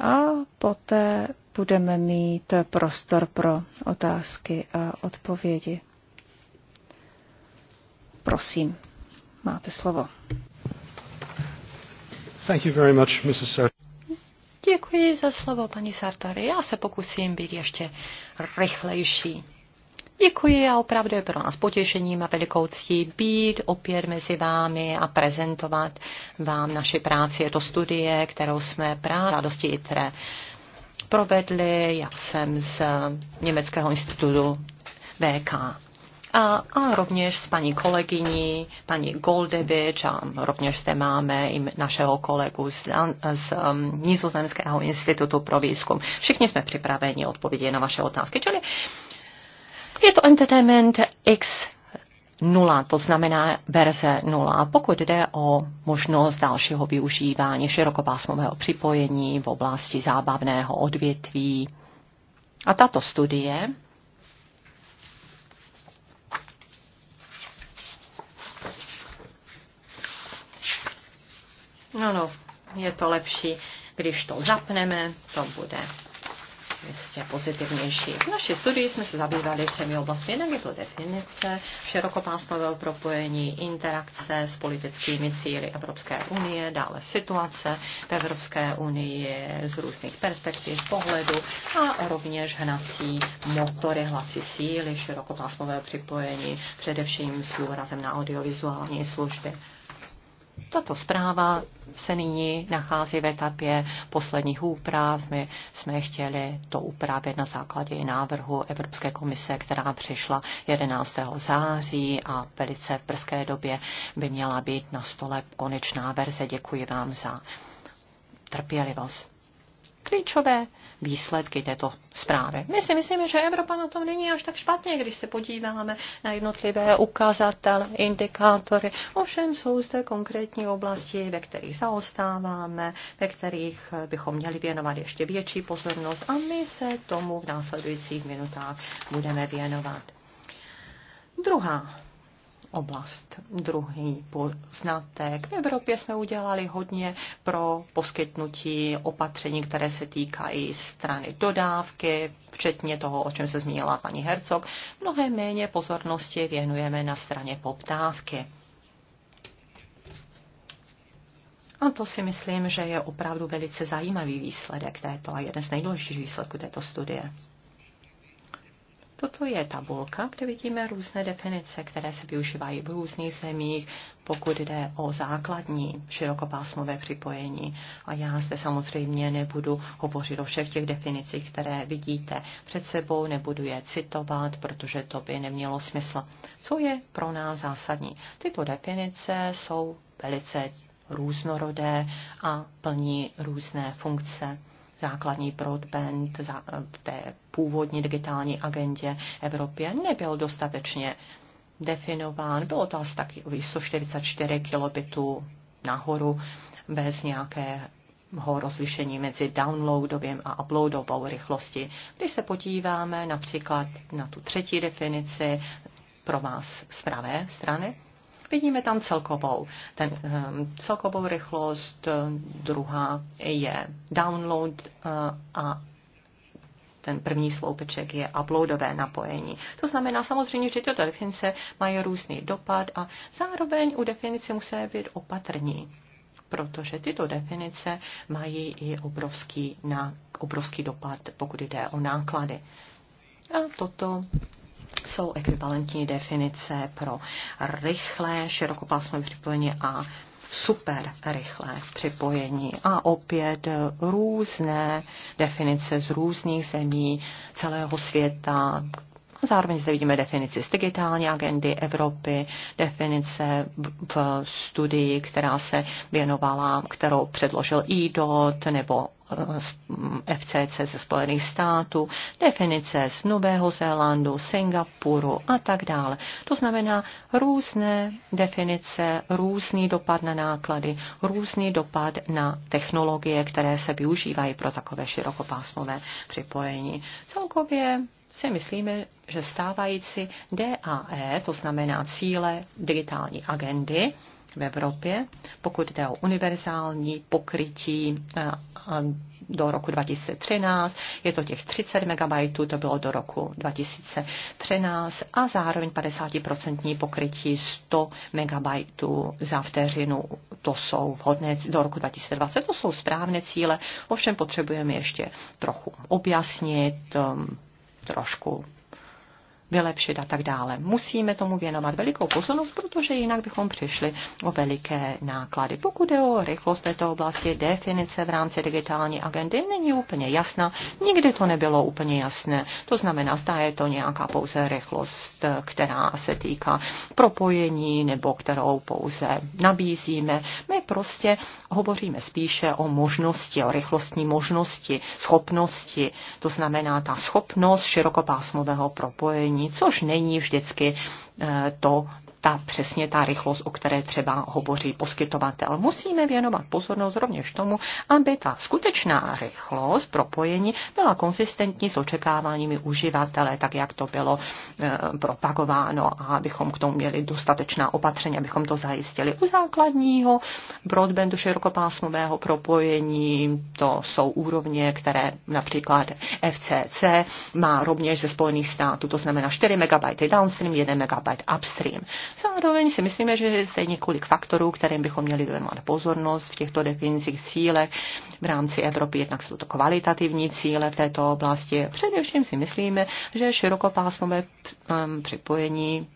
a poté budeme mít prostor pro otázky a odpovědi. Prosím, máte slovo. Thank you very much, Mrs. Sir. Děkuji za slovo, paní Sartori. Já se pokusím být ještě rychlejší. Děkuji a opravdu je pro nás potěšením a velikou ctí být opět mezi vámi a prezentovat vám naši práci. Je to studie, kterou jsme právě žádosti ITRE provedli. Já jsem z Německého institutu VK a, a rovněž s paní kolegyní, paní Goldevič a rovněž zde máme i našeho kolegu z, z um, Nizozemského institutu pro výzkum. Všichni jsme připraveni odpovědět na vaše otázky, čili je to Entertainment X 0, to znamená verze 0. A pokud jde o možnost dalšího využívání širokopásmového připojení v oblasti zábavného odvětví, a tato studie No, no, je to lepší, když to zapneme, to bude jistě pozitivnější. V naší studii jsme se zabývali třemi oblastmi. Jednak je to definice širokopásmového propojení, interakce s politickými cíly Evropské unie, dále situace v Evropské unii z různých perspektiv, pohledu a rovněž hnací motory, hlací síly širokopásmového připojení, především s důrazem na audiovizuální služby. Tato zpráva se nyní nachází v etapě posledních úprav. My jsme chtěli to upravit na základě i návrhu Evropské komise, která přišla 11. září a velice v brzké době by měla být na stole konečná verze. Děkuji vám za trpělivost. Klíčové výsledky této zprávy. My si myslíme, že Evropa na tom není až tak špatně, když se podíváme na jednotlivé ukazatele, indikátory. Ovšem jsou zde konkrétní oblasti, ve kterých zaostáváme, ve kterých bychom měli věnovat ještě větší pozornost a my se tomu v následujících minutách budeme věnovat. Druhá oblast. Druhý poznatek. V Evropě jsme udělali hodně pro poskytnutí opatření, které se týkají strany dodávky, včetně toho, o čem se zmínila paní Hercog. Mnohem méně pozornosti věnujeme na straně poptávky. A to si myslím, že je opravdu velice zajímavý výsledek této a jeden z nejdůležitějších výsledků této studie. Toto je tabulka, kde vidíme různé definice, které se využívají v různých zemích, pokud jde o základní širokopásmové připojení. A já zde samozřejmě nebudu hovořit o všech těch definicích, které vidíte před sebou, nebudu je citovat, protože to by nemělo smysl. Co je pro nás zásadní? Tyto definice jsou velice různorodé a plní různé funkce základní broadband v té původní digitální agendě Evropě nebyl dostatečně definován. Bylo to asi taky 144 kilobitů nahoru bez nějakého rozlišení mezi downloadovým a uploadovou rychlostí. Když se podíváme například na tu třetí definici pro vás z pravé strany, Vidíme tam celkovou, ten, ehm, celkovou rychlost, ehm, druhá je download eh, a ten první sloupeček je uploadové napojení. To znamená samozřejmě, že tyto definice mají různý dopad a zároveň u definice musí být opatrní, protože tyto definice mají i obrovský, na, obrovský dopad, pokud jde o náklady. A toto jsou ekvivalentní definice pro rychlé širokopásmové připojení a super rychlé připojení a opět různé definice z různých zemí celého světa, Zároveň zde vidíme definici z digitální agendy Evropy, definice v studii, která se věnovala, kterou předložil IDOT nebo eh, mm, FCC ze Spojených států, definice z Nového Zélandu, Singapuru a tak dále. To znamená různé definice, různý dopad na náklady, různý dopad na technologie, které se využívají pro takové širokopásmové připojení. Celkově si myslíme, že stávající DAE, to znamená cíle digitální agendy v Evropě, pokud jde o univerzální pokrytí eh, eh, do roku 2013, je to těch 30 MB, to bylo do roku 2013 a zároveň 50% pokrytí 100 MB za vteřinu, to jsou vhodné do roku 2020, to jsou správné cíle, ovšem potřebujeme ještě trochu objasnit, ehm, trošku vylepšit a tak dále. Musíme tomu věnovat velikou pozornost, protože jinak bychom přišli o veliké náklady. Pokud je o rychlost této oblasti, definice v rámci digitální agendy není úplně jasná. Nikdy to nebylo úplně jasné. To znamená, zda je to nějaká pouze rychlost, která se týká propojení nebo kterou pouze nabízíme. My prostě hovoříme spíše o možnosti, o rychlostní možnosti, schopnosti. To znamená ta schopnost širokopásmového propojení vzdělání, což není vždycky eh, to ta přesně ta rychlost, o které třeba hovoří poskytovatel. Musíme věnovat pozornost rovněž tomu, aby ta skutečná rychlost propojení byla konzistentní s očekáváními uživatele, tak jak to bylo e, propagováno a abychom k tomu měli dostatečná opatření, abychom to zajistili. U základního broadbandu širokopásmového propojení to jsou úrovně, které například FCC má rovněž ze Spojených států, to znamená 4 MB downstream, 1 MB upstream. Zároveň si myslíme, že je zde několik faktorů, kterým bychom měli věnovat pozornost v těchto definicích cílech v rámci Evropy. Jednak jsou to kvalitativní cíle v této oblasti. Především si myslíme, že širokopásmové um, připojení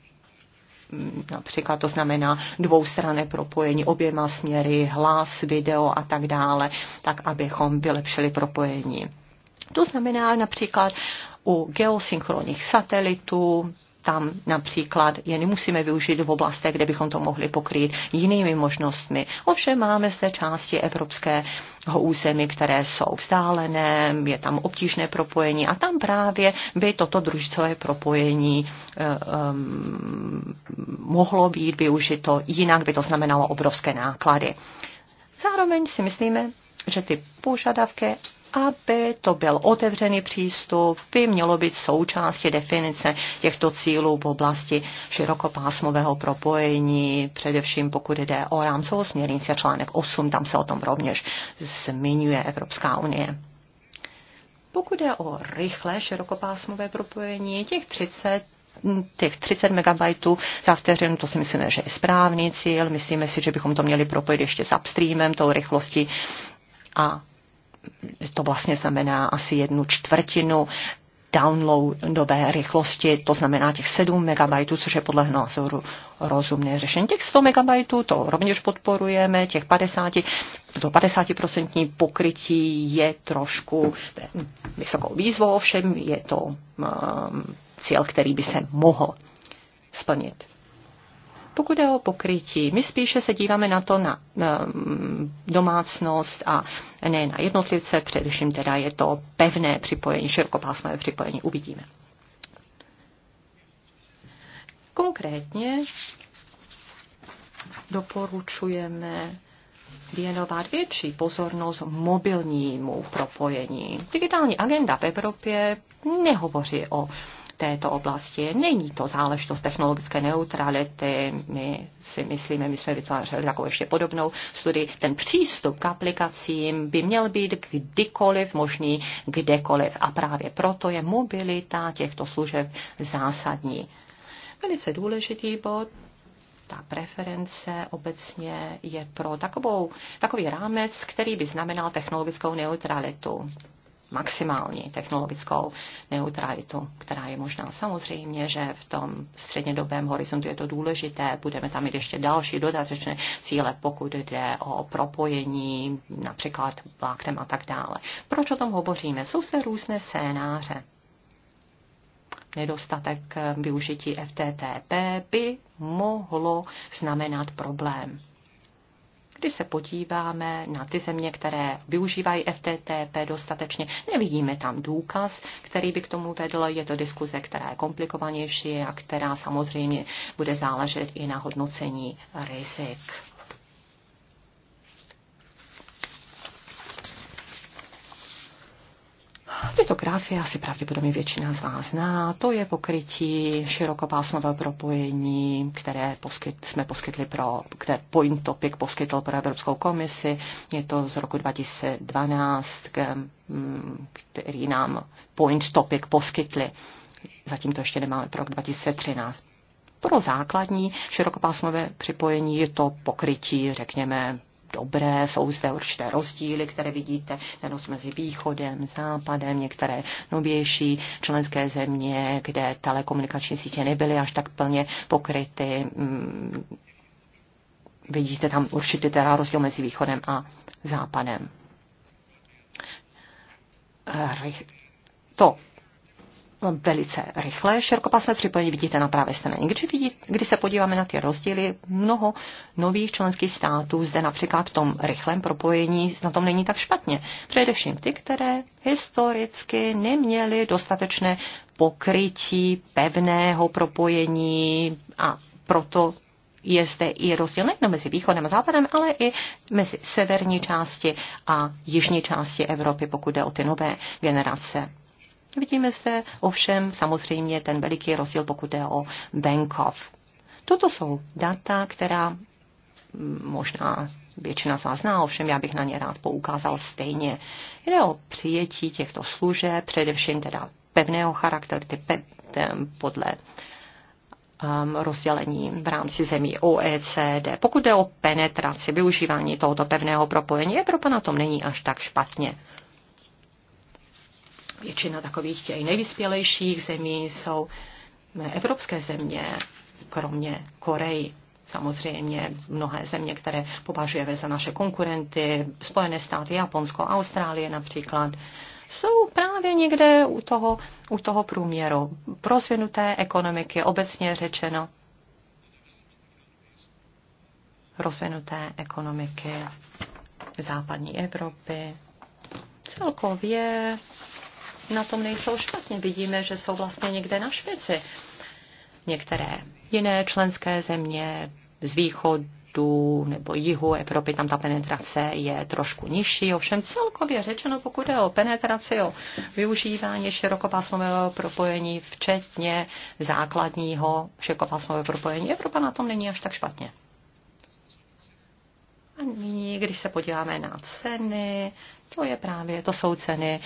mm, například to znamená dvoustranné propojení oběma směry, hlas, video a tak dále, tak abychom vylepšili propojení. To znamená například u geosynchronních satelitů, tam například je nemusíme využít v oblastech, kde bychom to mohli pokrýt jinými možnostmi. Ovšem máme zde části evropského území, které jsou vzdálené, je tam obtížné propojení a tam právě by toto družicové propojení um, mohlo být využito, jinak by to znamenalo obrovské náklady. Zároveň si myslíme, že ty požadavky aby to byl otevřený přístup, by mělo být součástí definice těchto cílů v oblasti širokopásmového propojení, především pokud jde o rámcovou směrnici článek 8, tam se o tom rovněž zmiňuje Evropská unie. Pokud jde o rychlé širokopásmové propojení, těch 30 těch 30 MB za vteřinu, to si myslíme, že je správný cíl. Myslíme si, že bychom to měli propojit ještě s upstreamem, tou rychlostí a to vlastně znamená asi jednu čtvrtinu downloadové rychlosti, to znamená těch 7 MB, což je podle názoru rozumné řešení. Těch 100 MB to rovněž podporujeme, těch 50, to 50% pokrytí je trošku vysokou výzvou, ovšem je to um, cíl, který by se mohl splnit. Pokud je o pokrytí, my spíše se díváme na to na, na mm, domácnost a ne na jednotlivce, především teda je to pevné připojení, širokopásmové připojení, uvidíme. Konkrétně doporučujeme věnovat větší pozornost mobilnímu propojení. Digitální agenda v Evropě nehovoří o této oblasti. Není to záležitost technologické neutrality. My si myslíme, my jsme vytvářeli takovou ještě podobnou studii. Ten přístup k aplikacím by měl být kdykoliv možný, kdekoliv. A právě proto je mobilita těchto služeb zásadní. Velice důležitý bod ta preference obecně je pro takovou, takový rámec, který by znamenal technologickou neutralitu maximální technologickou neutralitu, která je možná. Samozřejmě, že v tom střednědobém horizontu je to důležité. Budeme tam mít ještě další dodatečné cíle, pokud jde o propojení, například vláknem a tak dále. Proč o tom hovoříme? Jsou zde různé scénáře. Nedostatek využití FTTP by mohlo znamenat problém když se podíváme na ty země, které využívají FTTP dostatečně, nevidíme tam důkaz, který by k tomu vedl. Je to diskuze, která je komplikovanější a která samozřejmě bude záležet i na hodnocení rizik. Tyto grafy asi pravděpodobně většina z vás zná. To je pokrytí širokopásmového propojení, které poskyt, jsme poskytli pro, které Point Topic poskytl pro Evropskou komisi. Je to z roku 2012, mm, který nám Point Topic poskytli. Zatím to ještě nemáme pro rok 2013. Pro základní širokopásmové připojení je to pokrytí, řekněme, dobré, jsou zde určité rozdíly, které vidíte, jenom mezi východem, západem, některé novější členské země, kde telekomunikační sítě nebyly až tak plně pokryty. Mm, vidíte tam určitý teda rozdíl mezi východem a západem. Eh, to velice rychlé širokopásmé připojení vidíte na pravé straně. Když, když se podíváme na ty rozdíly, mnoho nových členských států zde například v tom rychlém propojení na tom není tak špatně. Především ty, které historicky neměly dostatečné pokrytí pevného propojení a proto je zde i rozdíl nejen mezi východem a západem, ale i mezi severní části a jižní části Evropy, pokud jde o ty nové generace Vidíme zde ovšem samozřejmě ten veliký rozdíl, pokud je o bankov. Toto jsou data, která možná většina z vás zná, ovšem já bych na ně rád poukázal stejně. Jde o přijetí těchto služeb, především teda pevného charakteru, ty pe- podle um, rozdělení v rámci zemí OECD. Pokud jde o penetraci, využívání tohoto pevného propojení, Evropa na tom není až tak špatně. Většina takových těch nejvyspělejších zemí jsou evropské země, kromě Koreji. Samozřejmě mnohé země, které považujeme za naše konkurenty, Spojené státy, Japonsko, Austrálie například, jsou právě někde u toho, u toho průměru. Prozvinuté ekonomiky, obecně řečeno, rozvinuté ekonomiky západní Evropy. Celkově na tom nejsou špatně. Vidíme, že jsou vlastně někde na špici. Některé jiné členské země z východu nebo jihu Evropy, tam ta penetrace je trošku nižší. Ovšem celkově řečeno, pokud je o penetraci, o využívání širokopásmového propojení, včetně základního širokopásmového propojení, Evropa na tom není až tak špatně. A nyní, když se podíváme na ceny, to je právě, to jsou ceny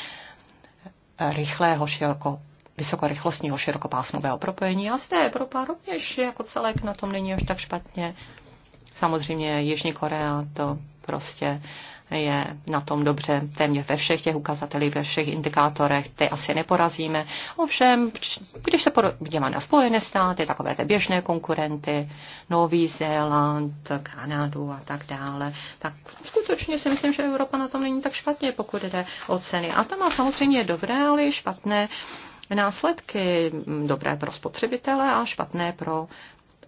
rychlého široko, vysokorychlostního širokopásmového propojení. A zde Evropa rovněž jako celek na tom není až tak špatně. Samozřejmě Jižní Korea to prostě je na tom dobře téměř ve všech těch ukazatelích, ve všech indikátorech, ty asi neporazíme. Ovšem, když se podíváme na Spojené státy, takové ty běžné konkurenty, Nový Zéland, Kanadu a tak dále, tak skutečně si myslím, že Evropa na tom není tak špatně, pokud jde o ceny. A to má samozřejmě dobré, ale i špatné následky, dobré pro spotřebitele a špatné pro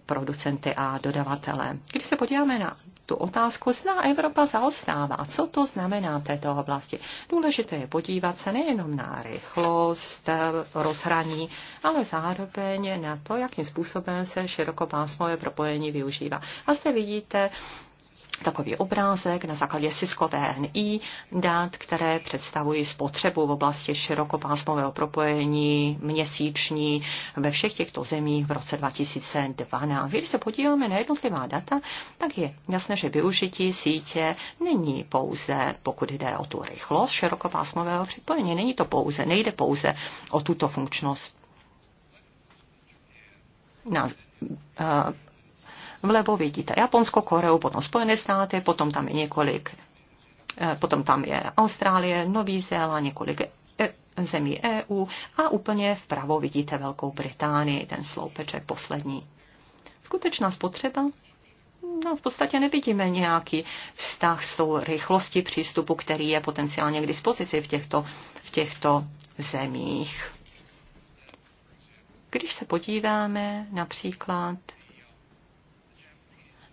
producenty a dodavatele. Když se podíváme na tu otázku, zná Evropa zaostává. Co to znamená v této oblasti? Důležité je podívat se nejenom na rychlost eh, rozhraní, ale zároveň na to, jakým způsobem se širokopásmové propojení využívá. A zde vidíte takový obrázek na základě Cisco VNI dat, které představují spotřebu v oblasti širokopásmového propojení měsíční ve všech těchto zemích v roce 2012. Když se podíváme na jednotlivá data, tak je jasné, že využití sítě není pouze, pokud jde o tu rychlost širokopásmového připojení, není to pouze, nejde pouze o tuto funkčnost na eh, Vlevo vidíte Japonsko, Koreu, potom Spojené státy, potom tam je několik, eh, potom tam je Austrálie, Nový Zéland, několik eh, zemí EU a úplně vpravo vidíte Velkou Británii, ten sloupeček poslední. Skutečná spotřeba? No, v podstatě nevidíme nějaký vztah s tou rychlostí přístupu, který je potenciálně k dispozici v těchto, v těchto zemích. Když se podíváme například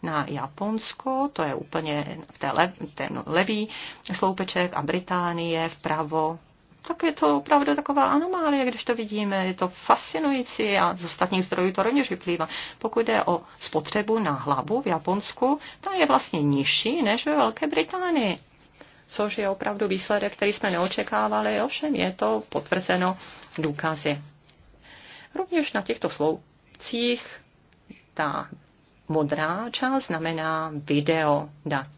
na Japonsko, to je úplně v té lev, ten levý sloupeček a Británie vpravo. Tak je to opravdu taková anomálie, když to vidíme, je to fascinující a z ostatních zdrojů to rovněž vyplývá. Pokud jde o spotřebu na hlavu v Japonsku, ta je vlastně nižší než ve Velké Británii což je opravdu výsledek, který jsme neočekávali, ovšem je to potvrzeno důkazy. Rovněž na těchto sloupcích ta modrá část znamená video data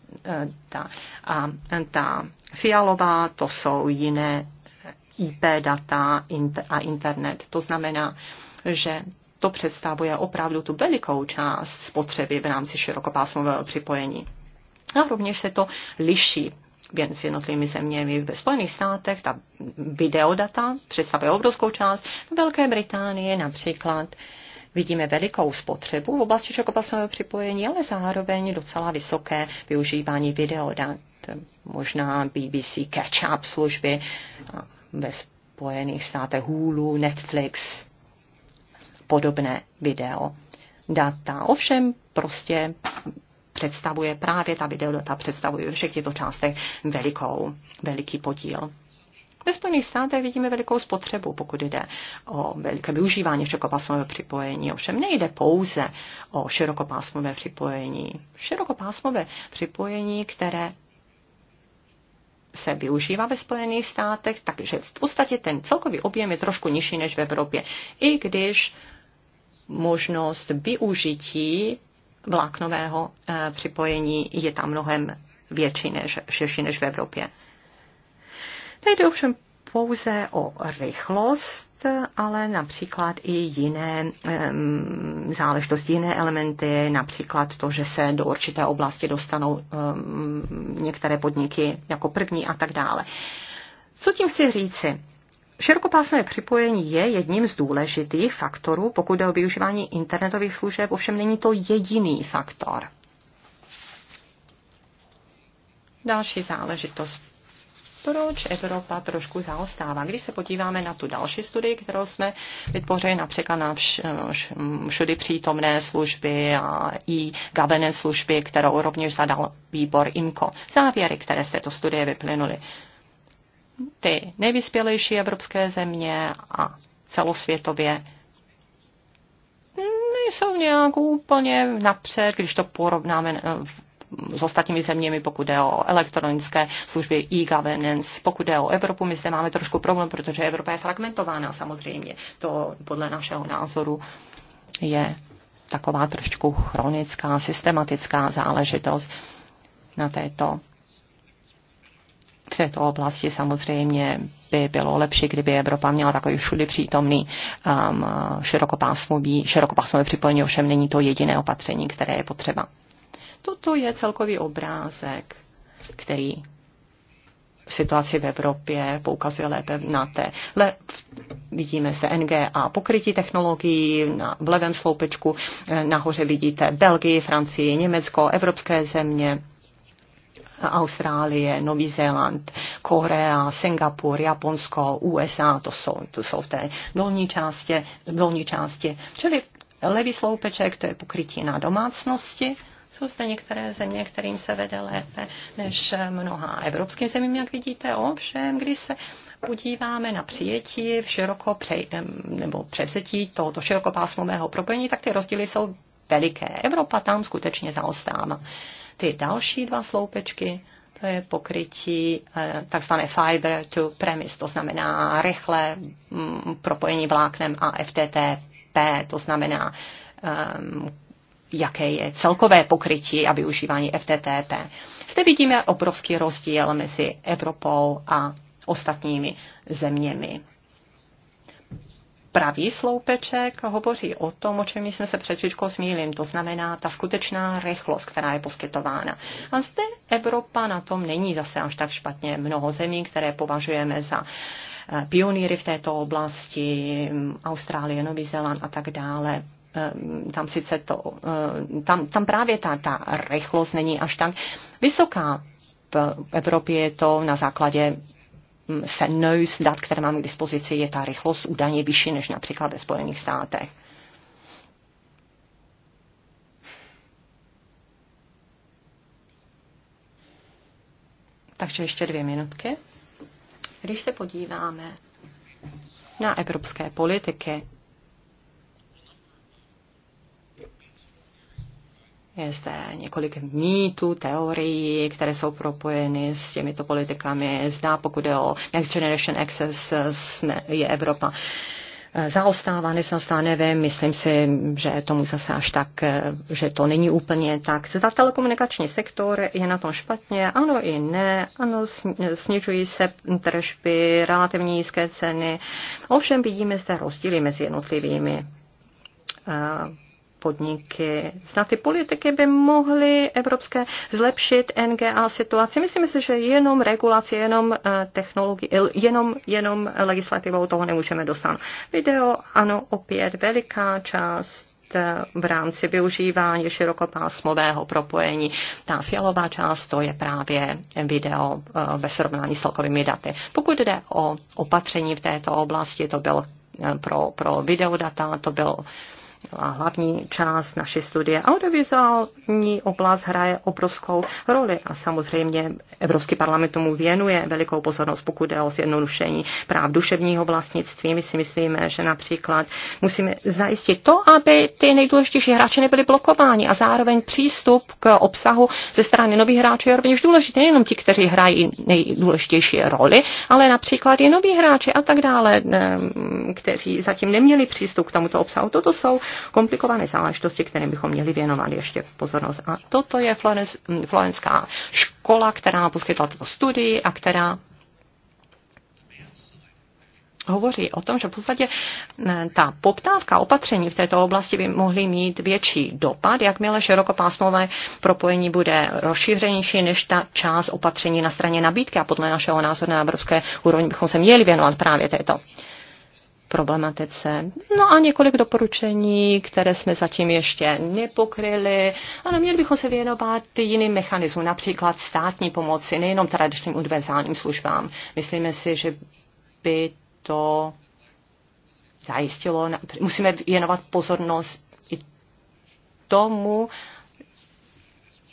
eh, a eh, ta fialová to jsou jiné eh, IP data a internet. To znamená, že to představuje opravdu tu velikou část spotřeby v rámci širokopásmového připojení. A rovněž se to liší jen s jednotlivými zeměmi. Ve Spojených státech ta videodata představuje obrovskou část, v Velké Británii například vidíme velikou spotřebu v oblasti širokopásmového připojení, ale zároveň docela vysoké využívání videodat, možná BBC catch-up služby ve Spojených státech Hulu, Netflix, podobné video data. Ovšem prostě představuje právě ta videodata, představuje ve všech těchto částech velikou, veliký podíl. Ve Spojených státech vidíme velikou spotřebu, pokud jde o velké využívání širokopásmové připojení. Ovšem nejde pouze o širokopásmové připojení. Širokopásmové připojení, které se využívá ve Spojených státech, takže v podstatě ten celkový objem je trošku nižší než v Evropě. I když možnost využití vláknového eh, připojení je tam mnohem větší než, širší než v Evropě. Nejde ovšem pouze o rychlost, ale například i jiné um, záležitosti, jiné elementy, například to, že se do určité oblasti dostanou um, některé podniky jako první a tak dále. Co tím chci říci? Širokopásmové připojení je jedním z důležitých faktorů, pokud jde o využívání internetových služeb, ovšem není to jediný faktor. Další záležitost proč Evropa trošku zaostává. Když se podíváme na tu další studii, kterou jsme vytvořili například na všudy přítomné služby a i governance služby, kterou rovněž zadal výbor IMCO. Závěry, které z této studie vyplynuly. Ty nejvyspělejší evropské země a celosvětově nejsou nějak úplně napřed, když to porovnáme eh, v s ostatními zeměmi, pokud jde o elektronické služby e-governance. Pokud jde o Evropu, my zde máme trošku problém, protože Evropa je fragmentována samozřejmě. To podle našeho názoru je taková trošku chronická, systematická záležitost na této v této oblasti samozřejmě by bylo lepší, kdyby Evropa měla takový všudy přítomný um, širokopásmový, širokopásmový připojení, ovšem není to jediné opatření, které je potřeba. Toto je celkový obrázek, který situaci v Evropě poukazuje lépe na té. Le, vidíme zde NGA pokrytí technologií, na, v levém sloupečku eh, nahoře vidíte Belgii, Francii, Německo, evropské země. Austrálie, Nový Zéland, Korea, Singapur, Japonsko, USA, to jsou, to jsou v té dolní části, dolní části. Čili levý sloupeček, to je pokrytí na domácnosti, jsou zde některé země, kterým se vede lépe než mnoha evropským zemím, jak vidíte. Ovšem, když se podíváme na přijetí v široko pře, nebo převzetí tohoto širokopásmového propojení, tak ty rozdíly jsou veliké. Evropa tam skutečně zaostává. Ty další dva sloupečky, to je pokrytí eh, takzvané fiber to premise, to znamená rychlé mm, propojení vláknem a FTTP, to znamená ehm, jaké je celkové pokrytí a využívání FTTP. Zde vidíme obrovský rozdíl mezi Evropou a ostatními zeměmi. Pravý sloupeček hovoří o tom, o čem jsme se před chvíličkou zmínili, to znamená ta skutečná rychlost, která je poskytována. A zde Evropa na tom není zase až tak špatně. Mnoho zemí, které považujeme za eh, pionýry v této oblasti, Austrálie, Nový Zéland a tak dále, Ehm, tam sice to, ehm, tam, tam právě ta, ta rychlost není až tak vysoká. V Evropě je to na základě hm, se nose dat, které mám k dispozici, je ta rychlost údajně vyšší než například ve Spojených státech. Takže ještě dvě minutky. Když se podíváme na evropské politiky, Je zde několik mýtů, teorií, které jsou propojeny s těmito politikami. Zdá, pokud je o Next Generation Access, jsme, je Evropa eh, zaostává, nezastává, nevím, myslím si, že tomu zase až tak, eh, že to není úplně tak. Zda telekomunikační sektor je na tom špatně, ano i ne, ano, snižují se tržby, relativně nízké ceny, ovšem vidíme zde rozdíly mezi jednotlivými eh, podniky. Snad ty politiky by mohly evropské zlepšit NGA situaci. Myslím si, že jenom regulaci, jenom eh, technologii, eh, jenom, jenom legislativou toho nemůžeme dostat. Video, ano, opět veliká část eh, v rámci využívání širokopásmového propojení. Ta fialová část to je právě video ve srovnání s celkovými daty. Pokud jde o opatření v této oblasti, to byl pro, pro videodata, to byl a hlavní část naší studie. Audiovizuální oblast hraje obrovskou roli a samozřejmě Evropský parlament tomu věnuje velikou pozornost, pokud jde o zjednodušení práv duševního vlastnictví. My si myslíme, že například musíme zajistit to, aby ty nejdůležitější hráči nebyly blokováni a zároveň přístup k obsahu ze strany nových hráčů je rovněž důležitý, nejenom ti, kteří hrají nejdůležitější roli, ale například i noví hráči a tak dále, ehm, kteří zatím neměli přístup k tomuto obsahu. Toto jsou komplikované záležitosti, kterým bychom měli věnovat ještě pozornost. A toto je florenská škola, která poskytla tuto studii a která hovoří o tom, že v podstatě eh, ta poptávka opatření v této oblasti by mohly mít větší dopad, jakmile širokopásmové propojení bude rozšířenější než ta část opatření na straně nabídky. A podle našeho názoru na evropské úrovni bychom se měli věnovat právě této problematice. No a několik doporučení, které jsme zatím ještě nepokryli, ale měli bychom se věnovat jiným mechanismům, například státní pomoci, nejenom tradičním univerzálním službám. Myslíme si, že by to zajistilo, musíme věnovat pozornost i tomu,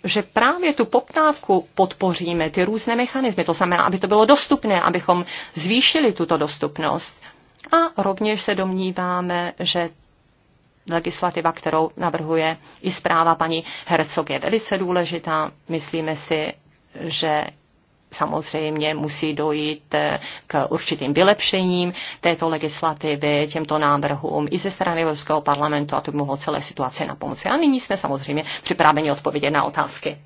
že právě tu poptávku podpoříme, ty různé mechanismy, to znamená, aby to bylo dostupné, abychom zvýšili tuto dostupnost. A rovněž se domníváme, že legislativa, kterou navrhuje i zpráva paní Herzog, je velice důležitá. Myslíme si, že samozřejmě musí dojít eh, k určitým vylepšením této legislativy, těmto návrhům i ze strany Evropského parlamentu a to by mohlo celé situaci na pomoci. A nyní jsme samozřejmě připraveni odpovědět na otázky.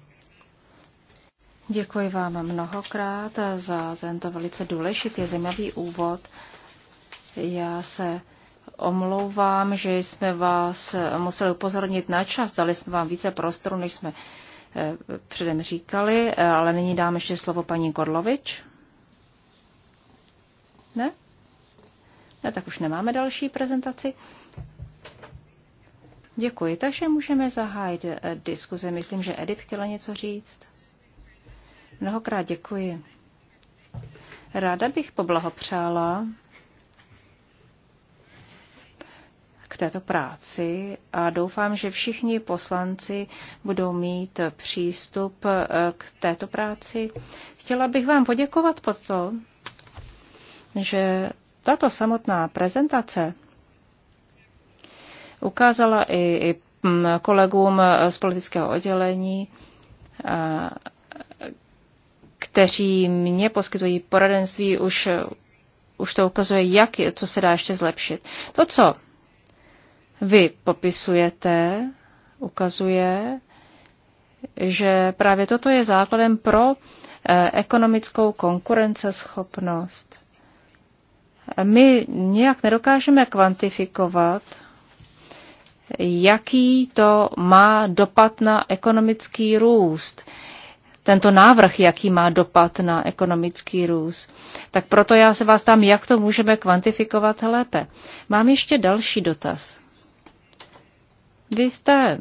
Děkuji vám mnohokrát za tento velice důležitý zajímavý úvod já se omlouvám, že jsme vás eh, museli upozornit na čas. Dali jsme vám více prostoru, než jsme eh, předem říkali, eh, ale nyní dám ještě slovo paní Korlovič. Ne? Ne, tak už nemáme další prezentaci. Děkuji, takže můžeme zahájit diskuzi. Myslím, že Edith chtěla něco říct. Mnohokrát děkuji. Ráda bych poblahopřála k této práci a doufám, že všichni poslanci budou mít přístup eh, k této práci. Chtěla bych vám poděkovat pod to, že tato samotná prezentace ukázala i, i mm, kolegům eh, z politického oddělení, eh, kteří mě poskytují poradenství, už, už to ukazuje, jak, co se dá ještě zlepšit. To, co vy popisujete, ukazuje, že právě toto je základem pro eh, ekonomickou konkurenceschopnost. My nějak nedokážeme kvantifikovat, jaký to má dopad na ekonomický růst. Tento návrh, jaký má dopad na ekonomický růst. Tak proto já se vás tam, jak to můžeme kvantifikovat lépe. Mám ještě další dotaz. Vy jste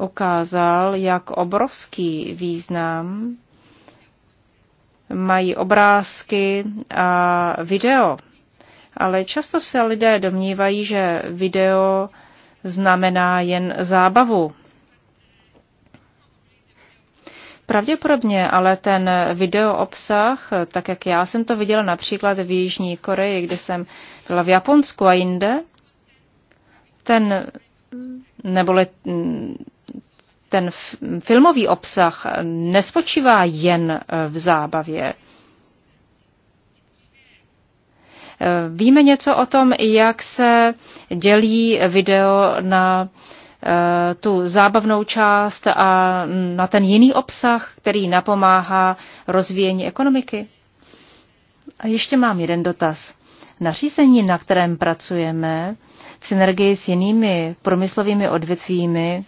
ukázal, jak obrovský význam mají obrázky a video. Ale často se lidé domnívají, že video znamená jen zábavu. Pravděpodobně ale ten video obsah, tak jak já jsem to viděla například v Jižní Koreji, kde jsem byla v Japonsku a jinde, ten neboli ten filmový obsah nespočívá jen e, v zábavě. E, víme něco o tom, jak se dělí video na e, tu zábavnou část a na ten jiný obsah, který napomáhá rozvíjení ekonomiky? A ještě mám jeden dotaz. Nařízení, na kterém pracujeme, v synergii s jinými promyslovými odvětvími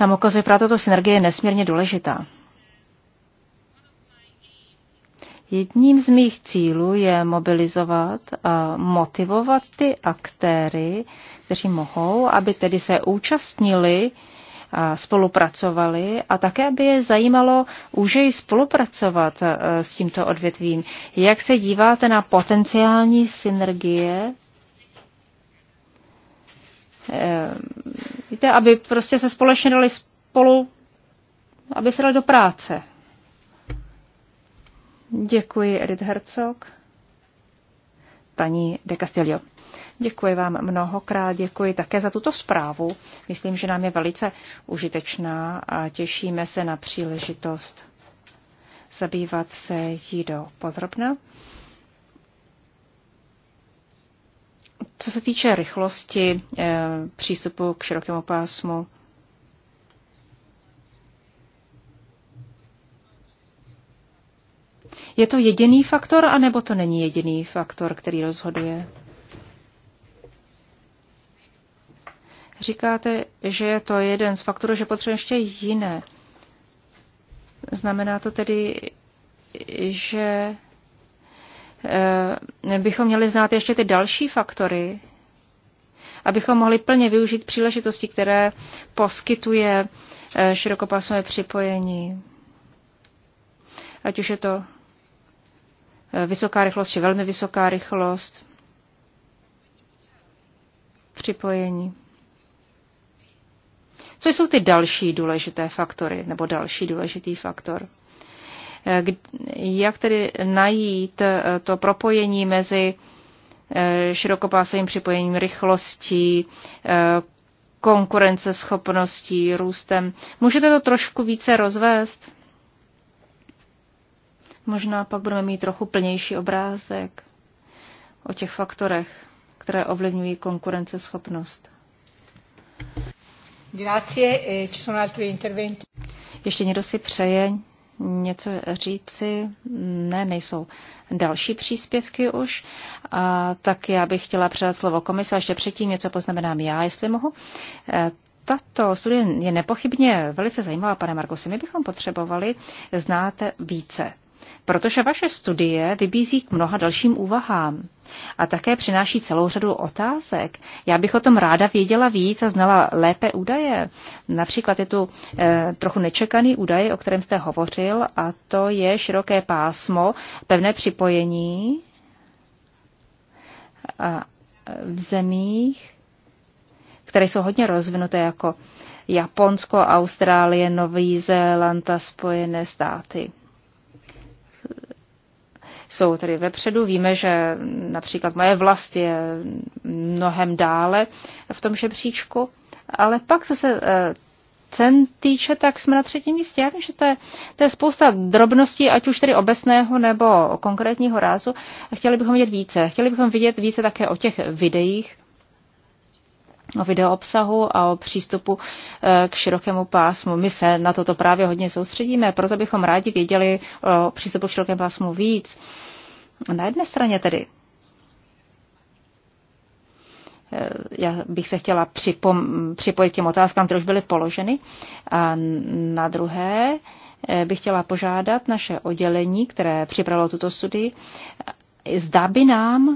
nám ukazuje, právě tato synergie je nesmírně důležitá. Jedním z mých cílů je mobilizovat a motivovat ty aktéry, kteří mohou, aby tedy se účastnili spolupracovali a také by je zajímalo úžej spolupracovat e, s tímto odvětvím. Jak se díváte na potenciální synergie e, víte, aby prostě se společně dali spolu, aby se dali do práce. Děkuji, Edith Herzog. Paní de Castillo. Děkuji vám mnohokrát, děkuji také za tuto zprávu. Myslím, že nám je velice užitečná a těšíme se na příležitost zabývat se jí do podrobna. Co se týče rychlosti eh, přístupu k širokému pásmu, je to jediný faktor, anebo to není jediný faktor, který rozhoduje? Říkáte, že je to jeden z faktorů, že potřebujeme ještě jiné. Znamená to tedy, že eh, bychom měli znát ještě ty další faktory, abychom mohli plně využít příležitosti, které poskytuje eh, širokopásmové připojení. Ať už je to eh, vysoká rychlost či velmi vysoká rychlost připojení. Co jsou ty další důležité faktory, nebo další důležitý faktor? Eh, jak tedy najít eh, to propojení mezi eh, širokopásovým připojením rychlostí, konkurenceschopností, růstem. Můžete to trošku více rozvést? Možná pak budeme mít trochu plnější obrázek o těch faktorech, které ovlivňují konkurenceschopnost. Grazie, e, ci sono altri interventi. Ještě někdo si přeje něco říci? Ne, nejsou další příspěvky už. A, tak já bych chtěla předat slovo komise, ještě předtím něco poznamenám já, jestli mohu. E, tato studie je nepochybně velice zajímavá, pane Markusi. My bychom potřebovali znát více protože vaše studie vybízí k mnoha dalším úvahám a také přináší celou řadu otázek. Já bych o tom ráda věděla víc a znala lépe údaje. Například je tu e, trochu nečekaný údaj, o kterém jste hovořil, a to je široké pásmo, pevné připojení a eh, v zemích, které jsou hodně rozvinuté, jako Japonsko, Austrálie, Nový Zéland a Spojené státy jsou tedy vepředu. Víme, že například moje vlast je mnohem dále v tom žebříčku, ale pak, co se eh, cen týče, tak jsme na třetím místě. Já vím, že to je, to je spousta drobností, ať už tedy obecného nebo konkrétního rázu. Chtěli bychom vidět více. Chtěli bychom vidět více také o těch videích, o videoobsahu a o přístupu e, k širokému pásmu. My se na toto právě hodně soustředíme, proto bychom rádi věděli o přístupu k širokému pásmu víc. Na jedné straně tedy e, já bych se chtěla připom- připojit k těm otázkám, které už byly položeny. A na druhé e, bych chtěla požádat naše oddělení, které připravilo tuto studii, zda by nám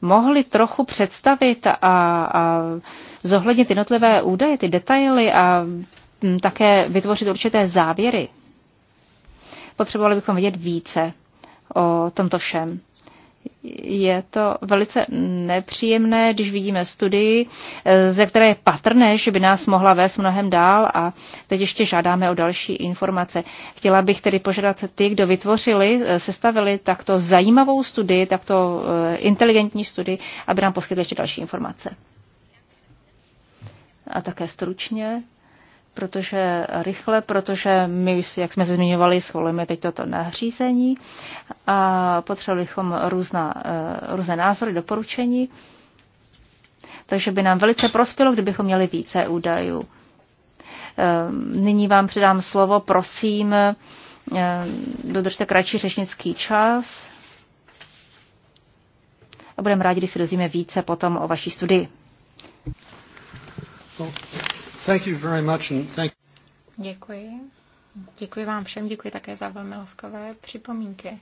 mohli trochu představit a, a zohlednit jednotlivé údaje, ty detaily a mm, také vytvořit určité závěry. Potřebovali bychom vědět více o tomto všem je to velice nepříjemné, když vidíme studii, eh, ze které je patrné, že by nás mohla vést mnohem dál a teď ještě žádáme o další informace. Chtěla bych tedy požádat ty, kdo vytvořili, eh, sestavili takto zajímavou studii, takto eh, inteligentní studii, aby nám poskytli ještě další informace. A také stručně protože rychle, protože my, jak jsme se zmiňovali, schvalujeme teď toto nařízení a potřebovali bychom různá, eh, různé názory, doporučení. Takže by nám velice prospělo, kdybychom měli více údajů. Eh, nyní vám předám slovo, prosím, eh, dodržte kratší řečnický čas a budeme rádi, když se dozvíme více potom o vaší studii. No. Thank you very much and thank... Děkuji. Děkuji vám všem, děkuji také za velmi laskavé připomínky.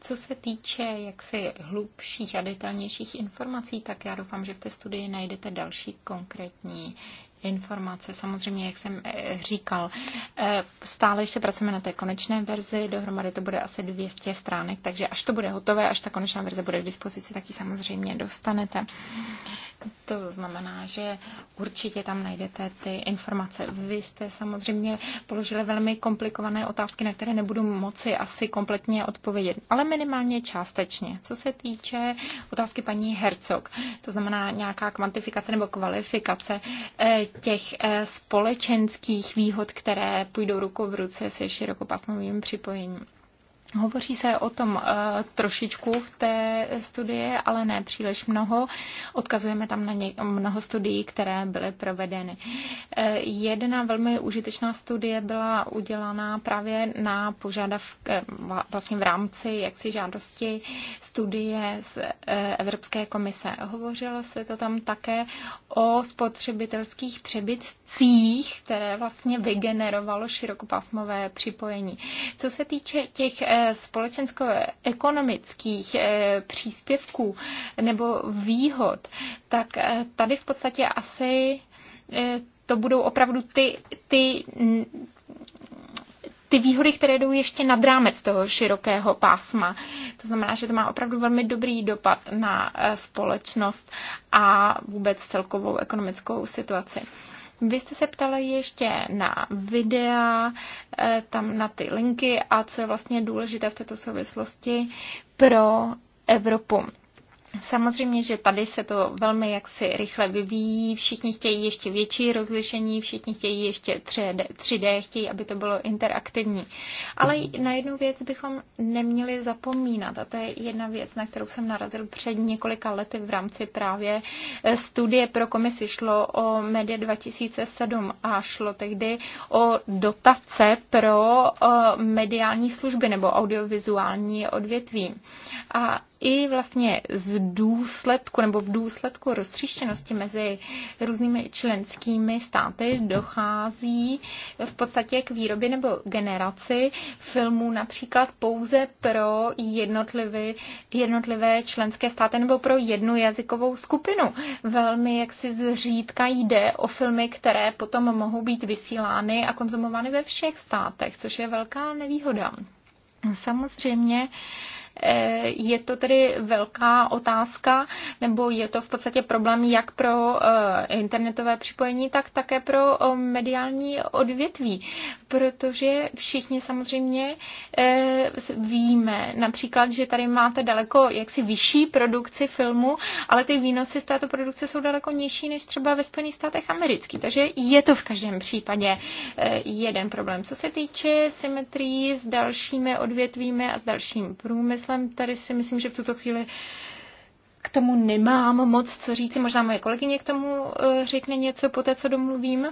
Co se týče jaksi hlubších a detailnějších informací, tak já doufám, že v té studii najdete další konkrétní informace. Samozřejmě, jak jsem eh, říkal, eh, stále ještě pracujeme na té konečné verzi, dohromady to bude asi 200 stránek, takže až to bude hotové, až ta konečná verze bude k dispozici, tak ji samozřejmě dostanete. To znamená, že určitě tam najdete ty informace. Vy jste samozřejmě položili velmi komplikované otázky, na které nebudu moci asi kompletně odpovědět, ale minimálně částečně. Co se týče otázky paní Hercog, to znamená nějaká kvantifikace nebo kvalifikace eh, těch eh, společenských výhod, které půjdou ruku v ruce se širokopasmovým připojením. Hovoří se o tom uh, trošičku v té studii, ale ne příliš mnoho. Odkazujeme tam na ně, mnoho studií, které byly provedeny. Uh, jedna velmi užitečná studie byla udělaná právě na požádav, uh, eh, vlastně v rámci jaksi žádosti studie z uh, Evropské komise. Hovořilo se to tam také o spotřebitelských přebytcích, které vlastně vygenerovalo širokopásmové připojení. Co se týče těch společensko-ekonomických eh, příspěvků nebo výhod, tak eh, tady v podstatě asi eh, to budou opravdu ty, ty, mm, ty výhody, které jdou ještě nad rámec toho širokého pásma. To znamená, že to má opravdu velmi dobrý dopad na společnost a vůbec celkovou ekonomickou situaci. Vy jste se ptali ještě na videa, eh, tam na ty linky a co je vlastně důležité v této souvislosti pro Evropu. Samozřejmě, že tady se to velmi jaksi rychle vyvíjí, všichni chtějí ještě větší rozlišení, všichni chtějí ještě 3D, 3D chtějí, aby to bylo interaktivní. Ale na jednu věc bychom neměli zapomínat a to je jedna věc, na kterou jsem narazil před několika lety v rámci právě eh, studie pro komisi. Šlo o Media 2007 a šlo tehdy o dotace pro eh, mediální služby nebo audiovizuální odvětví. A i vlastně z důsledku nebo v důsledku roztříštěnosti mezi různými členskými státy dochází v podstatě k výrobě nebo generaci filmů například pouze pro jednotlivé, jednotlivé členské státy nebo pro jednu jazykovou skupinu. Velmi jaksi zřídka jde o filmy, které potom mohou být vysílány a konzumovány ve všech státech, což je velká nevýhoda. Samozřejmě Eh, je to tedy velká otázka, nebo je to v podstatě problém jak pro eh, internetové připojení, tak také pro eh, mediální odvětví, protože všichni samozřejmě víme například, že tady máte daleko jaksi vyšší produkci filmu, ale ty výnosy z této produkce jsou daleko nižší než třeba ve Spojených státech amerických. Takže je to v každém případě jeden problém. Co se týče symetrií s dalšími odvětvími a s dalším průmyslem, Kaufem. Tady si myslím, že v tuto chvíli k tomu nemám moc co říci. Možná moje kolegyně k tomu eh, řekne něco po té, co domluvím.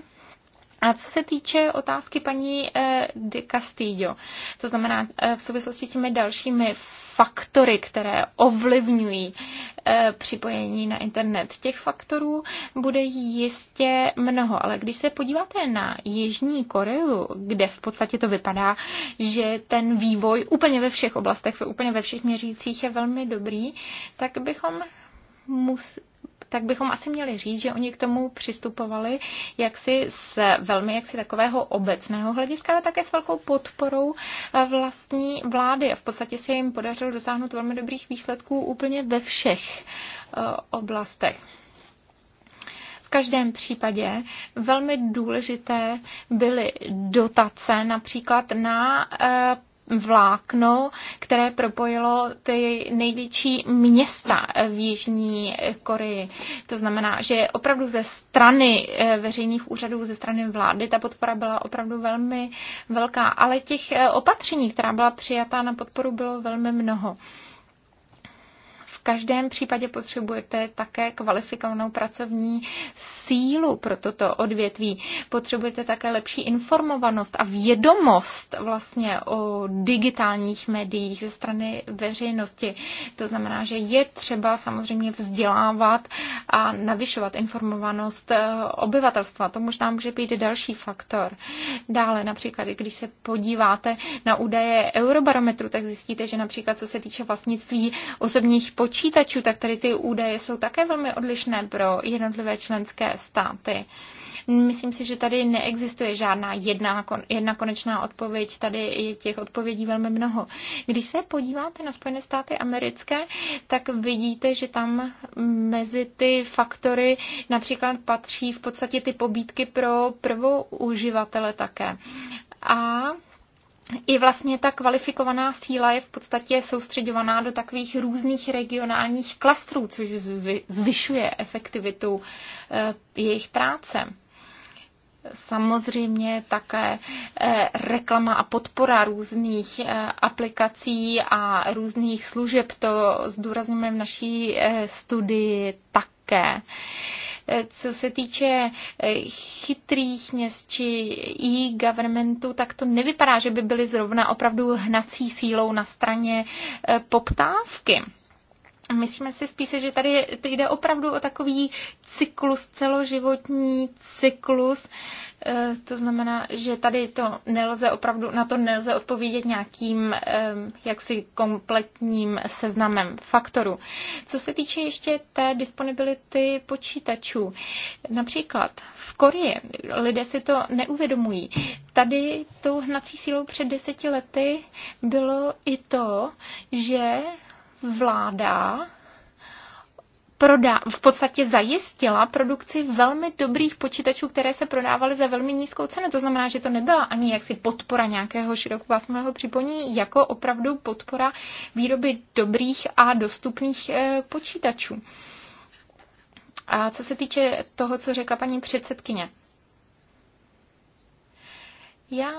A co se týče otázky paní eh, de Castillo, to znamená eh, v souvislosti s těmi dalšími faktory, které ovlivňují eh, připojení na internet. Těch faktorů bude jistě mnoho, ale když se podíváte na Jižní Koreu, kde v podstatě to vypadá, že ten vývoj úplně ve všech oblastech, úplně ve všech měřících je velmi dobrý, tak bychom museli tak bychom asi měli říct, že oni k tomu přistupovali jaksi z velmi jaksi takového obecného hlediska, ale také s velkou podporou eh, vlastní vlády. A v podstatě se jim podařilo dosáhnout velmi dobrých výsledků úplně ve všech eh, oblastech. V každém případě velmi důležité byly dotace například na eh, vlákno, které propojilo ty největší města v Jižní Koreji. To znamená, že opravdu ze strany eh, veřejných úřadů, ze strany vlády, ta podpora byla opravdu velmi velká, ale těch eh, opatření, která byla přijatá na podporu, bylo velmi mnoho každém případě potřebujete také kvalifikovanou pracovní sílu pro toto odvětví. Potřebujete také lepší informovanost a vědomost vlastně o digitálních médiích ze strany veřejnosti. To znamená, že je třeba samozřejmě vzdělávat a navyšovat informovanost eh, obyvatelstva. To možná může být další faktor. Dále například, když se podíváte na údaje Eurobarometru, tak zjistíte, že například co se týče vlastnictví osobních počítačů, počítačů, tak tady ty údaje jsou také velmi odlišné pro jednotlivé členské státy. Myslím si, že tady neexistuje žádná jedna, jedna konečná odpověď. Tady je těch odpovědí velmi mnoho. Když se podíváte na Spojené státy americké, tak vidíte, že tam mezi ty faktory například patří v podstatě ty pobídky pro prvou uživatele také. A i vlastně ta kvalifikovaná síla je v podstatě soustředovaná do takových různých regionálních klastrů, což zvyšuje efektivitu eh, jejich práce. Samozřejmě také eh, reklama a podpora různých eh, aplikací a různých služeb, to zdůrazňujeme v naší studii také. Co se týče eh, chytrých měst či e-governmentu, tak to nevypadá, že by byly zrovna opravdu hnací sílou na straně eh, poptávky. Myslíme si spíše, že tady jde opravdu o takový cyklus, celoživotní cyklus. E, to znamená, že tady to nelze opravdu, na to nelze odpovědět nějakým jaksi kompletním seznamem faktorů. Co se týče ještě té disponibility počítačů, například v Koreji lidé si to neuvědomují. Tady tou hnací sílou před deseti lety bylo i to, že vláda prodá, v podstatě zajistila produkci velmi dobrých počítačů, které se prodávaly za velmi nízkou cenu. To znamená, že to nebyla ani jaksi podpora nějakého širokopásmového připojení, jako opravdu podpora výroby dobrých a dostupných eh, počítačů. A co se týče toho, co řekla paní předsedkyně, já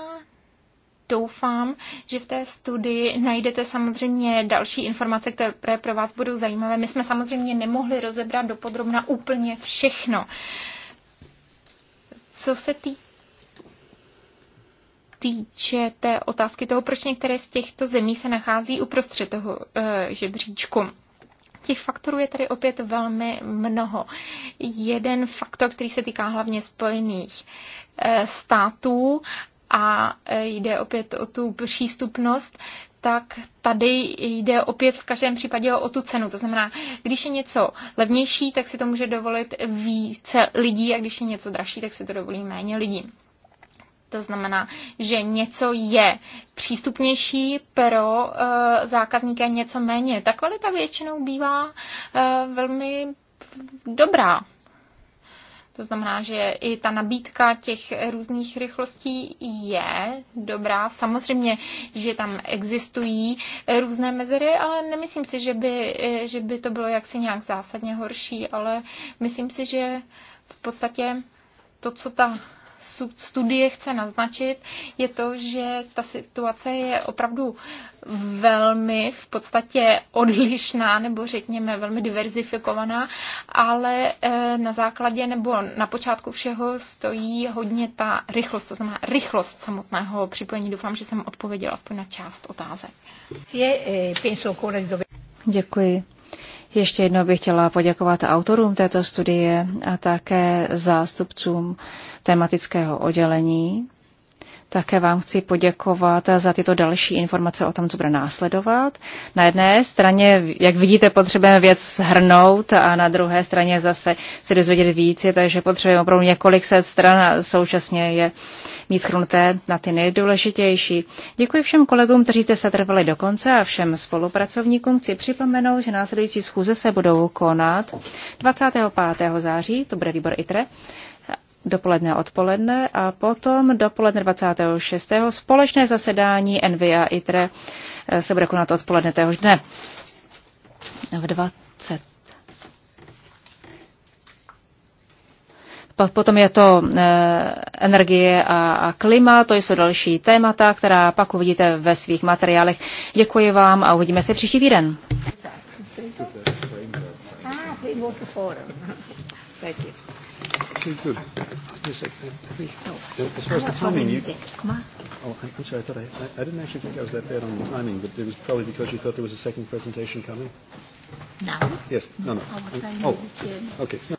doufám, že v té studii najdete samozřejmě další informace, které pro vás budou zajímavé. My jsme samozřejmě nemohli rozebrat dopodrobna úplně všechno. Co se tý... týče té otázky toho, proč některé z těchto zemí se nachází uprostřed toho uh, žebříčku. Těch faktorů je tady opět velmi mnoho. Jeden faktor, který se týká hlavně spojených eh, států a e, jde opět o tu přístupnost, tak tady jde opět v každém případě o tu cenu. To znamená, když je něco levnější, tak si to může dovolit více lidí a když je něco dražší, tak si to dovolí méně lidí. To znamená, že něco je přístupnější pro uh, e, zákazníka, něco méně. Ta kvalita většinou bývá e, velmi dobrá. To znamená, že i ta nabídka těch různých rychlostí je dobrá. Samozřejmě, že tam existují různé mezery, ale nemyslím si, že by, že by to bylo jaksi nějak zásadně horší, ale myslím si, že v podstatě to, co ta studie chce naznačit, je to, že ta situace je opravdu velmi v podstatě odlišná nebo řekněme velmi diverzifikovaná, ale eh, na základě nebo na počátku všeho stojí hodně ta rychlost, to znamená rychlost samotného připojení. Doufám, že jsem odpověděla aspoň na část otázek. Děkuji. Ještě jednou bych chtěla poděkovat autorům této studie a také zástupcům tematického oddělení. Také vám chci poděkovat za tyto další informace o tom, co bude následovat. Na jedné straně, jak vidíte, potřebujeme věc shrnout a na druhé straně zase se dozvědět více, takže potřebujeme opravdu několik set stran a současně je mít shrnuté na ty nejdůležitější. Děkuji všem kolegům, kteří jste se trvali do konce a všem spolupracovníkům. Chci připomenout, že následující schůze se budou konat 25. září, to bude výbor ITRE, dopoledne a odpoledne a potom dopoledne 26. společné zasedání a ITRE eh, se bude konat odpoledne téhož dne v 20. Potom je to eh, energie a, a klima, to jsou další témata, která pak uvidíte ve svých materiálech. Děkuji vám a uvidíme se příští týden. Ah, Thank you. Okay, good. Yes, we help. As far as the timing, you, oh, I'm, I'm sorry. I thought I, I, I didn't actually think I was that bad on the timing, but it was probably because you thought there was a second presentation coming. Now? Yes. No, no. Oh, oh okay. No.